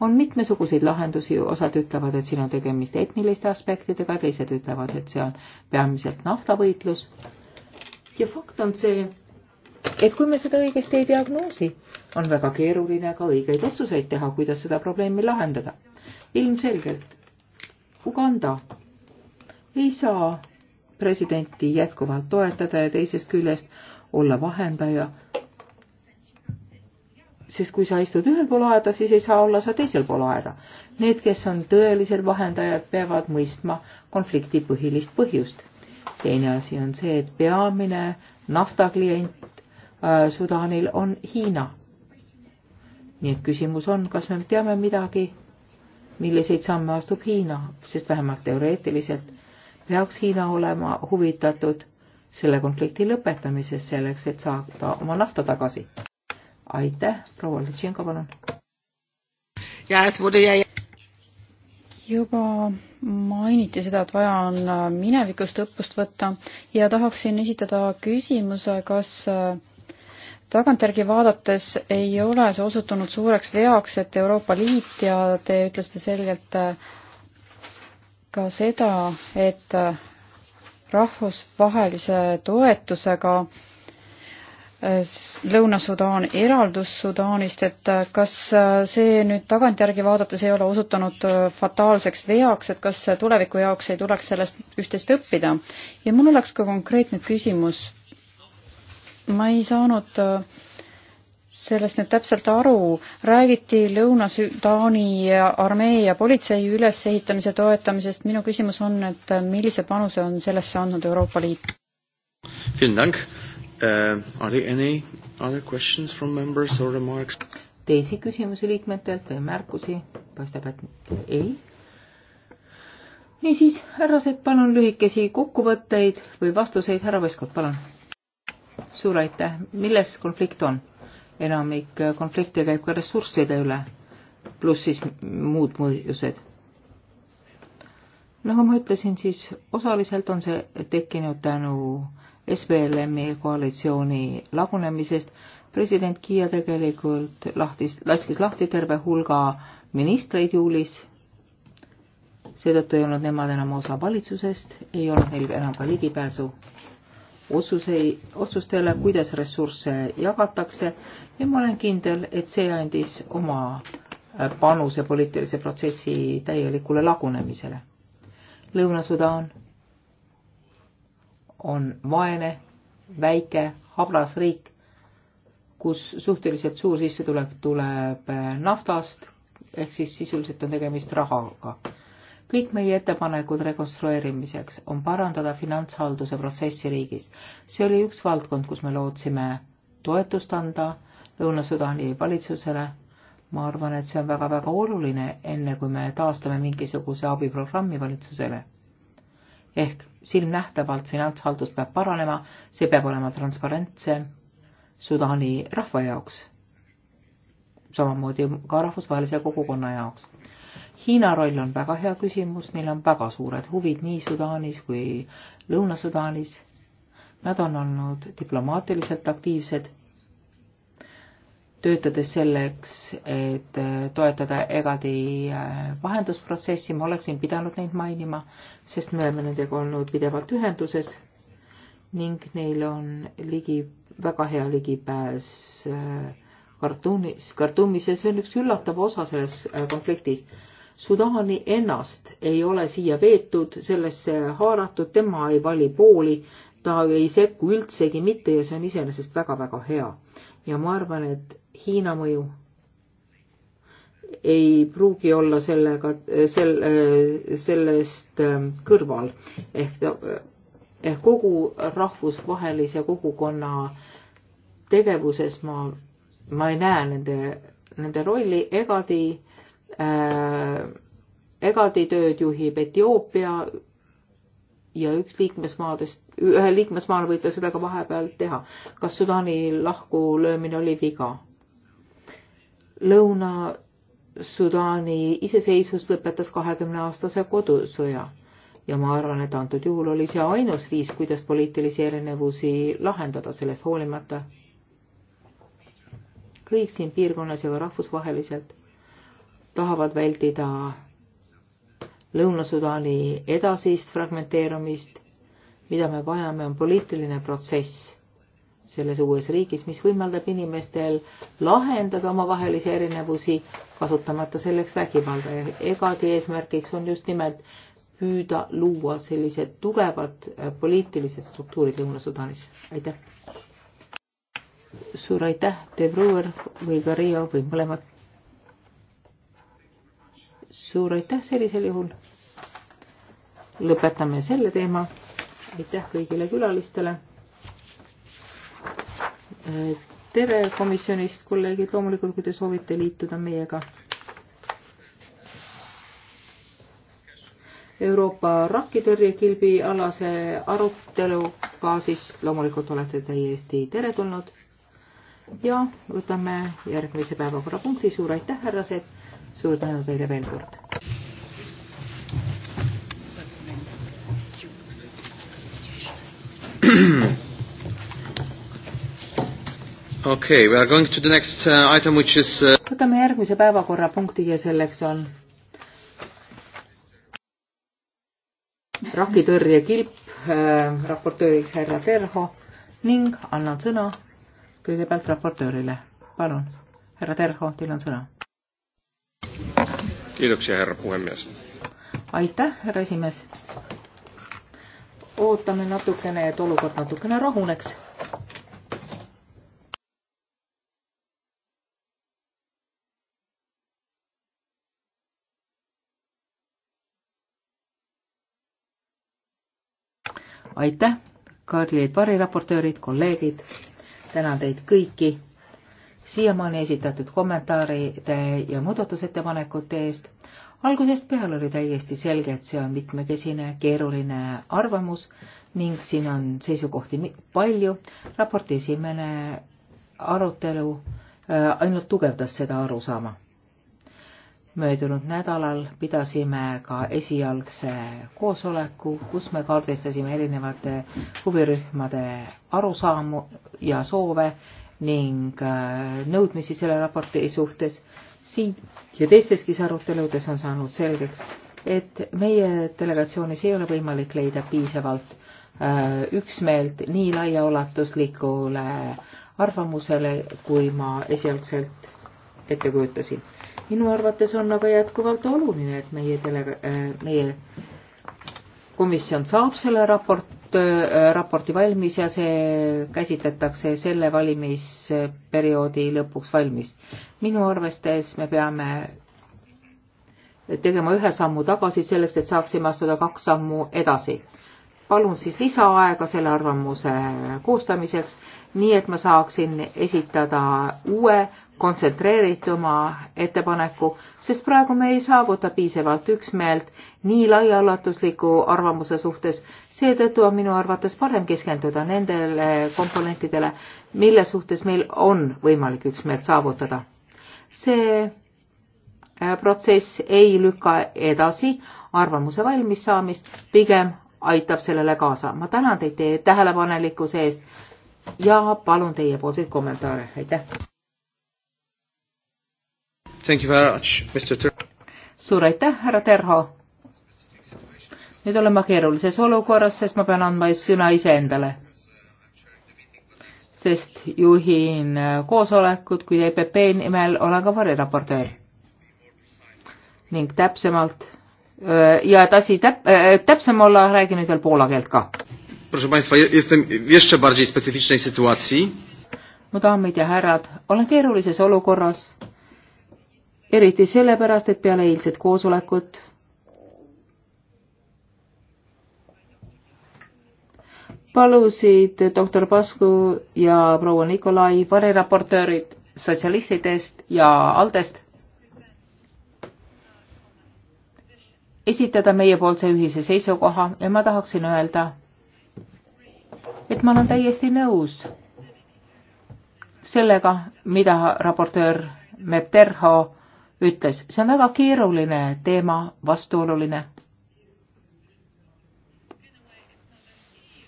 on mitmesuguseid lahendusi, osad ütlevad, et siin on tegemist etniliste aspektidega, teised ütlevad, et see on peamiselt naftavõitlus. ja fakt on see, et kui me seda õigesti ei diagnoosi, on väga keeruline ka õigeid otsuseid teha, kuidas seda probleemi lahendada. ilmselgelt Uganda ei saa presidenti jätkuvalt toetada ja teisest küljest olla vahendaja. sest kui sa istud ühel pool aeda, siis ei saa olla sa teisel pool aeda. Need, kes on tõelised vahendajad, peavad mõistma konflikti põhilist põhjust. teine asi on see, et peamine naftaklient Äh, Sudaanil on Hiina. nii et küsimus on, kas me teame midagi, milliseid samme astub Hiina, sest vähemalt teoreetiliselt peaks Hiina olema huvitatud selle konflikti lõpetamises selleks, et saada oma nafta tagasi. aitäh, proua Lutsenko, palun. juba mainiti seda, et vaja on äh, minevikust õppust võtta ja tahaksin esitada küsimuse, kas äh, tagantjärgi vaadates ei ole see osutunud suureks veaks, et Euroopa Liit ja te ütlesite selgelt äh, ka seda, et äh, rahvusvahelise toetusega äh, Lõuna-Sudaan eraldus Sudaanist, et kas see nüüd tagantjärgi vaadates ei ole osutunud fataalseks veaks, et kas tuleviku jaoks ei tuleks sellest üht-teist õppida? ja mul oleks ka konkreetne küsimus ma ei saanud äh, sellest nüüd täpselt aru, räägiti Lõuna-Taani armee ja politsei ülesehitamise toetamisest, minu küsimus on, et äh, millise panuse on sellesse andnud Euroopa Liit? Äh, teisi küsimusi liikmetelt või märkusi? paistab, et ei. niisiis, härrased, palun lühikesi kokkuvõtteid või vastuseid, härra Veskot, palun suur aitäh, milles konflikt on? enamik äh, konflikte käib ka ressursside üle, pluss siis muud mõjused. nagu ma ütlesin, siis osaliselt on see tekkinud tänu SPLM-i koalitsiooni lagunemisest. president Kiia tegelikult lahtis, laskis lahti terve hulga ministreid juulis. seetõttu ei olnud nemad enam osa valitsusest, ei olnud neil enam ka ligipääsu otsuseid, otsustele, kuidas ressursse jagatakse ja ma olen kindel, et see andis oma äh, panuse poliitilise protsessi täielikule lagunemisele. Lõuna-Sudaan on vaene, väike, habras riik, kus suhteliselt suur sissetulek tuleb äh, naftast, ehk siis sisuliselt on tegemist rahaga kõik meie ettepanekud rekonstrueerimiseks on parandada finantshalduse protsessi riigis. see oli üks valdkond, kus me lootsime toetust anda Lõuna-Sudaani valitsusele. ma arvan, et see on väga-väga oluline, enne kui me taastame mingisuguse abiprogrammi valitsusele. ehk silmnähtavalt finantshaldus peab paranema, see peab olema transparentsem Sudaani rahva jaoks samamoodi ka rahvusvahelise kogukonna jaoks. Hiina roll on väga hea küsimus, neil on väga suured huvid nii Sudaanis kui Lõuna-Sudaanis. Nad on olnud diplomaatiliselt aktiivsed, töötades selleks, et äh, toetada EGADi äh, vahendusprotsessi, ma oleksin pidanud neid mainima, sest me oleme nendega olnud pidevalt ühenduses ning neil on ligi, väga hea ligipääs Khartoumis, äh, Khartoumis ja see on üks üllatav osa selles konfliktis Sudaani ennast ei ole siia veetud, sellesse haaratud, tema ei vali pooli, ta ei sekku üldsegi mitte ja see on iseenesest väga-väga hea. ja ma arvan, et Hiina mõju ei pruugi olla sellega, sel, sellest ähm, kõrval ehk ta, ehk kogu rahvusvahelise kogukonna tegevuses ma, ma ei näe nende, nende rolli egadi Äh, EGADi tööd juhib Etioopia ja üks liikmesmaadest, ühe liikmesmaana võib ta seda ka vahepeal teha. kas Sudaani lahkulöömine oli viga? Lõuna-Sudaani iseseisvus lõpetas kahekümne aastase kodusõja ja ma arvan, et antud juhul oli see ainus viis, kuidas poliitilisi erinevusi lahendada, sellest hoolimata kõik siin piirkonnas ja ka rahvusvaheliselt tahavad vältida Lõuna-Sudaani edasist fragmenteerumist. mida me vajame, on poliitiline protsess selles uues riigis, mis võimaldab inimestel lahendada omavahelisi erinevusi, kasutamata selleks vägivalda ja EGAD-i eesmärgiks on just nimelt püüda luua sellised tugevad äh, poliitilised struktuurid Lõuna-Sudaanis. aitäh! suur aitäh, De Brewer või Carrillo või mõlemad! suur aitäh sellisel juhul. lõpetame selle teema. aitäh kõigile külalistele. Äh, tere komisjonist, kolleegid, loomulikult, kui te soovite liituda meiega. Euroopa rakitõrjekilbi alase aruteluga, siis loomulikult olete täiesti teretulnud ja võtame järgmise päevakorrapunkti. suur aitäh, härrased suur tänu teile veel kord. Okay, we are going to the next uh, item which is uh... võtame järgmise päevakorrapunkti ja selleks on rakitõrjekilp äh,, raportööriks härra Terho ning annan sõna kõigepealt raportöörile. palun, härra Terho, teil on sõna kiitoksia, härra puhemees. aitäh, härra esimees. ootame natukene, et olukord natukene rahuneks aitäh, Karli variraportöörid, kolleegid, tänan teid kõiki siiamaani esitatud kommentaaride ja muudatusettepanekute eest. algusest peale oli täiesti selge, et see on mitmekesine, keeruline arvamus ning siin on seisukohti palju. raporti esimene arutelu äh, ainult tugevdas seda arusaama. möödunud nädalal pidasime ka esialgse koosoleku, kus me kaardistasime erinevate huvirühmade arusaamu ja soove ning äh, nõudmisi selle raporti suhtes. siin ja teisteski aruteludes on saanud selgeks, et meie delegatsioonis ei ole võimalik leida piisavalt äh, üksmeelt nii laiaulatuslikule arvamusele, kui ma esialgselt ette kujutasin. minu arvates on aga jätkuvalt oluline, et meie delega-, äh, meie komisjon saab selle raport, Äh, raporti valmis ja see käsitletakse selle valimisperioodi lõpuks valmis. minu arvestes me peame tegema ühe sammu tagasi selleks, et saaksime astuda kaks sammu edasi. palun siis lisaaega selle arvamuse koostamiseks, nii et ma saaksin esitada uue kontsentreerituma ettepaneku, sest praegu me ei saavuta piisavalt üksmeelt nii laiaulatusliku arvamuse suhtes. seetõttu on minu arvates parem keskenduda nendele komponentidele, mille suhtes meil on võimalik üksmeelt saavutada. see äh, protsess ei lükka edasi arvamuse valmis saamist, pigem aitab sellele kaasa. ma tänan teid teie tähelepanelikkuse eest ja palun teiepoolseid kommentaare, aitäh! Thank you very much, Mr Ter-. suur aitäh, härra Terho. nüüd olen ma keerulises olukorras, sest ma pean andma sõna iseendale. sest juhin äh, koosolekut, kuid EPP nimel olen ka variraportöör. ning täpsemalt äh, ja et asi täp-, äh, täpsem olla, räägin nüüd veel poola keelt ka. Proszę Państwa, jestem w jeszcze bardziej specyficznej sytuacji. mu daamid ja härrad, olen keerulises olukorras eriti sellepärast, et peale eilset koosolekut palusid doktor Pasku ja proua Nikolai vareraportöörid sotsialistidest ja Aldest esitada meiepoolse ühise seisukoha ja ma tahaksin öelda, et ma olen täiesti nõus sellega, mida raportöör Mepterho ütles, see on väga keeruline teema, vastuoluline.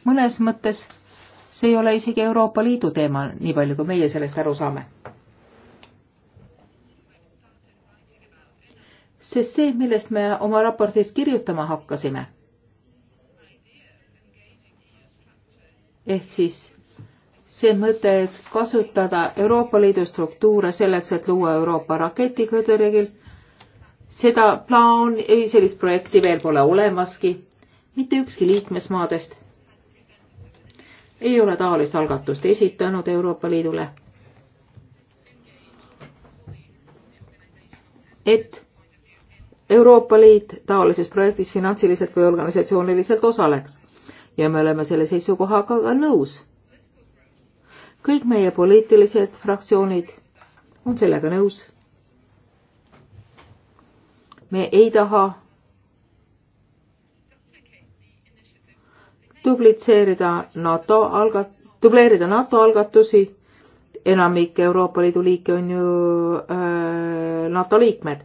mõnes mõttes see ei ole isegi Euroopa Liidu teema, nii palju kui meie sellest aru saame. sest see, millest me oma raportis kirjutama hakkasime, ehk siis see mõte, et kasutada Euroopa Liidu struktuure selleks, et luua Euroopa raketikõderegil, seda plaani, sellist projekti veel pole olemaski, mitte ükski liikmesmaadest ei ole taolist algatust esitanud Euroopa Liidule. et Euroopa Liit taolises projektis finantsiliselt või organisatsiooniliselt osaleks ja me oleme selle seisukohaga ka nõus kõik meie poliitilised fraktsioonid on sellega nõus. me ei taha duplitseerida NATO algat-, dubleerida NATO algatusi, enamik Euroopa Liidu liike on ju öö, äh, NATO liikmed.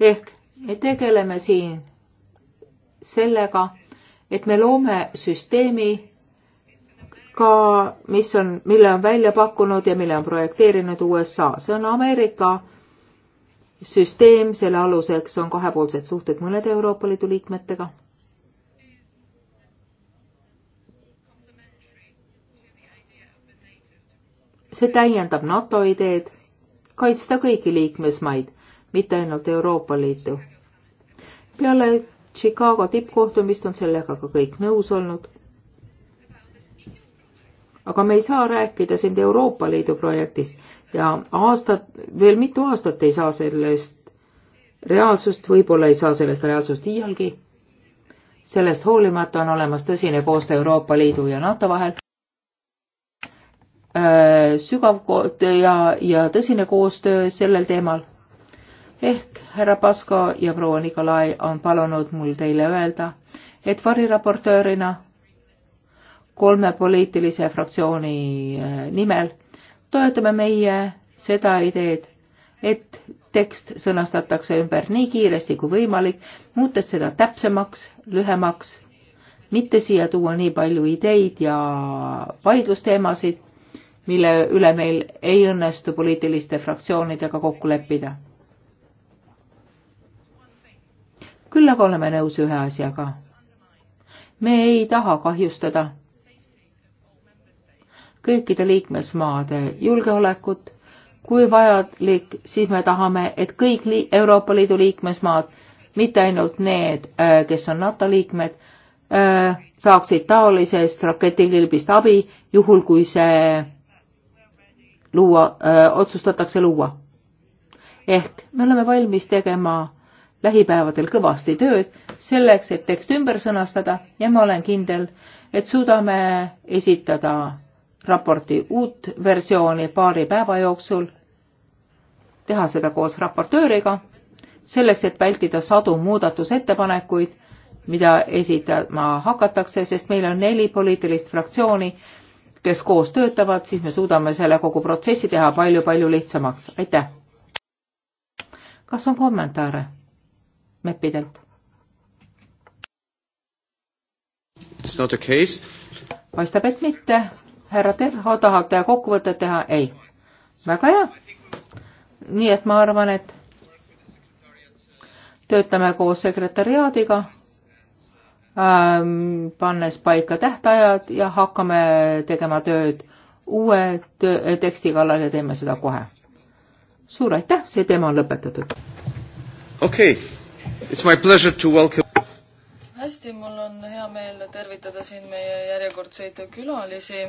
ehk me tegeleme siin sellega, et me loome süsteemi, ka, mis on, mille on välja pakkunud ja mille on projekteerinud USA. see on Ameerika süsteem, selle aluseks on kahepoolsed suhted mõnede Euroopa Liidu liikmetega. see täiendab NATO ideed kaitsta kõiki liikmesmaid, mitte ainult Euroopa Liitu. peale Chicago tippkohtumist on sellega ka kõik nõus olnud aga me ei saa rääkida siin Euroopa Liidu projektist ja aastad, veel mitu aastat ei saa sellest reaalsust, võib-olla ei saa sellest reaalsust iialgi. sellest hoolimata on olemas tõsine koostöö Euroopa Liidu ja NATO vahel. Äh, sügav ja, ja tõsine koostöö sellel teemal. ehk härra Pasko ja proua Nikolai on palunud mul teile öelda, et variraportöörina kolme poliitilise fraktsiooni äh, nimel toetame meie seda ideed, et tekst sõnastatakse ümber nii kiiresti kui võimalik, muutes seda täpsemaks, lühemaks, mitte siia tuua nii palju ideid ja vaidlusteemasid, mille üle meil ei õnnestu poliitiliste fraktsioonidega kokku leppida. küll aga oleme nõus ühe asjaga. me ei taha kahjustada kõikide liikmesmaade julgeolekut. kui vajalik, siis me tahame, et kõik Euroopa Liidu liikmesmaad, mitte ainult need, äh, kes on NATO liikmed, äh, saaksid taolisest raketikilbist abi, juhul kui see luua, äh, otsustatakse luua. ehk me oleme valmis tegema lähipäevadel kõvasti tööd selleks, et tekst ümber sõnastada ja ma olen kindel, et suudame esitada raporti uut versiooni paari päeva jooksul, teha seda koos raportööriga, selleks, et vältida sadu muudatusettepanekuid, mida esitama hakatakse, sest meil on neli poliitilist fraktsiooni, kes koos töötavad, siis me suudame selle kogu protsessi teha palju-palju lihtsamaks. aitäh! kas on kommentaare MEP-idelt? paistab, et mitte härra Terho tahab teha kokkuvõtet teha? ei. väga hea. nii et ma arvan, et töötame koos sekretariaadiga ähm,, pannes paika tähtajad ja hakkame tegema tööd uue töö, äh, teksti kallal ja teeme seda kohe. suur aitäh, see teema on lõpetatud. okei okay., it's my pleasure to welcome hästi, mul on hea meel tervitada siin meie järjekordseid külalisi.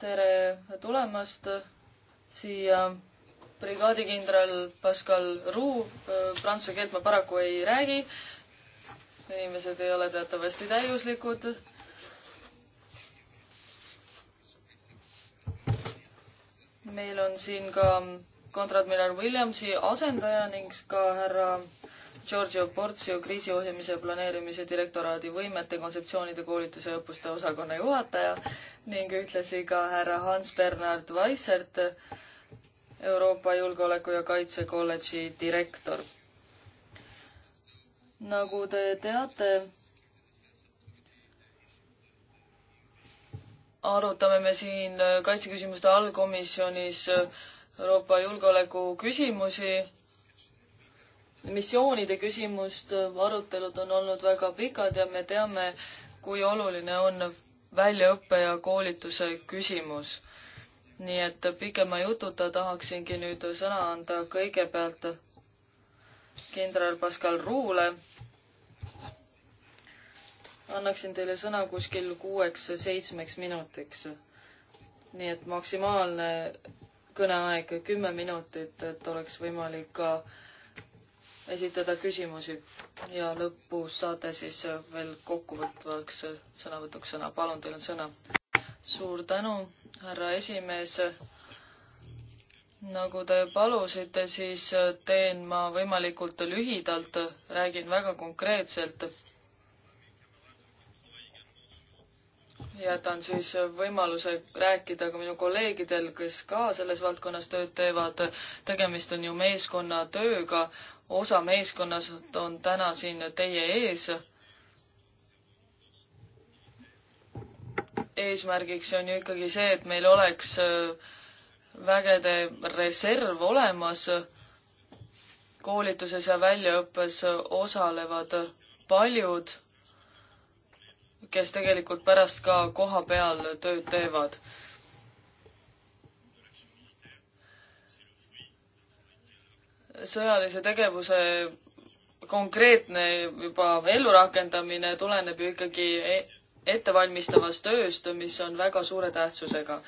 tere tulemast siia brigaadikindral Pascal Roux, prantsuse keelt ma paraku ei räägi. inimesed ei ole teatavasti täiuslikud. meil on siin ka kontradmiral Williamsi asendaja ning ka härra Giorgio Portsio kriisiohjamise planeerimise direktoraadi võimete kontseptsioonide koolituse ja õppuste osakonna juhataja ning ühtlasi ka härra Hans Bernhard Weissert, Euroopa Julgeoleku ja Kaitse kolledži direktor. nagu te teate, arutame me siin kaitseküsimuste allkomisjonis Euroopa julgeoleku küsimusi missioonide küsimust, arutelud on olnud väga pikad ja me teame, kui oluline on väljaõppe ja koolituse küsimus. nii et pikema jututa tahaksingi nüüd sõna anda kõigepealt kindral Pascal Ruule. annaksin teile sõna kuskil kuueks-seitsmeks minutiks. nii et maksimaalne kõneaeg kümme minutit, et oleks võimalik ka äh, esitada küsimusi ja lõpus saate siis veel kokkuvõtvaks sõnavõtuks sõna. palun, teil on sõna. suur tänu, härra esimees. nagu te palusite, siis teen ma võimalikult lühidalt, räägin väga konkreetselt. jätan siis võimaluse rääkida ka minu kolleegidel, kes ka selles valdkonnas tööd teevad. tegemist on ju meeskonnatööga osa meeskonnast on täna siin teie ees. eesmärgiks on ju ikkagi see, et meil oleks äh, vägede reserv olemas. koolituses ja väljaõppes osalevad paljud, kes tegelikult pärast ka koha peal tööd teevad sõjalise tegevuse konkreetne juba ellurakendamine tuleneb ju ikkagi e-, ettevalmistavast tööst, mis on väga suure tähtsusega.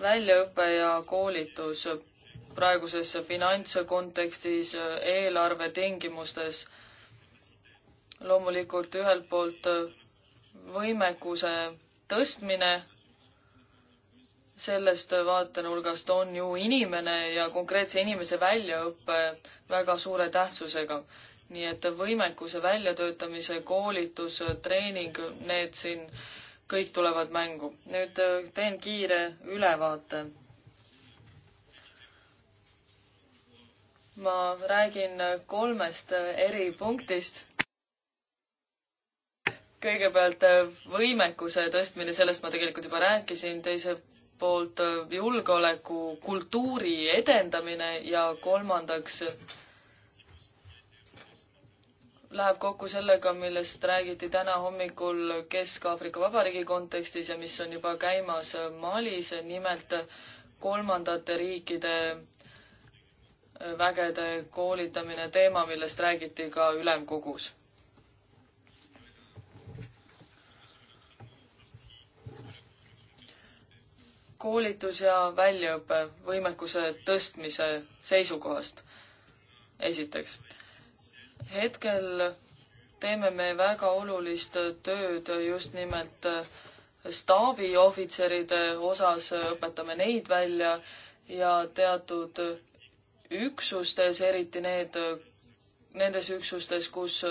väljaõpe ja koolitus praeguses finantskontekstis, eelarve tingimustes, loomulikult ühelt poolt võimekuse tõstmine sellest vaatenurgast on ju inimene ja konkreetse inimese väljaõpe väga suure tähtsusega. nii et võimekuse väljatöötamise, koolitus, treening, need siin kõik tulevad mängu. nüüd äh, teen kiire ülevaate. ma räägin kolmest eri punktist kõigepealt võimekuse tõstmine, sellest ma tegelikult juba rääkisin, teise poolt äh, julgeoleku kultuuri edendamine ja kolmandaks läheb kokku sellega, millest räägiti täna hommikul Kesk-Aafrika Vabariigi kontekstis ja mis on juba käimas Malis, nimelt kolmandate riikide äh, vägede koolitamine, teema, millest räägiti ka ülemkogus koolitus ja väljaõpe võimekuse tõstmise seisukohast. esiteks, hetkel teeme me väga olulist tööd just nimelt staabiohvitseride osas, õpetame neid välja ja teatud üksustes, eriti need, nendes üksustes, kus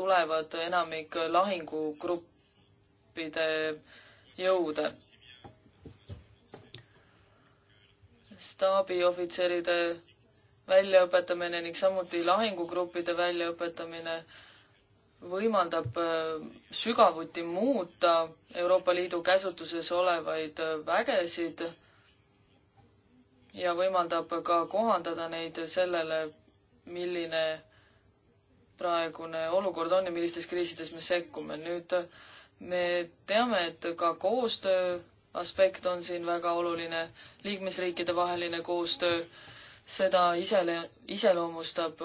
tulevad enamik lahingugruppide jõude staabiohvitseride väljaõpetamine ning samuti lahingugruppide väljaõpetamine võimaldab äh, sügavuti muuta Euroopa Liidu käsutuses olevaid äh, vägesid ja võimaldab ka kohandada neid sellele, milline praegune olukord on ja millistes kriisides me sekkume. nüüd äh, me teame, et ka koostöö aspekt on siin väga oluline, liikmesriikide vaheline koostöö, seda isele, iseloomustab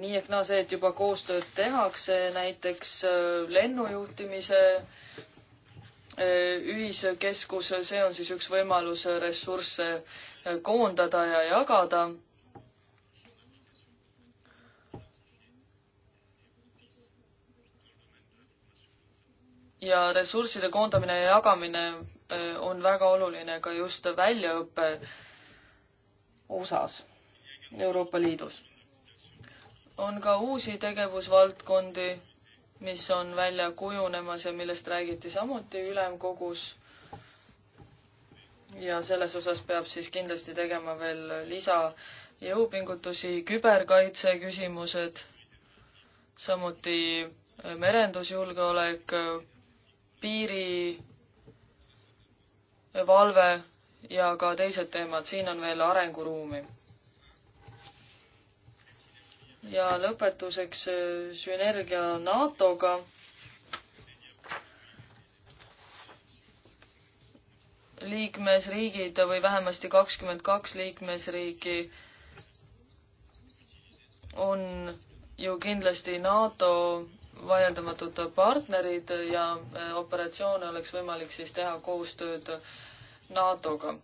nii ehk naa see, et juba koostööd tehakse, näiteks äh, lennujuhtimise äh, ühiskeskus, see on siis üks võimalus äh, ressursse koondada ja jagada ja ressursside koondamine ja jagamine äh, on väga oluline ka just väljaõppe osas Euroopa Liidus. on ka uusi tegevusvaldkondi, mis on välja kujunemas ja millest räägiti samuti ülemkogus. ja selles osas peab siis kindlasti tegema veel lisajõupingutusi, küberkaitse küsimused, samuti merendusjulgeolek piirivalve ja ka teised teemad, siin on veel arenguruumi. ja lõpetuseks äh, sünergia NATO-ga. liikmesriigid või vähemasti kakskümmend kaks liikmesriiki on ju kindlasti NATO vaieldamatud partnerid ja äh, operatsioone oleks võimalik siis teha koostööd NATO-ga.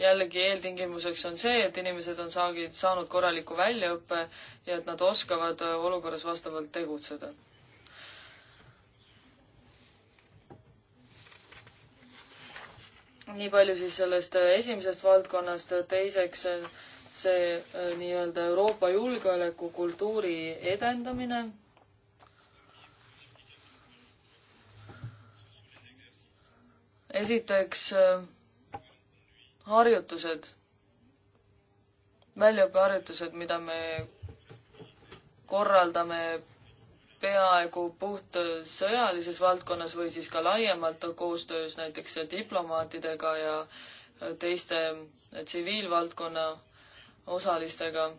jällegi eeltingimuseks on see, et inimesed on saagi, saanud korraliku väljaõppe ja et nad oskavad äh, olukorras vastavalt tegutseda nii palju siis sellest äh, esimesest valdkonnast, teiseks see äh, nii-öelda Euroopa julgeolekukultuuri edendamine. esiteks äh, harjutused, väljaõppeharjutused, mida me korraldame peaaegu puht sõjalises valdkonnas või siis ka laiemalt koostöös näiteks diplomaatidega ja teiste tsiviilvaldkonna osalistega.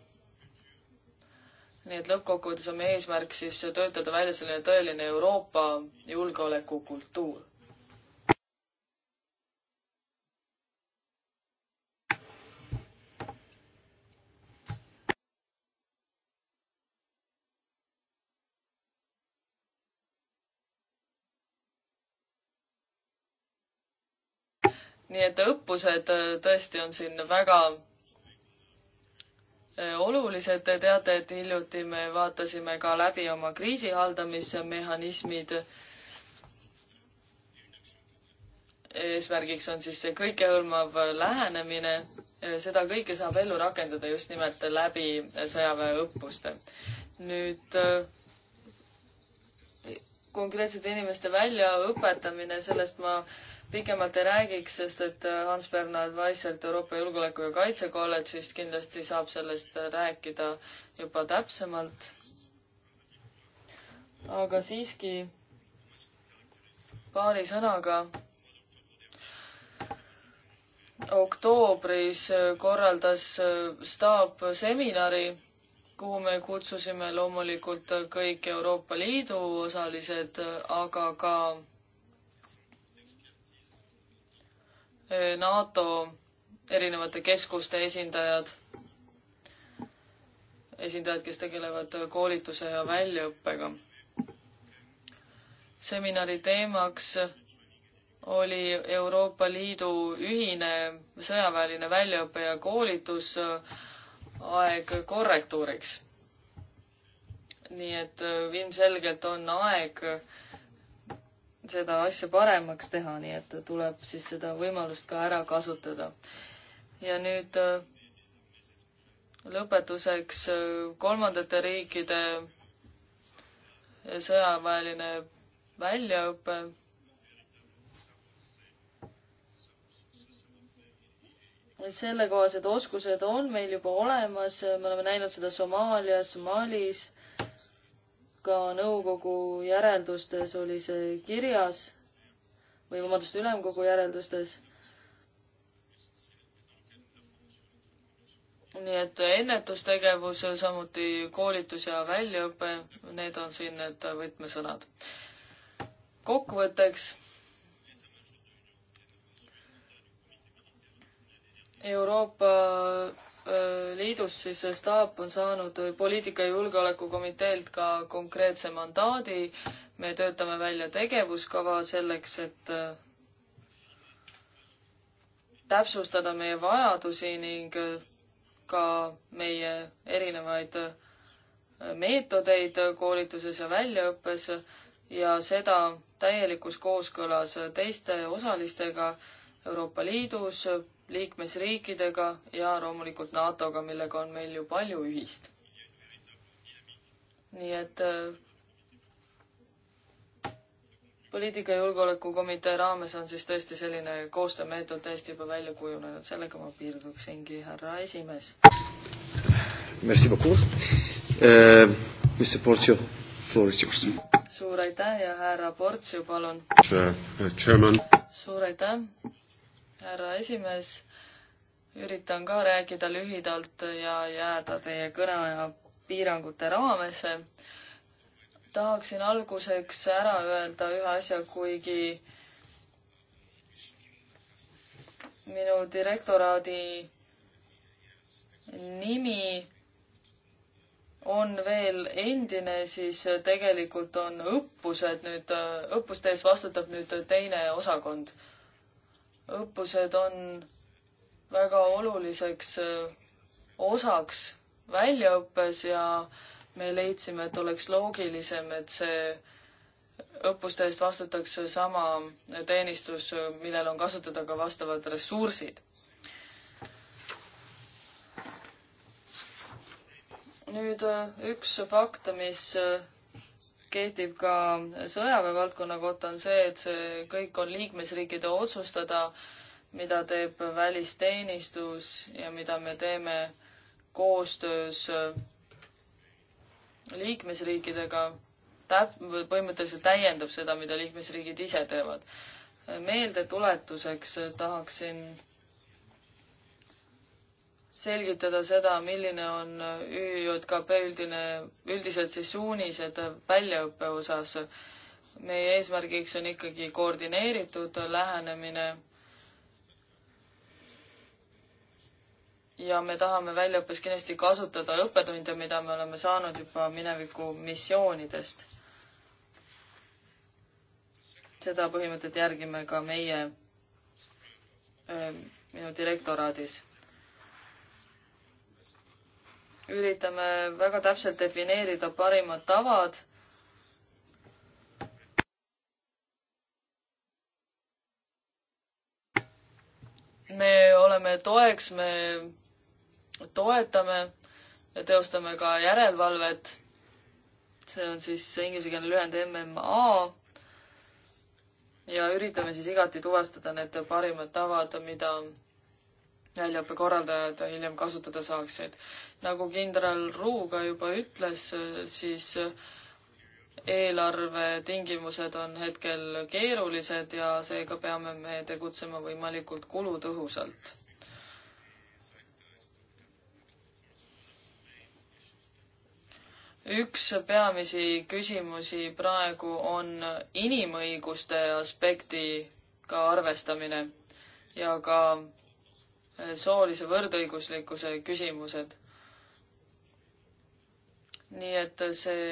nii et lõppkokkuvõttes on meie eesmärk siis töötada välja selline tõeline Euroopa julgeolekukultuur. nii et õppused tõesti on siin väga olulised. Te teate, et hiljuti me vaatasime ka läbi oma kriisihaldamismehhanismid. eesmärgiks on siis see kõikehõlmav lähenemine. seda kõike saab ellu rakendada just nimelt läbi sõjaväeõppuste. nüüd konkreetsete inimeste väljaõpetamine, sellest ma pikemalt ei räägiks, sest et äh, Hans Bernhard Weisselt Euroopa Julgeoleku- ja Kaitsekolledžist kindlasti saab sellest äh, rääkida juba täpsemalt. aga siiski paari sõnaga. oktoobris äh, korraldas staap seminari, kuhu me kutsusime loomulikult kõik Euroopa Liidu osalised, aga ka Äh, NATO erinevate keskuste esindajad, esindajad, kes tegelevad koolituse ja väljaõppega. seminari teemaks oli Euroopa Liidu ühine sõjaväeline väljaõpe ja koolitus äh, aeg korrektuuriks. nii et äh, ilmselgelt on aeg äh, seda asja paremaks teha, nii et tuleb siis seda võimalust ka ära kasutada. ja nüüd äh, lõpetuseks äh, kolmandate riikide sõjaväeline väljaõpe. sellekohased oskused on meil juba olemas, me oleme näinud seda Somaalias, Malis ka nõukogu järeldustes oli see kirjas või vabandust, ülemkogu järeldustes. nii et ennetustegevus, samuti koolitus ja väljaõpe, need on siin need võtmesõnad. kokkuvõtteks. Euroopa Äh, liidus siis äh, staap on saanud äh, poliitika- ja julgeolekukomiteelt ka konkreetse mandaadi. me töötame välja tegevuskava selleks, et täpsustada meie vajadusi ning ka meie erinevaid meetodeid koolituses ja väljaõppes ja seda täielikus kooskõlas teiste osalistega Euroopa Liidus, liikmesriikidega ja loomulikult NATO-ga, millega on meil ju palju ühist. nii et äh, poliitika ja julgeolekukomitee raames on siis tõesti selline koostöömeetod täiesti juba välja kujunenud, sellega ma piirduksingi, härra esimees. Merci beaucoup uh,. Mr Portio, floor is yours. suur aitäh ja härra Portio, palun. Uh, Chairman. suur aitäh härra esimees. üritan ka rääkida lühidalt ja jääda teie kõneaja piirangute raamesse. tahaksin alguseks ära öelda ühe asja, kuigi minu direktoraadi nimi on veel endine, siis tegelikult on õppused nüüd, õppuste ees vastutab nüüd teine osakond õppused on väga oluliseks äh, osaks väljaõppes ja me leidsime, et oleks loogilisem, et see õppuste eest vastutakse sama teenistus, millel on kasutada ka vastavad ressursid. nüüd äh, üks fakt, mis äh, kehtib ka sõjaväe valdkonna kohta, on see, et see kõik on liikmesriikide otsustada, mida teeb välisteenistus ja mida me teeme koostöös äh, liikmesriikidega, täp-, põhimõtteliselt täiendab seda, mida liikmesriigid ise teevad. meeldetuletuseks tahaksin selgitada seda, milline on ÜJKP üldine, üldiselt siis suunised väljaõppe osas. meie eesmärgiks on ikkagi koordineeritud lähenemine. ja me tahame väljaõppes kindlasti kasutada õppetunde, mida me oleme saanud juba mineviku missioonidest. seda põhimõtet järgime ka meie äh, minu direktoraadis üritame väga täpselt defineerida parimad tavad. me oleme toeks, me toetame ja teostame ka järelevalvet. see on siis inglisekeelne lühend MMA. ja üritame siis igati tuvastada need parimad tavad, mida väljaõppe korraldajad hiljem kasutada saaksid. nagu kindral Ruuga juba ütles, siis eelarve tingimused on hetkel keerulised ja seega peame me tegutsema võimalikult kulutõhusalt. üks peamisi küsimusi praegu on inimõiguste aspektiga arvestamine ja ka soolise võrdõiguslikkuse küsimused. nii et see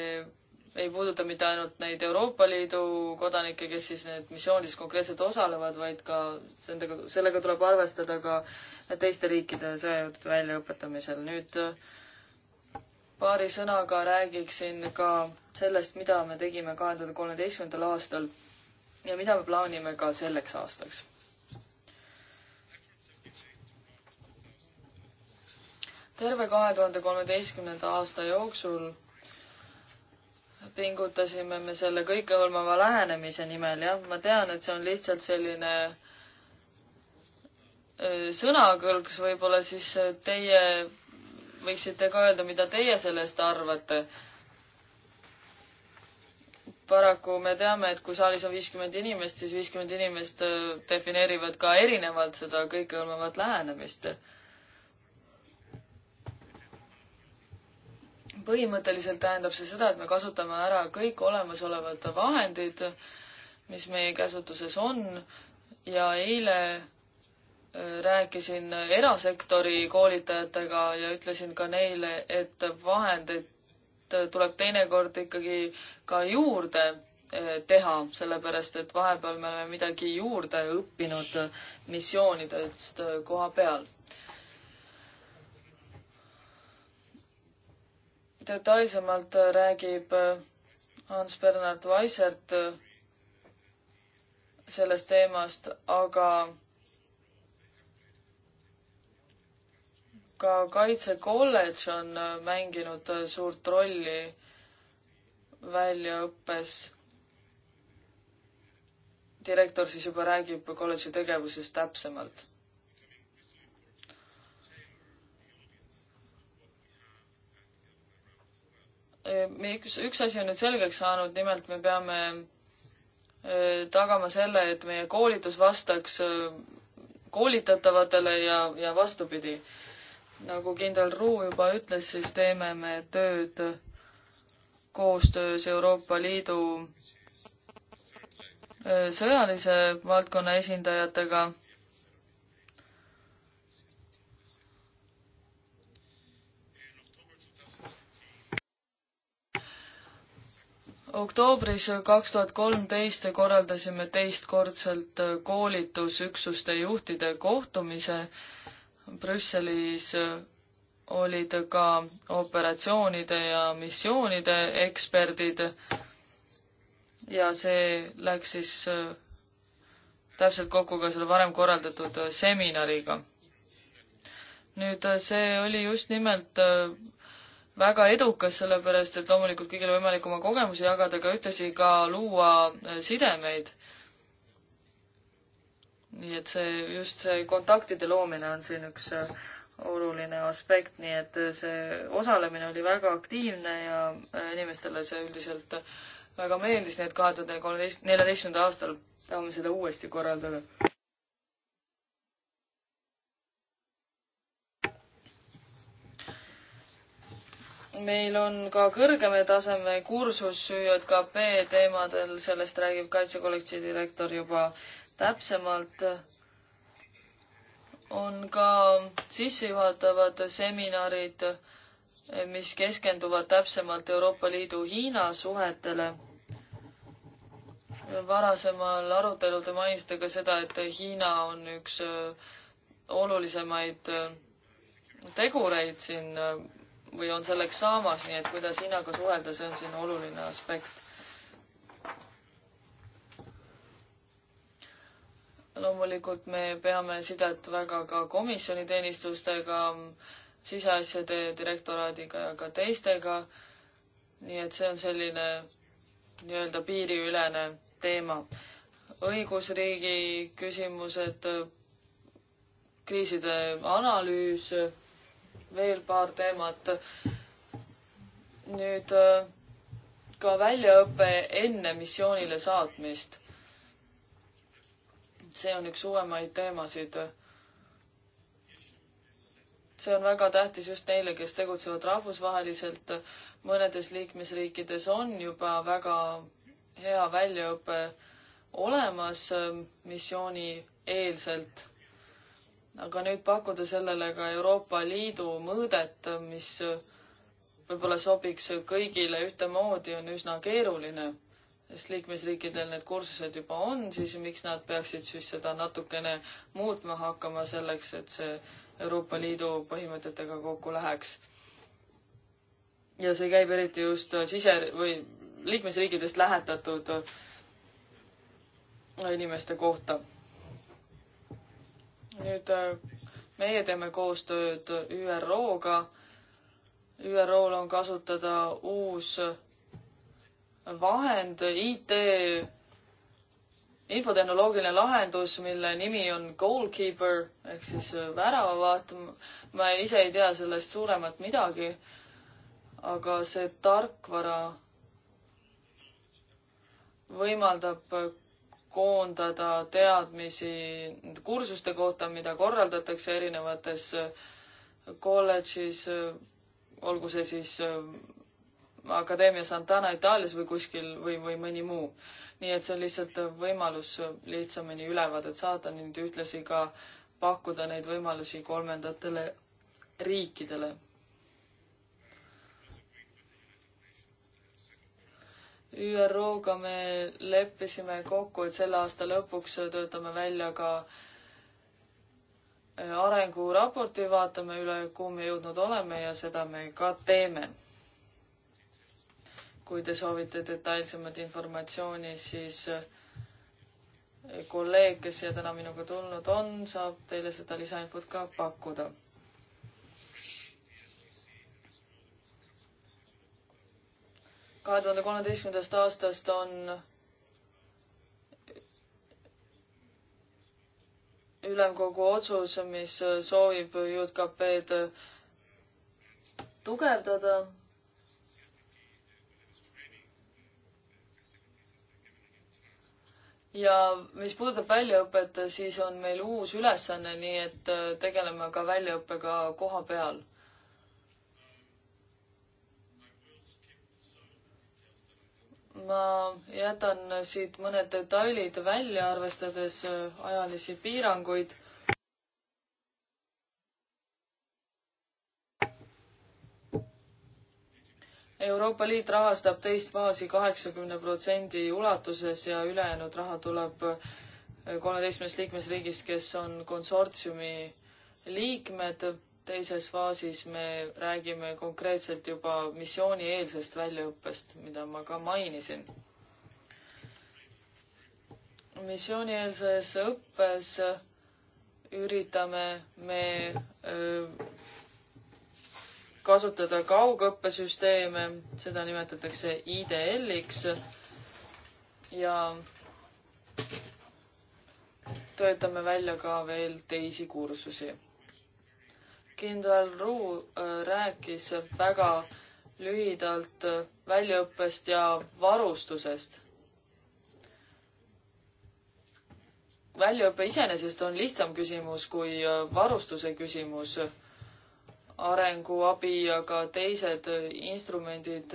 ei puuduta mitte ainult neid Euroopa Liidu kodanikke, kes siis need missioonides konkreetselt osalevad, vaid ka nendega, sellega tuleb arvestada ka teiste riikide sõjajõudude väljaõpetamisel. nüüd paari sõnaga räägiksin ka sellest, mida me tegime kahe tuhande kolmeteistkümnendal aastal ja mida me plaanime ka selleks aastaks terve kahe tuhande kolmeteistkümnenda aasta jooksul pingutasime me selle kõikehõlmava lähenemise nimel, jah, ma tean, et see on lihtsalt selline äh, sõnakõlks, võib-olla siis teie võiksite ka öelda, mida teie sellest arvate. paraku me teame, et kui saalis on viiskümmend inimest, siis viiskümmend inimest äh, defineerivad ka erinevalt seda kõikehõlmavat lähenemist põhimõtteliselt tähendab see seda, et me kasutame ära kõik olemasolevad vahendid, mis meie käsutuses on ja eile äh, rääkisin erasektori koolitajatega ja ütlesin ka neile, et vahendeid tuleb teinekord ikkagi ka juurde äh, teha, sellepärast et vahepeal me oleme midagi juurde õppinud missioonidest äh, koha peal detailsemalt äh, äh, räägib äh, Hans-Bernard Weissert sellest teemast, aga ka kaitsekolledž on mänginud suurt rolli väljaõppes. direktor siis juba räägib kolledži tegevusest täpsemalt me üks, üks asi on nüüd selgeks saanud, nimelt me peame äh, tagama selle, et meie koolitus vastaks äh, koolitatavatele ja, ja vastupidi. nagu kindral Ruu juba ütles, siis teeme me tööd koostöös Euroopa Liidu äh, sõjalise valdkonna esindajatega oktoobris kaks tuhat kolmteist korraldasime teistkordselt koolitusüksuste juhtide kohtumise. Brüsselis olid ka operatsioonide ja missioonide eksperdid. ja see läks siis äh, täpselt kokku ka selle varem korraldatud äh, seminariga. nüüd äh, see oli just nimelt väga edukas, sellepärast et loomulikult kõigil on võimalik oma kogemusi jagada, aga ühtlasi ka luua äh, sidemeid. nii et see, just see kontaktide loomine on siin üks äh, oluline aspekt, nii et äh, see osalemine oli väga aktiivne ja inimestele see üldiselt väga meeldis, nii et kahe tuhande kolmeteist, neljateistkümnendal aastal tahame seda uuesti korraldada. meil on ka kõrgema taseme kursus ÜJKP teemadel, sellest räägib kaitsekolledži direktor juba täpsemalt. on ka sissejuhatavad seminarid, mis keskenduvad täpsemalt Euroopa Liidu-Hiina suhetele varasemal arutelul te mainisite ka seda, et Hiina on üks äh, olulisemaid äh, tegureid siin äh, või on selleks saamas, nii et kuidas Hiinaga suhelda, see on siin oluline aspekt. loomulikult me peame sidet väga ka komisjoni teenistustega, siseasjade direktoraadiga ja ka teistega. nii et see on selline nii-öelda piiriülene teema. õigusriigi küsimused, kriiside analüüs veel paar teemat. nüüd äh, ka väljaõpe enne missioonile saatmist. see on üks uuemaid teemasid. see on väga tähtis just neile, kes tegutsevad rahvusvaheliselt. mõnedes liikmesriikides on juba väga hea väljaõpe olemas äh, missioonieelselt aga nüüd pakkuda sellele ka Euroopa Liidu mõõdet, mis võib-olla sobiks kõigile ühtemoodi, on üsna keeruline, sest liikmesriikidel need kursused juba on, siis miks nad peaksid siis seda natukene muutma hakkama selleks, et see Euroopa Liidu põhimõtetega kokku läheks. ja see käib eriti just sise- või liikmesriikidest lähetatud inimeste kohta nüüd äh, meie teeme koostööd ÜRO-ga. ÜRO-l on kasutada uus vahend, IT, infotehnoloogiline lahendus, mille nimi on Goalkeeper ehk siis äh, väravavaat. ma ise ei tea sellest suuremat midagi. aga see tarkvara võimaldab koondada teadmisi kursuste kohta, mida korraldatakse erinevates äh, kolledžis, äh, olgu see siis äh, Akadeemia Santana Itaalias või kuskil või, või mõni muu. nii et see on lihtsalt võimalus lihtsamini ülevaadet saada ning ühtlasi ka pakkuda neid võimalusi kolmandatele riikidele ÜRO-ga me leppisime kokku, et selle aasta lõpuks töötame välja ka äh, arenguraporti, vaatame üle, kuhu me jõudnud oleme ja seda me ka teeme. kui te soovite detailsemat informatsiooni, siis äh, kolleeg, kes siia täna minuga tulnud on, saab teile seda lisainfot ka pakkuda kahe tuhande kolmeteistkümnendast aastast on ülemkogu otsus, mis soovib JKP-d tugevdada ja mis puudutab väljaõpet, siis on meil uus ülesanne, nii et tegeleme ka väljaõppega koha peal. ma jätan siit mõned detailid välja, arvestades äh, ajalisi piiranguid. Euroopa Liit rahastab teist faasi kaheksakümne protsendi ulatuses ja ülejäänud raha tuleb äh, kolmeteistkümnest liikmesriigist, kes on konsortsiumi liikmed teises faasis me räägime konkreetselt juba missioonieelsest väljaõppest, mida ma ka mainisin. missioonieelses õppes üritame me kasutada kaugõppesüsteeme, seda nimetatakse IDL-iks ja töötame välja ka veel teisi kursusi kindral Ruu äh, rääkis väga lühidalt väljaõppest ja varustusest. väljaõpe iseenesest on lihtsam küsimus kui äh, varustuse küsimus. arenguabi ja ka teised instrumendid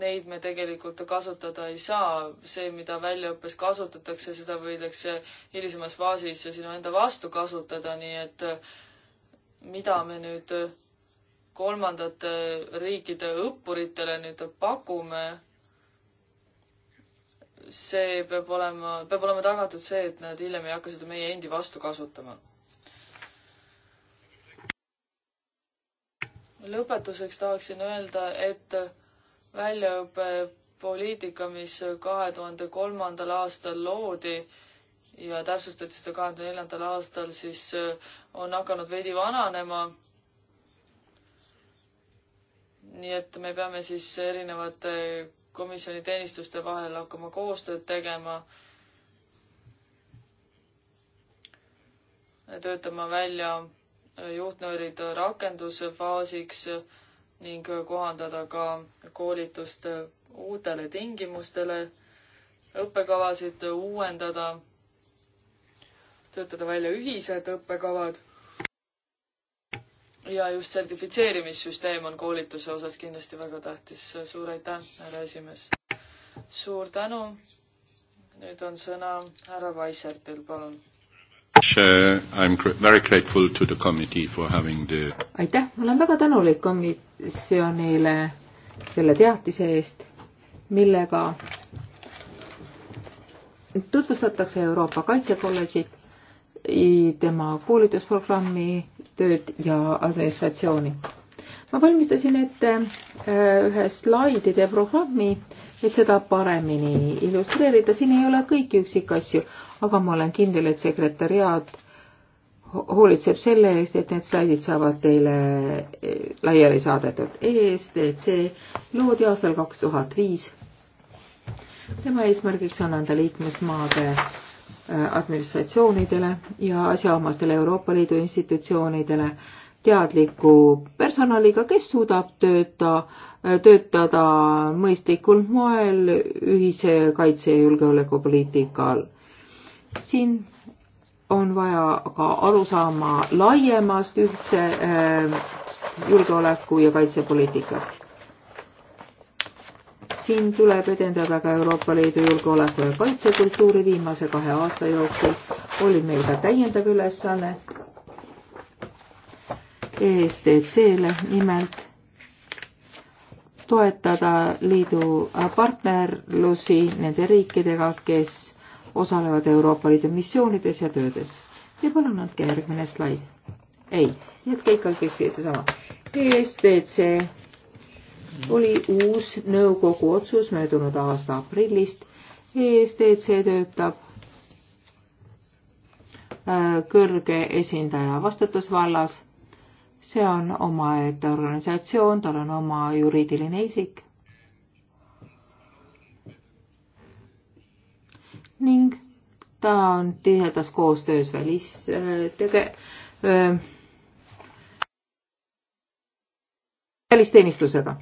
neid me tegelikult kasutada ei saa. see, mida väljaõppes kasutatakse, seda võidakse hilisemas faasis sinu enda vastu kasutada, nii et eh, mida me nüüd eh, kolmandate riikide õppuritele nüüd pakume, see peab olema, peab olema tagatud see, et nad hiljem ei hakka seda meie endi vastu kasutama. lõpetuseks tahaksin öelda, et väljaõppepoliitika, mis kahe tuhande kolmandal aastal loodi ja täpsustati seda kahe tuhande neljandal aastal, siis äh, on hakanud veidi vananema. nii et me peame siis erinevate komisjoni teenistuste vahel hakkama koostööd tegema. töötama välja juhtnöörid rakendusfaasiks ning kohandada ka koolitust uutele tingimustele, õppekavasid uuendada, töötada välja ühised õppekavad. ja just sertifitseerimissüsteem on koolituse osas kindlasti väga tähtis. suur aitäh, härra esimees. suur tänu. nüüd on sõna härra Vaisertil, palun aitäh, ma olen väga tänulik komisjonile selle teatise eest, millega tutvustatakse Euroopa Kaitsekolledžit, tema koolitusprogrammi, tööd ja administratsiooni. ma valmistasin ette äh, ühe slaidide programmi et seda paremini illustreerida. siin ei ole kõiki üksikasju, aga ma olen kindel, et sekretäriaat hoolitseb selle eest, et need slaidid saavad teile eh, laiali saadetud. ESTC loodi aastal kaks tuhat viis. tema eesmärgiks on anda liikmesmaade eh, administratsioonidele ja asjaomastele Euroopa Liidu institutsioonidele äh, teadliku personaliga, kes suudab tööta, töötada mõistlikul moel ühise kaitse- ja julgeolekupoliitika all. siin on vaja ka aru saama laiemast ühtse äh, julgeoleku- ja kaitsepoliitikast. siin tuleb edendada ka Euroopa Liidu julgeoleku- ja kaitsekultuuri viimase kahe aasta jooksul oli meil ka täiendav ülesanne ESDC-le nimelt toetada liidu partnerlusi nende riikidega, kes osalevad Euroopa Liidu missioonides ja töödes. ja palun andke järgmine slaid. ei, jätke ikkagi seesama. ESDC oli uus nõukogu otsus möödunud aasta aprillist. ESDC töötab äh, kõrge esindaja vastutusvallas see on omaette organisatsioon, tal on oma juriidiline isik. ning ta on tihedas koostöös välistege- äh, äh,, välisteenistusega.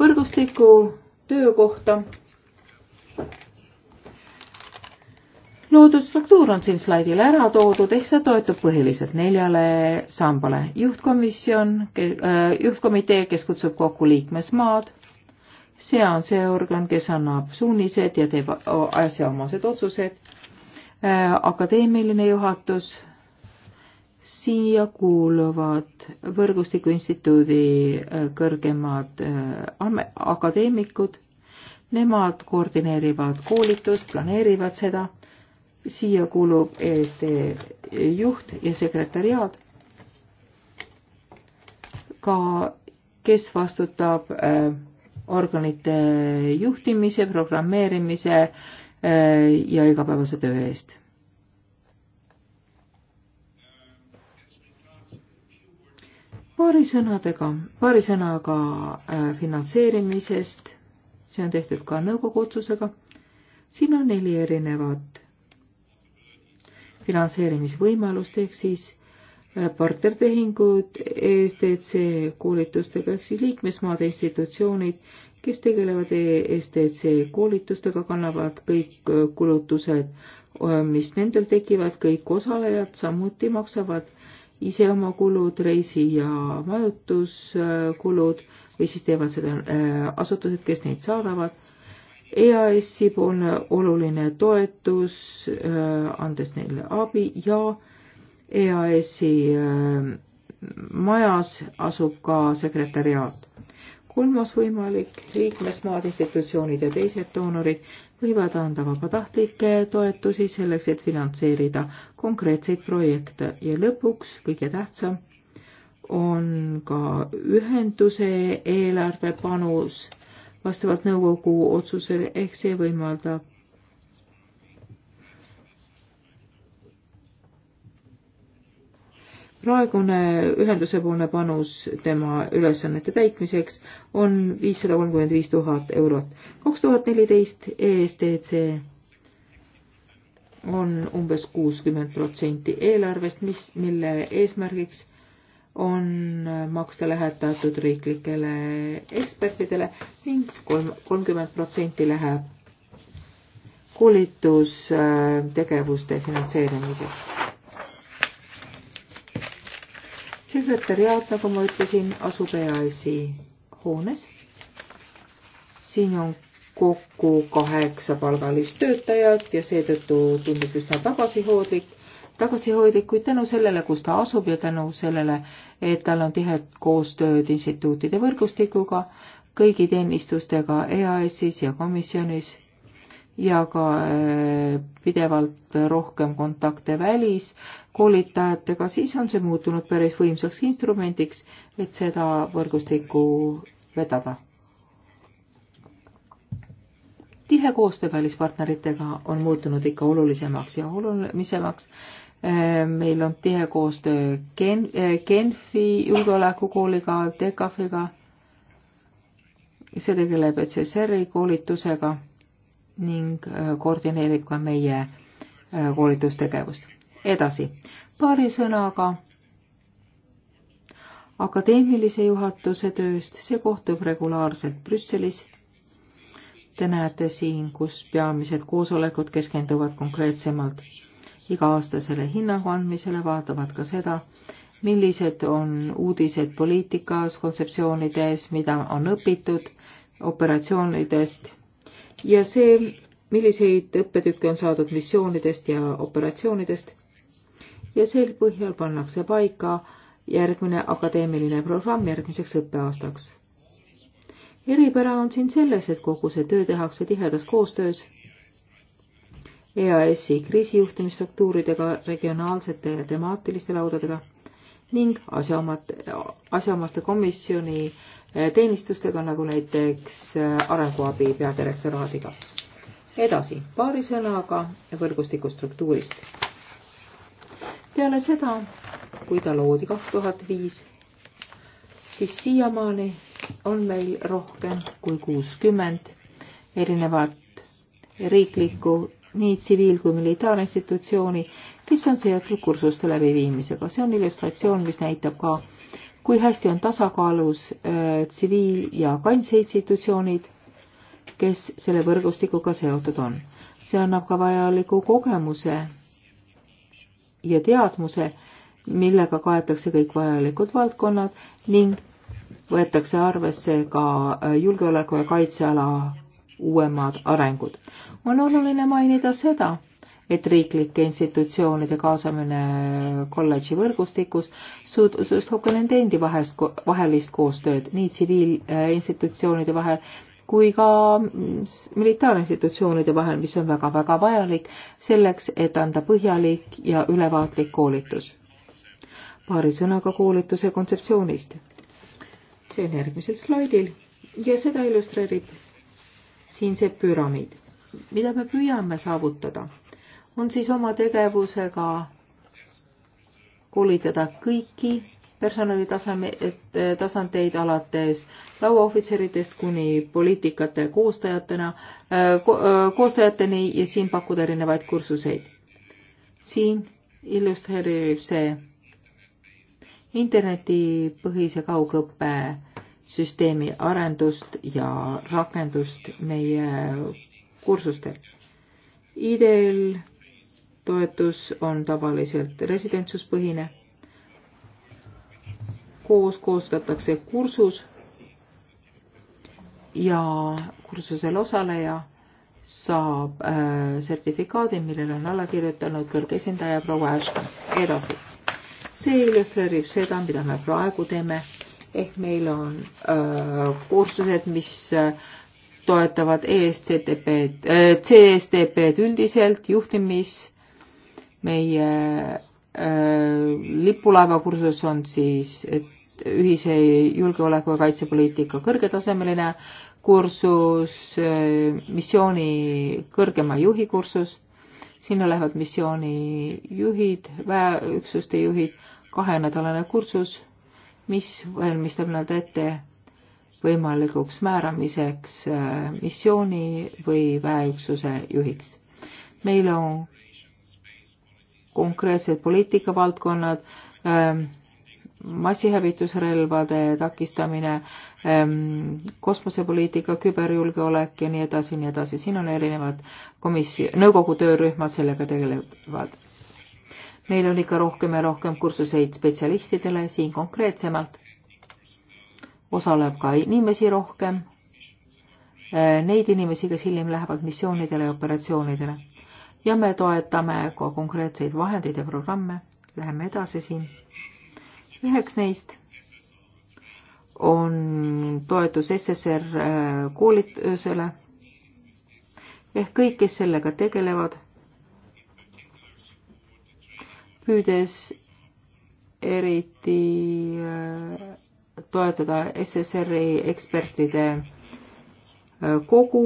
võrgustiku töökohta loodud struktuur on siin slaidil ära toodud, ehk see toetub põhiliselt neljale sambale. juhtkomisjon, äh, juhtkomitee, kes kutsub kokku liikmesmaad, see on see organ, kes annab suunised ja teeb asjaomased otsused, äh, akadeemiline juhatus, siia kuuluvad Võrgustiku Instituudi äh, kõrgemad akadeemikud, nemad koordineerivad koolitust, planeerivad seda siia kuulub ESD juht ja sekretäriaat, ka kes vastutab äh, organite juhtimise, programmeerimise äh, ja igapäevase töö eest. paari sõnadega, paari sõnaga äh, finantseerimisest, see on tehtud ka nõukogu otsusega. siin on neli erinevat finantseerimisvõimalust ehk siis äh, partnertehingud ESTC koolitustega ehk siis liikmesmaade institutsioonid, kes tegelevad ESTC koolitustega, kannavad kõik äh, kulutused, äh, mis nendel tekivad, kõik osalejad samuti maksavad ise oma kulud, reisi ja majutuskulud või siis teevad seda asutused, kes neid saadavad EAS-i poolne oluline toetus, äh, andes neile abi ja EAS-i äh, majas asub ka sekretäriaat. kolmas võimalik, liikmesmaad, institutsioonid ja teised doonorid võivad anda vabatahtlikke toetusi selleks, et finantseerida konkreetseid projekte ja lõpuks kõige tähtsam on ka ühenduse eelarve panus vastavalt nõukogu otsusele, ehk see võimaldab praegune ühenduse poolne panus tema ülesannete täitmiseks on viissada kolmkümmend viis tuhat eurot. kaks tuhat neliteist ESTC on umbes kuuskümmend protsenti eelarvest, mis, mille eesmärgiks on maksta lähetatud riiklikele ekspertidele ning kolm, kolmkümmend protsenti läheb koolitustegevuste finantseerimiseks. sekretäriaat, nagu ma ütlesin, asub EAS-i hoones. siin on kokku kaheksa palgalist töötajat ja seetõttu tundub üsna tagasihoodlik tagasihoidlik, kuid tänu sellele, kus ta asub ja tänu sellele, et tal on tihed koostööd instituutide võrgustikuga, kõigi teenistustega EAS-is ja komisjonis ja ka äh, pidevalt rohkem kontakte väliskoolitajatega, siis on see muutunud päris võimsaks instrumendiks, et seda võrgustikku vedada tihe koostöö välispartneritega on muutunud ikka olulisemaks ja olulisemaks Äh, meil on tihe koostöö Gen-, äh, Genfi julgeolekukooliga, DECAF-iga, see tegeleb ECSR-i koolitusega ning äh, koordineerib ka meie koolitustegevust. edasi, paari sõnaga akadeemilise juhatuse tööst, see kohtub regulaarselt Brüsselis. Te näete siin, kus peamised koosolekud keskenduvad konkreetsemalt iga-aastasele hinnangu andmisele, vaatavad ka seda, millised on uudised poliitikas, kontseptsioonides, mida on õpitud, operatsioonidest ja see, milliseid õppetükke on saadud missioonidest ja operatsioonidest. ja sel põhjal pannakse paika järgmine akadeemiline programm järgmiseks õppeaastaks. eripära on siin selles, et kogu see töö tehakse tihedas koostöös EAS-i kriisijuhtimisstruktuuridega, regionaalsete ja temaatiliste laudadega ning asjaomad, asjaomaste komisjoni eh, teenistustega, nagu näiteks eh, Arenguabi peadirektoraadiga. edasi, paari sõnaga võrgustiku struktuurist. peale seda, kui ta loodi kaks tuhat viis, siis siiamaani on meil rohkem kui kuuskümmend erinevat riiklikku nii tsiviil- kui militaarinstitutsiooni, kes on seotud kursuste läbiviimisega. see on illustratsioon, mis näitab ka, kui hästi on tasakaalus äh, tsiviil- ja kaitseinstitutsioonid, kes selle võrgustikuga seotud on. see annab ka vajaliku kogemuse ja teadmuse, millega kaetakse kõik vajalikud valdkonnad ning võetakse arvesse ka äh, julgeoleku ja kaitseala uuemad arengud. on oluline mainida seda, et riiklike institutsioonide kaasamine kolledži võrgustikus soostab ka nende endi vahest, vahelist koostööd nii tsiviilinstitutsioonide vahel kui ka mm, militaarinstitutsioonide vahel, mis on väga-väga vajalik selleks, et anda põhjalik ja ülevaatlik koolitus. paari sõnaga koolituse kontseptsioonist. see on järgmisel slaidil ja seda illustreerib siin see püramiid, mida me püüame saavutada, on siis oma tegevusega koolitada kõiki personalitaseme, tasandeid alates lauaohvitseridest kuni poliitikate koostajatena e, ko,, e, koostajateni ja siin pakkuda erinevaid kursuseid. siin illustreerib see internetipõhise kaugõppe süsteemi arendust ja rakendust meie kursustel. IDL toetus on tavaliselt residentsuspõhine. koos koostatakse kursus ja kursusel osaleja saab äh, sertifikaadi, millele on alla kirjutanud kõrge esindaja proua Ashton. edasi. see illustreerib seda, mida me praegu teeme ehk meil on öö, äh, kursused, mis äh, toetavad ESCTP-d, äh, CSTP-d üldiselt, juhtimis, meie öö, lipulaevakursus on siis ühise julgeoleku ja kaitsepoliitika kõrgetasemeline kursus, missiooni kõrgema juhi kursus, sinna lähevad missiooni juhid, väeüksuste juhid, kahenädalane kursus mis valmistab nad ette võimalikuks määramiseks äh, missiooni või väeüksuse juhiks. meil on konkreetsed poliitikavaldkonnad, ähm, massihävitusrelvade takistamine, ähm, kosmosepoliitika, küberjulgeolek ja nii edasi ja nii edasi, siin on erinevad komis-, nõukogu töörühmad sellega tegelevad meil oli ka rohkem ja rohkem kursuseid spetsialistidele siin konkreetsemalt. osaleb ka inimesi rohkem, eh, neid inimesi, kes hiljem lähevad missioonidele ja operatsioonidele. ja me toetame ka konkreetseid vahendeid ja programme. Läheme edasi siin. üheks neist on toetus SSR eh, koolitusele ehk kõik, kes sellega tegelevad püüdes eriti äh, toetada SSR-i ekspertide äh, kogu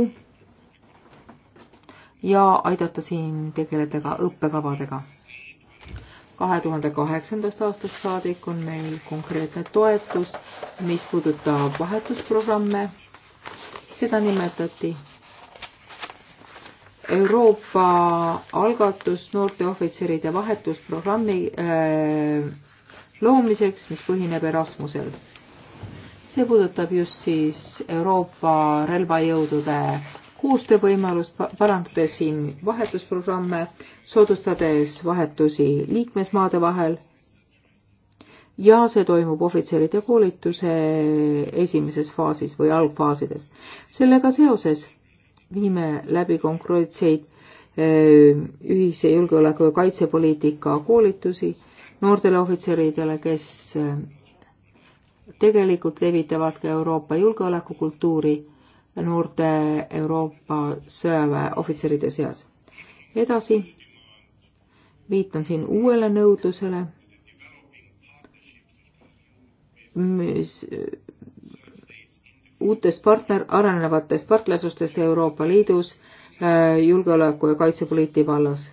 ja aidata siin tegeleda ka õppekavadega. kahe tuhande kaheksandast aastast saadik on meil konkreetne toetus, mis puudutab vahetusprogramme. seda nimetati Euroopa algatus noorte ohvitseride vahetusprogrammi äh, loomiseks, mis põhineb Erasmusel. see puudutab just siis Euroopa relvajõudude koostöövõimalust, parandades siin vahetusprogramme, soodustades vahetusi liikmesmaade vahel ja see toimub ohvitseride koolituse esimeses faasis või algfaasides. sellega seoses viime läbi konkreetseid ühise julgeoleku ja kaitsepoliitika koolitusi noortele ohvitseridele, kes tegelikult levitavad ka Euroopa julgeolekukultuuri noorte Euroopa sõjaväeohvitseride seas. edasi viitan siin uuele nõudlusele, mis uutest partner, arenevatest partnerlustest Euroopa Liidus äh, julgeoleku ja kaitsepoliitika vallas.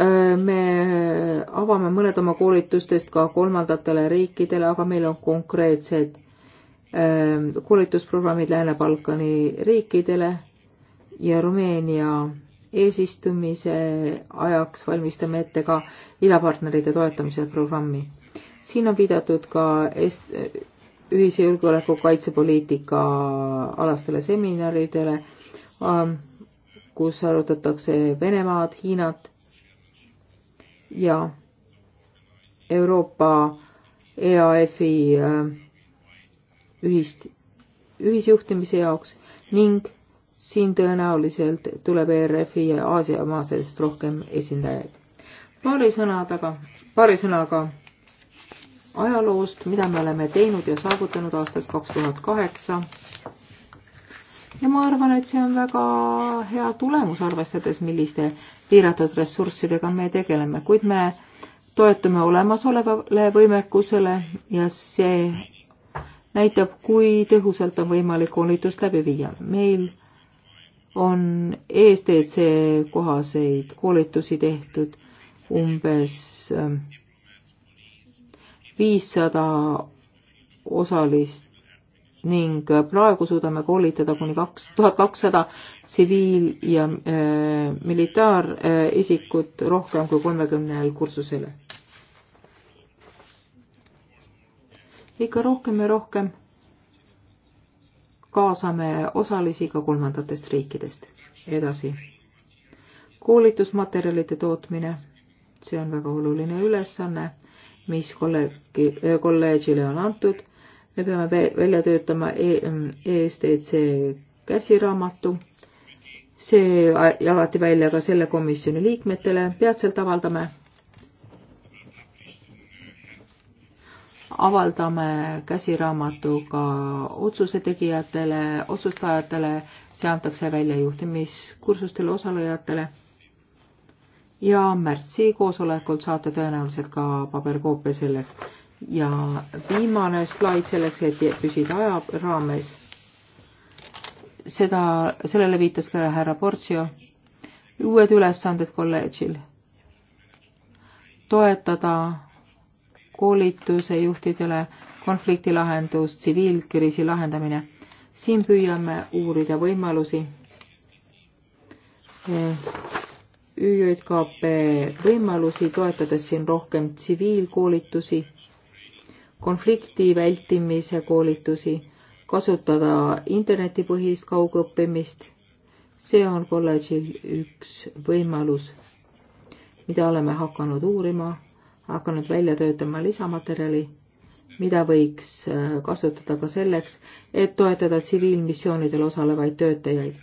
Äh, me avame mõned oma koolitustest ka kolmandatele riikidele, aga meil on konkreetsed äh, koolitusprogrammid Lääne-Balkani riikidele ja Rumeenia eesistumise ajaks valmistame ette ka idapartnerite toetamise programmi. siin on viidatud ka ühise julgeoleku kaitsepoliitika alastele seminaridele, ähm, kus arutatakse Venemaad, Hiinat ja Euroopa EAF-i ähm, ühist, ühisjuhtimise jaoks ning siin tõenäoliselt tuleb ERF-i ja Aasia maadest rohkem esindajaid. paari sõna taga, paari sõnaga ajaloost, mida me oleme teinud ja saavutanud aastast kaks tuhat kaheksa. ja ma arvan, et see on väga hea tulemus, arvestades, milliste piiratud ressurssidega me tegeleme, kuid me toetume olemasolevale võimekusele ja see näitab, kui tõhusalt on võimalik koolitust läbi viia. meil on ESTC kohaseid koolitusi tehtud umbes ähm, viissada osalist ning äh, praegu suudame koolitada kuni kaks, tuhat kakssada tsiviil- ja äh, militaarisikut äh, rohkem kui kolmekümnel kursusel. ikka rohkem ja rohkem kaasame osalisi ka kolmandatest riikidest. edasi. koolitusmaterjalide tootmine, see on väga oluline ülesanne mis kolleegi, kolleegile on antud. me peame välja töötama ESTC mm, e käsiraamatu. see jagati välja ka selle komisjoni liikmetele, peatselt avaldame. avaldame käsiraamatu ka otsuse tegijatele, otsustajatele, see antakse välja juhtimiskursustele osalejatele ja märtsi koosolekul saate tõenäoliselt ka paberkoopia selleks. ja viimane slaid selleks, et püsida aja raames. seda, sellele viitas ka härra Portsio. uued ülesanded kolledžil. toetada koolituse juhtidele konfliktilahendus, tsiviilkriisi lahendamine. siin püüame uurida võimalusi eh, ÜJKP võimalusi, toetades siin rohkem tsiviilkoolitusi, konflikti vältimise koolitusi, kasutada internetipõhist kaugõppimist. see on kolledžil üks võimalus, mida oleme hakanud uurima, hakanud välja töötama lisamaterjali mida võiks äh, kasutada ka selleks, et toetada tsiviilmissioonidel osalevaid töötajaid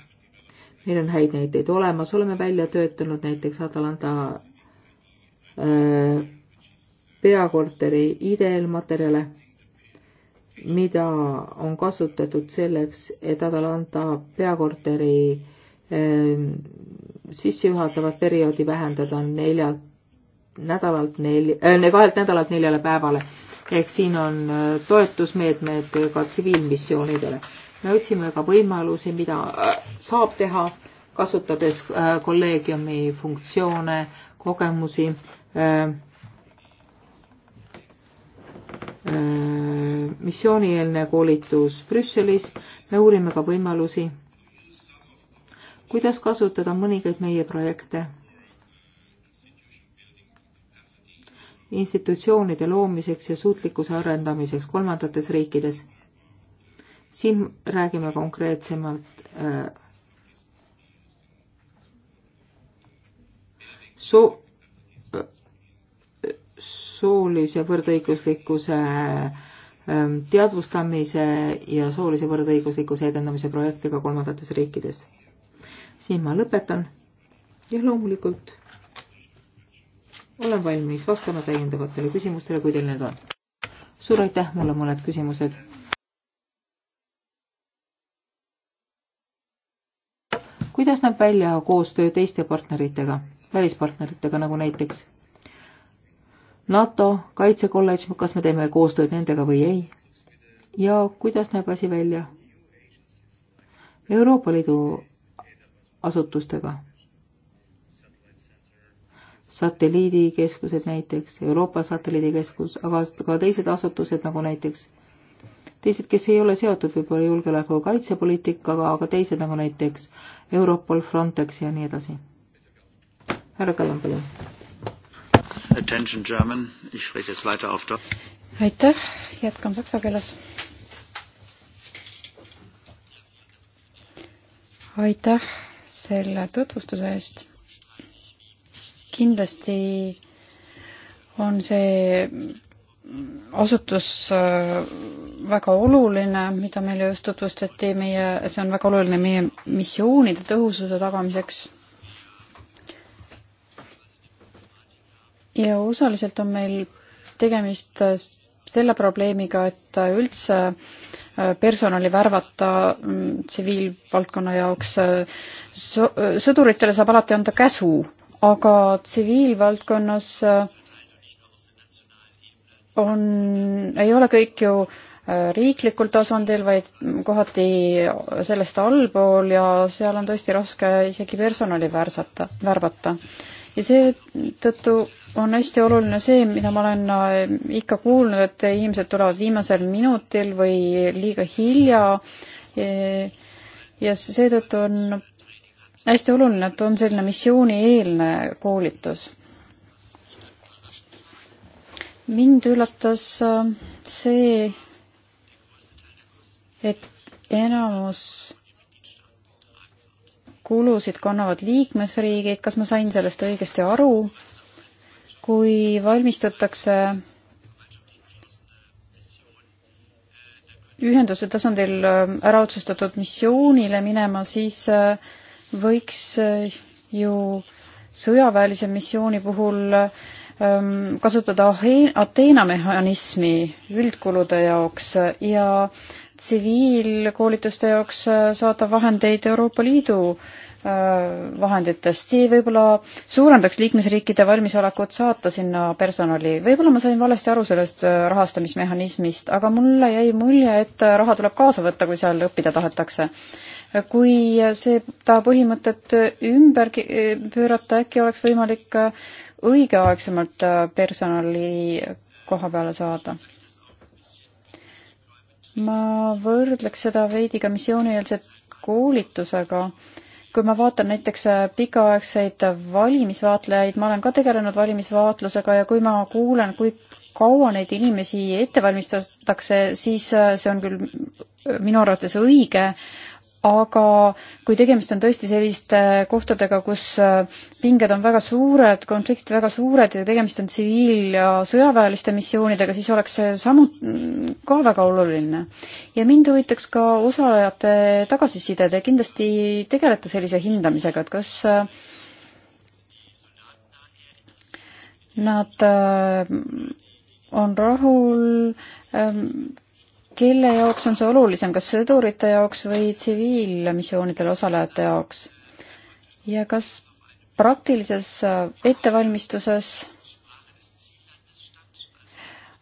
meil on häid näiteid olemas, oleme välja töötanud näiteks Atalanta öö, äh, peakorteri ideelmaterjale, mida on kasutatud selleks, et Atalanta peakorteri öö, ähm, sissejuhatavat perioodi vähendada neljalt nädalalt neli äh,, kahelt nädalalt neljale päevale. ehk siin on äh, toetusmeetmed ka tsiviilmissioonidele me otsime ka võimalusi, mida äh, saab teha, kasutades äh, kolleegiumi funktsioone, kogemusi, äh, missioonieelne koolitus Brüsselis, me uurime ka võimalusi, kuidas kasutada mõningaid meie projekte institutsioonide loomiseks ja suutlikkuse arendamiseks kolmandates riikides siin räägime konkreetsemalt äh, soo-, äh, soolise võrdõiguslikkuse ähm, teadvustamise ja soolise võrdõiguslikkuse edendamise projektiga kolmandates riikides. siin ma lõpetan ja loomulikult olen valmis vastama täiendavatele küsimustele, kui teil need on. suur aitäh, mul on mõned küsimused kuidas näeb välja koostöö teiste partneritega, välispartneritega, nagu näiteks NATO, kaitsekolledž, kas me teeme koostööd nendega või ei? ja kuidas näeb asi välja Euroopa Liidu asutustega? satelliidikeskused näiteks, Euroopa satelliidikeskus, aga ka teised asutused nagu näiteks teised, kes ei ole seotud võib-olla julgeoleku- ja kaitsepoliitikaga, aga teised nagu näiteks Europol, Frontex ja nii edasi. härra Kallam, palun. Attention German, ich spreche jetzt weiter auf Deutsch. aitäh, jätkan saksa keeles. aitäh selle tutvustuse eest. kindlasti on see osutus äh, väga oluline, mida meile just tutvustati, meie, see on väga oluline meie missioonide tõhususe tagamiseks. ja osaliselt on meil tegemist äh, selle probleemiga, et äh, üldse personali värvata mm, tsiviilvaldkonna jaoks, sõduritele saab alati anda käsu, aga tsiviilvaldkonnas äh, on, ei ole kõik ju äh, riiklikul tasandil, vaid kohati sellest allpool ja seal on tõesti raske isegi personali värsata, värvata. ja seetõttu on hästi oluline see, mida ma olen äh, ikka kuulnud, et inimesed tulevad viimasel minutil või liiga hilja. ja seetõttu on hästi oluline, et on selline missioonieelne koolitus mind üllatas äh, see, et enamus kulusid kannavad liikmesriigid, kas ma sain sellest õigesti aru, kui valmistutakse ühenduse tasandil äh, ära otsustatud missioonile minema, siis äh, võiks ju sõjaväelise missiooni puhul äh, Ähm, kasutada Ateena mehhanismi üldkulude jaoks ja tsiviilkoolituste jaoks äh, saada vahendeid Euroopa Liidu äh, vahenditest, see võib-olla suurendaks liikmesriikide valmisolekut saata sinna personali. võib-olla ma sain valesti aru sellest äh, rahastamismehhanismist, aga mulle jäi mulje, et raha tuleb kaasa võtta, kui seal õppida tahetakse. kui seda põhimõtet ümber pöörata, äkki oleks võimalik õigeaegsemalt äh, personali koha peale saada. ma võrdleks seda veidi ka missioonieelse koolitusega. kui ma vaatan näiteks äh, pikaaegseid valimisvaatlejaid, ma olen ka tegelenud valimisvaatlusega ja kui ma kuulen, kui kaua neid inimesi ette valmistatakse, siis äh, see on küll minu arvates õige, aga kui tegemist on tõesti selliste äh, kohtadega, kus äh, pinged on väga suured, konfliktid väga suured ja tegemist on tsiviil- ja sõjaväeliste missioonidega, siis oleks see samu-, mm, ka väga oluline. ja mind huvitaks ka osalejate tagasiside, te kindlasti tegelete sellise hindamisega, et kas äh, nad on rahul ähm, kelle jaoks on see olulisem, kas sõdurite jaoks või tsiviilmissioonidel osalejate jaoks? ja kas praktilises äh, ettevalmistuses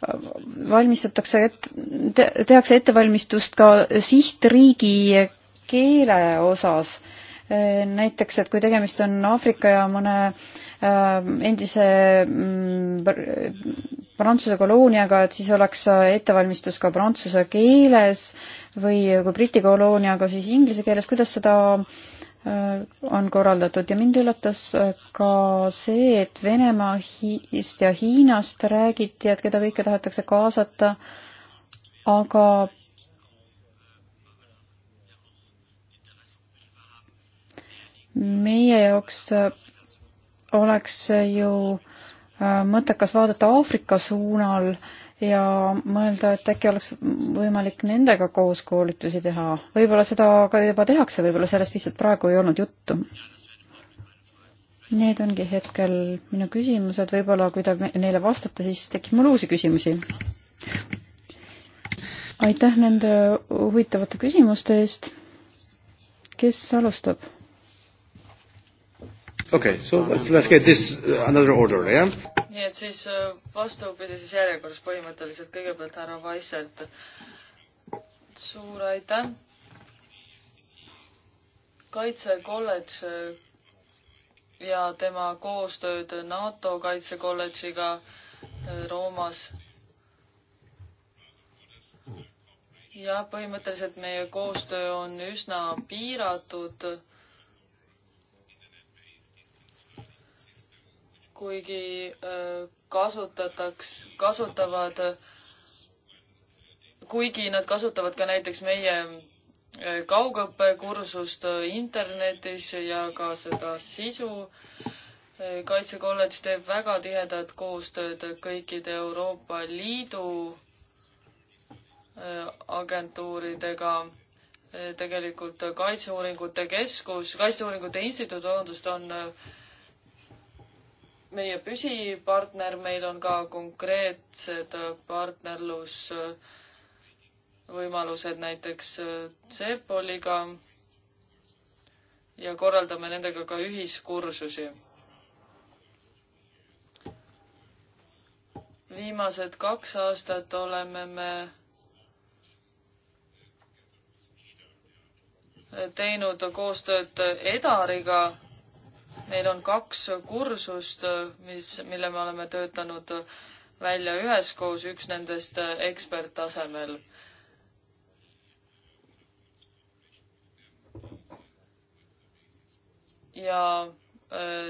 äh, valmistatakse et,, tehakse ettevalmistust ka sihtriigi keele osas. Äh, näiteks, et kui tegemist on Aafrika ja mõne äh, Äh, endise mm, Prantsuse kolooniaga, et siis oleks ettevalmistus ka prantsuse keeles või kui Briti kolooniaga, siis inglise keeles, kuidas seda äh, on korraldatud ja mind üllatas äh, ka see, et Venemaast ja Hiinast räägiti, et keda kõike tahetakse kaasata, aga meie jaoks oleks ju äh, mõttekas vaadata Aafrika suunal ja mõelda, et äkki oleks võimalik nendega koos koolitusi teha. võib-olla seda ka juba tehakse, võib-olla sellest lihtsalt praegu ei olnud juttu. Need ongi hetkel minu küsimused, võib-olla kui te neile vastate, siis tekib mul uusi küsimusi. aitäh nende huvitavate küsimuste eest. kes alustab? okei okay,, so let's, let's get this uh, another order, jah yeah?? nii et siis äh, vastupidises järjekorras põhimõtteliselt kõigepealt härra Vaisselt. suur aitäh. kaitsekolledž äh, ja tema koostööd NATO kaitsekolledžiga äh, Roomas jah, põhimõtteliselt meie koostöö on üsna piiratud kuigi kasutataks, kasutavad, kuigi nad kasutavad ka näiteks meie kaugõppekursust internetis ja ka seda sisu. kaitsekolledž teeb väga tihedat koostööd kõikide Euroopa Liidu agentuuridega tegelikult Kaitseuuringute Keskus, Kaitseuuringute Instituut, vabandust, on meie püsipartner, meil on ka konkreetsed partnerlusvõimalused näiteks CEPOL-iga ja korraldame nendega ka ühiskursusi. viimased kaks aastat oleme me teinud koostööd Edariga meil on kaks kursust, mis, mille me oleme töötanud välja üheskoos, üks nendest eksperttasemel. ja äh,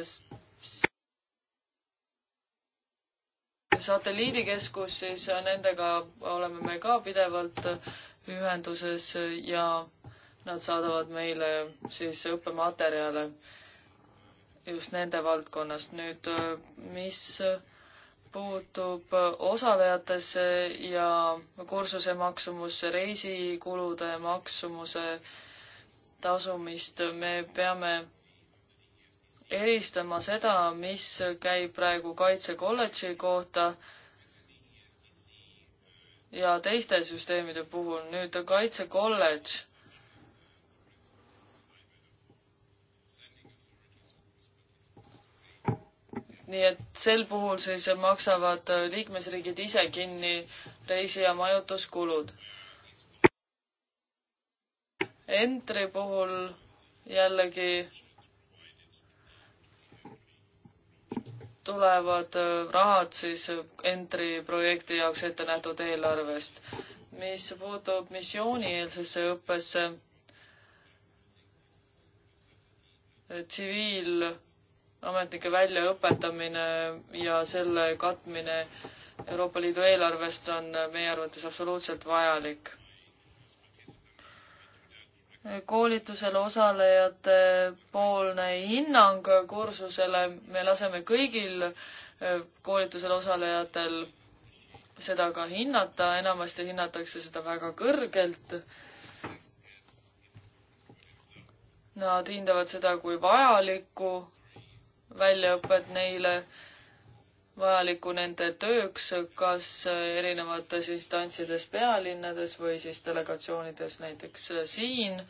satelliidikeskus, siis nendega oleme me ka pidevalt ühenduses ja nad saadavad meile siis õppematerjale just nende valdkonnast. nüüd, äh, mis äh, puutub äh, osalejatesse ja kursuse maksumusse, reisikulude maksumuse tasumist, me peame eristama seda, mis käib praegu kaitsekolledži kohta ja teiste süsteemide puhul. nüüd kaitsekolledž nii et sel puhul siis maksavad äh, liikmesriigid ise kinni reisi- ja majutuskulud. Entri puhul jällegi tulevad äh, rahad siis äh, Entri projekti jaoks ette nähtud eelarvest. mis puutub missioonieelsesse õppesse, tsiviil- ametnike väljaõpetamine ja selle katmine Euroopa Liidu eelarvest on meie arvates absoluutselt vajalik. koolitusel osalejate poolne hinnang kursusele, me laseme kõigil koolitusel osalejatel seda ka hinnata, enamasti hinnatakse seda väga kõrgelt Nad hindavad seda kui vajalikku väljaõpet neile, vajalikku nende tööks, kas erinevates instantsides pealinnades või siis delegatsioonides näiteks siin.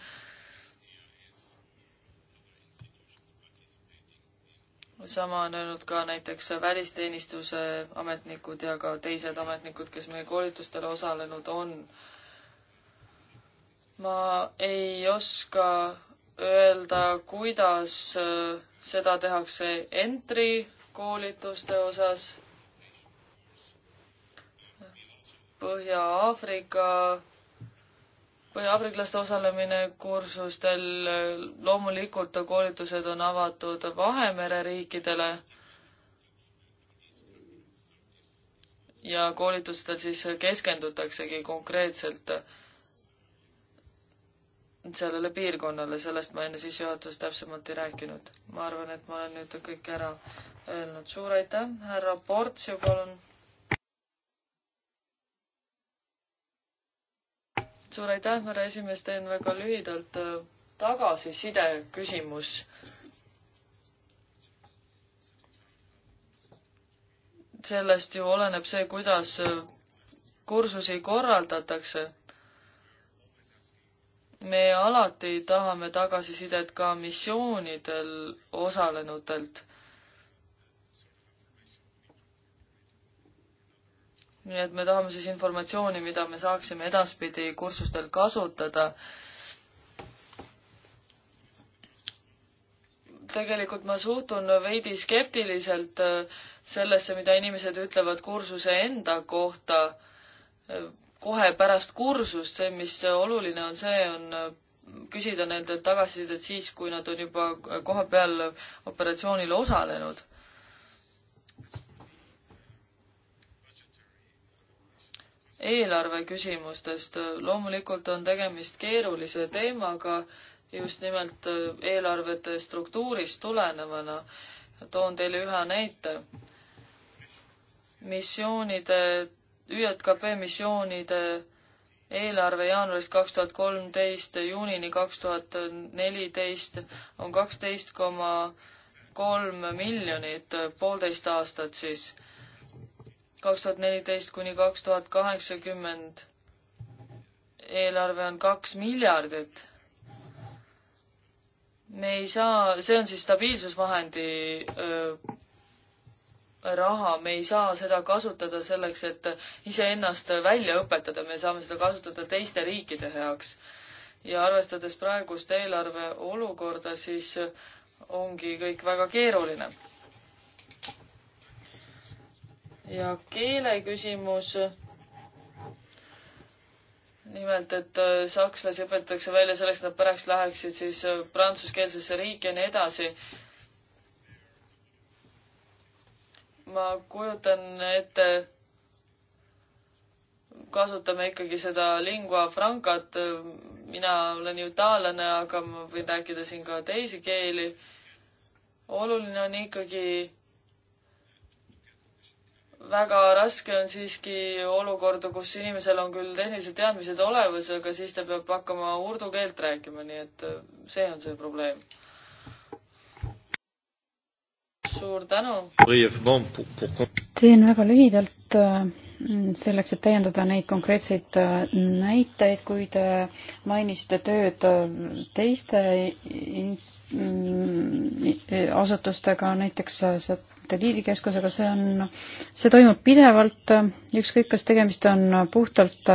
sama on öelnud ka näiteks välisteenistuse ametnikud ja ka teised ametnikud, kes meie koolitustel osalenud on. ma ei oska öelda, kuidas äh, seda tehakse entry koolituste osas. Põhja-Aafrika, põhja-aafriklaste osalemine kursustel, äh, loomulikult koolitused on avatud Vahemere riikidele ja koolitustel siis keskendutaksegi konkreetselt sellele piirkonnale, sellest ma enne sissejuhatuses täpsemalt ei rääkinud. ma arvan, et ma olen nüüd kõik ära öelnud. suur aitäh, härra Portsju, palun. suur aitäh, härra esimees, teen väga lühidalt tagasiside küsimus. sellest ju oleneb see, kuidas kursusi korraldatakse me alati tahame tagasisidet ka missioonidel osalenutelt. nii et me tahame siis informatsiooni, mida me saaksime edaspidi kursustel kasutada. tegelikult ma suhtun veidi skeptiliselt äh, sellesse, mida inimesed ütlevad kursuse enda kohta äh, kohe pärast kursust, see, mis oluline on, see on äh, küsida nendelt tagasisidet siis, kui nad on juba kohapeal operatsioonil osalenud. eelarve küsimustest, loomulikult on tegemist keerulise teemaga just nimelt äh, eelarvete struktuurist tulenevana. toon teile ühe näite. missioonide ÜJKP missioonide eelarve jaanuarist kaks tuhat kolmteist juunini kaks tuhat neliteist on kaksteist koma kolm miljonit, poolteist aastat siis. kaks tuhat neliteist kuni kaks tuhat kaheksakümmend eelarve on kaks miljardit. me ei saa, see on siis stabiilsusvahendi öö, raha, me ei saa seda kasutada selleks, et iseennast välja õpetada, me saame seda kasutada teiste riikide heaks. ja arvestades praegust eelarve olukorda, siis ongi kõik väga keeruline. ja keele küsimus. nimelt, et äh, sakslasi õpetatakse välja selleks, et nad pärast läheksid siis äh, prantsuskeelsesse riiki ja nii edasi ma kujutan ette, kasutame ikkagi seda lingua francat. mina olen ju itaallane, aga ma võin rääkida siin ka teisi keeli. oluline on ikkagi, väga raske on siiski olukorda, kus inimesel on küll tehnilised teadmised olemas, aga siis ta peab hakkama urdu keelt rääkima, nii et see on see probleem suur tänu. teen väga lühidalt äh, selleks, et täiendada neid konkreetseid äh, näiteid, kui te äh, mainisite tööd teiste mm, asutustega, näiteks satelliidikeskusega, see on, see toimub pidevalt, ükskõik, kas tegemist on puhtalt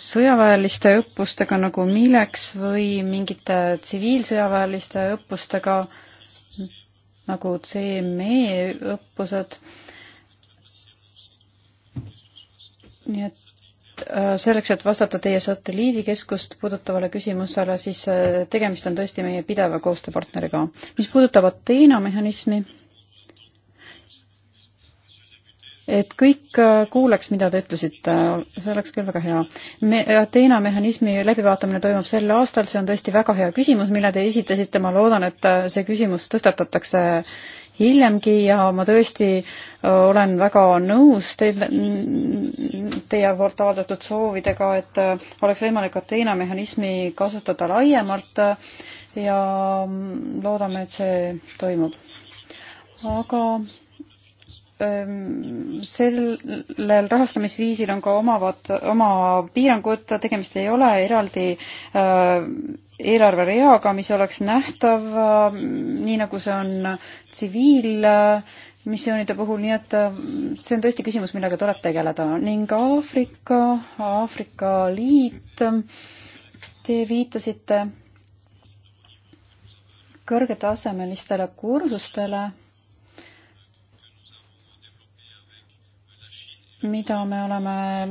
sõjaväeliste õppustega nagu Milleks või mingite tsiviilsõjaväeliste õppustega äh, nagu CME õppused. nii et äh, selleks, et vastata teie satelliidikeskust puudutavale küsimusele, siis äh, tegemist on tõesti meie pideva koostööpartneriga. mis puudutab Ateena mehhanismi, et kõik äh, kuuleks, mida te ütlesite, see oleks küll väga hea. me, äh, Ateena mehhanismi läbivaatamine toimub sel aastal, see on tõesti väga hea küsimus, mille te esitasite, ma loodan, et äh, see küsimus tõstatatakse hiljemgi ja ma tõesti olen väga nõus teile, teie poolt avaldatud soovidega, et oleks võimalik Ateena mehhanismi kasutada laiemalt ja mm, loodame, et see toimub. aga sellel rahastamisviisil on ka omavad, oma piirangud, tegemist ei ole eraldi eelarvereaga, mis oleks nähtav, nii nagu see on tsiviilmissioonide puhul, nii et see on tõesti küsimus, millega tuleb tegeleda ning Aafrika, Aafrika Liit, te viitasite kõrgetasemelistele kursustele mida me oleme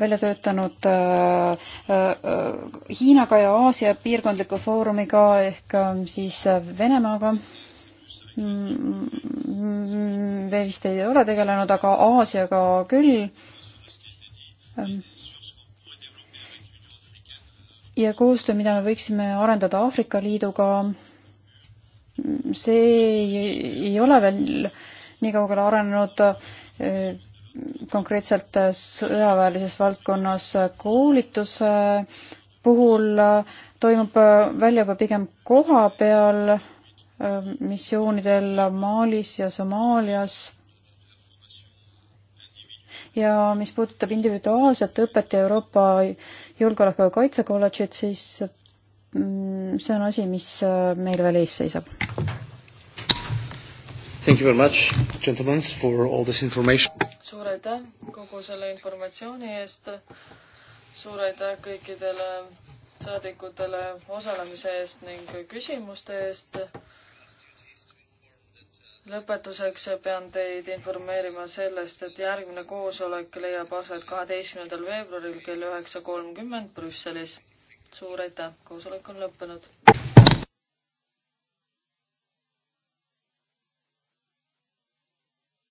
välja töötanud äh, äh, Hiinaga ja Aasia piirkondliku foorumiga ehk äh, siis äh, Venemaaga mm, me vist ei ole tegelenud, aga Aasiaga küll. ja koostöö, mida me võiksime arendada Aafrika Liiduga, see ei, ei ole veel nii kaugele arenenud äh, Äh, konkreetselt äh, sõjaväelises valdkonnas äh, koolituse puhul toimub väljaõpe pigem koha peal missioonidel Malis ja Somaalias ja mis puudutab individuaalset õpet ja Euroopa Julgeoleku- ja Kaitsekolledžit, siis mm, see on asi, mis meil veel ees seisab. Thank you very much, gentlemen, for all this information. suur aitäh kogu selle informatsiooni eest. suur aitäh kõikidele saadikutele osalemise eest ning küsimuste eest. lõpetuseks pean teid informeerima sellest, et järgmine koosolek leiab aset kaheteistkümnendal veebruaril kell üheksa kolmkümmend Brüsselis. suur aitäh, koosolek on lõppenud.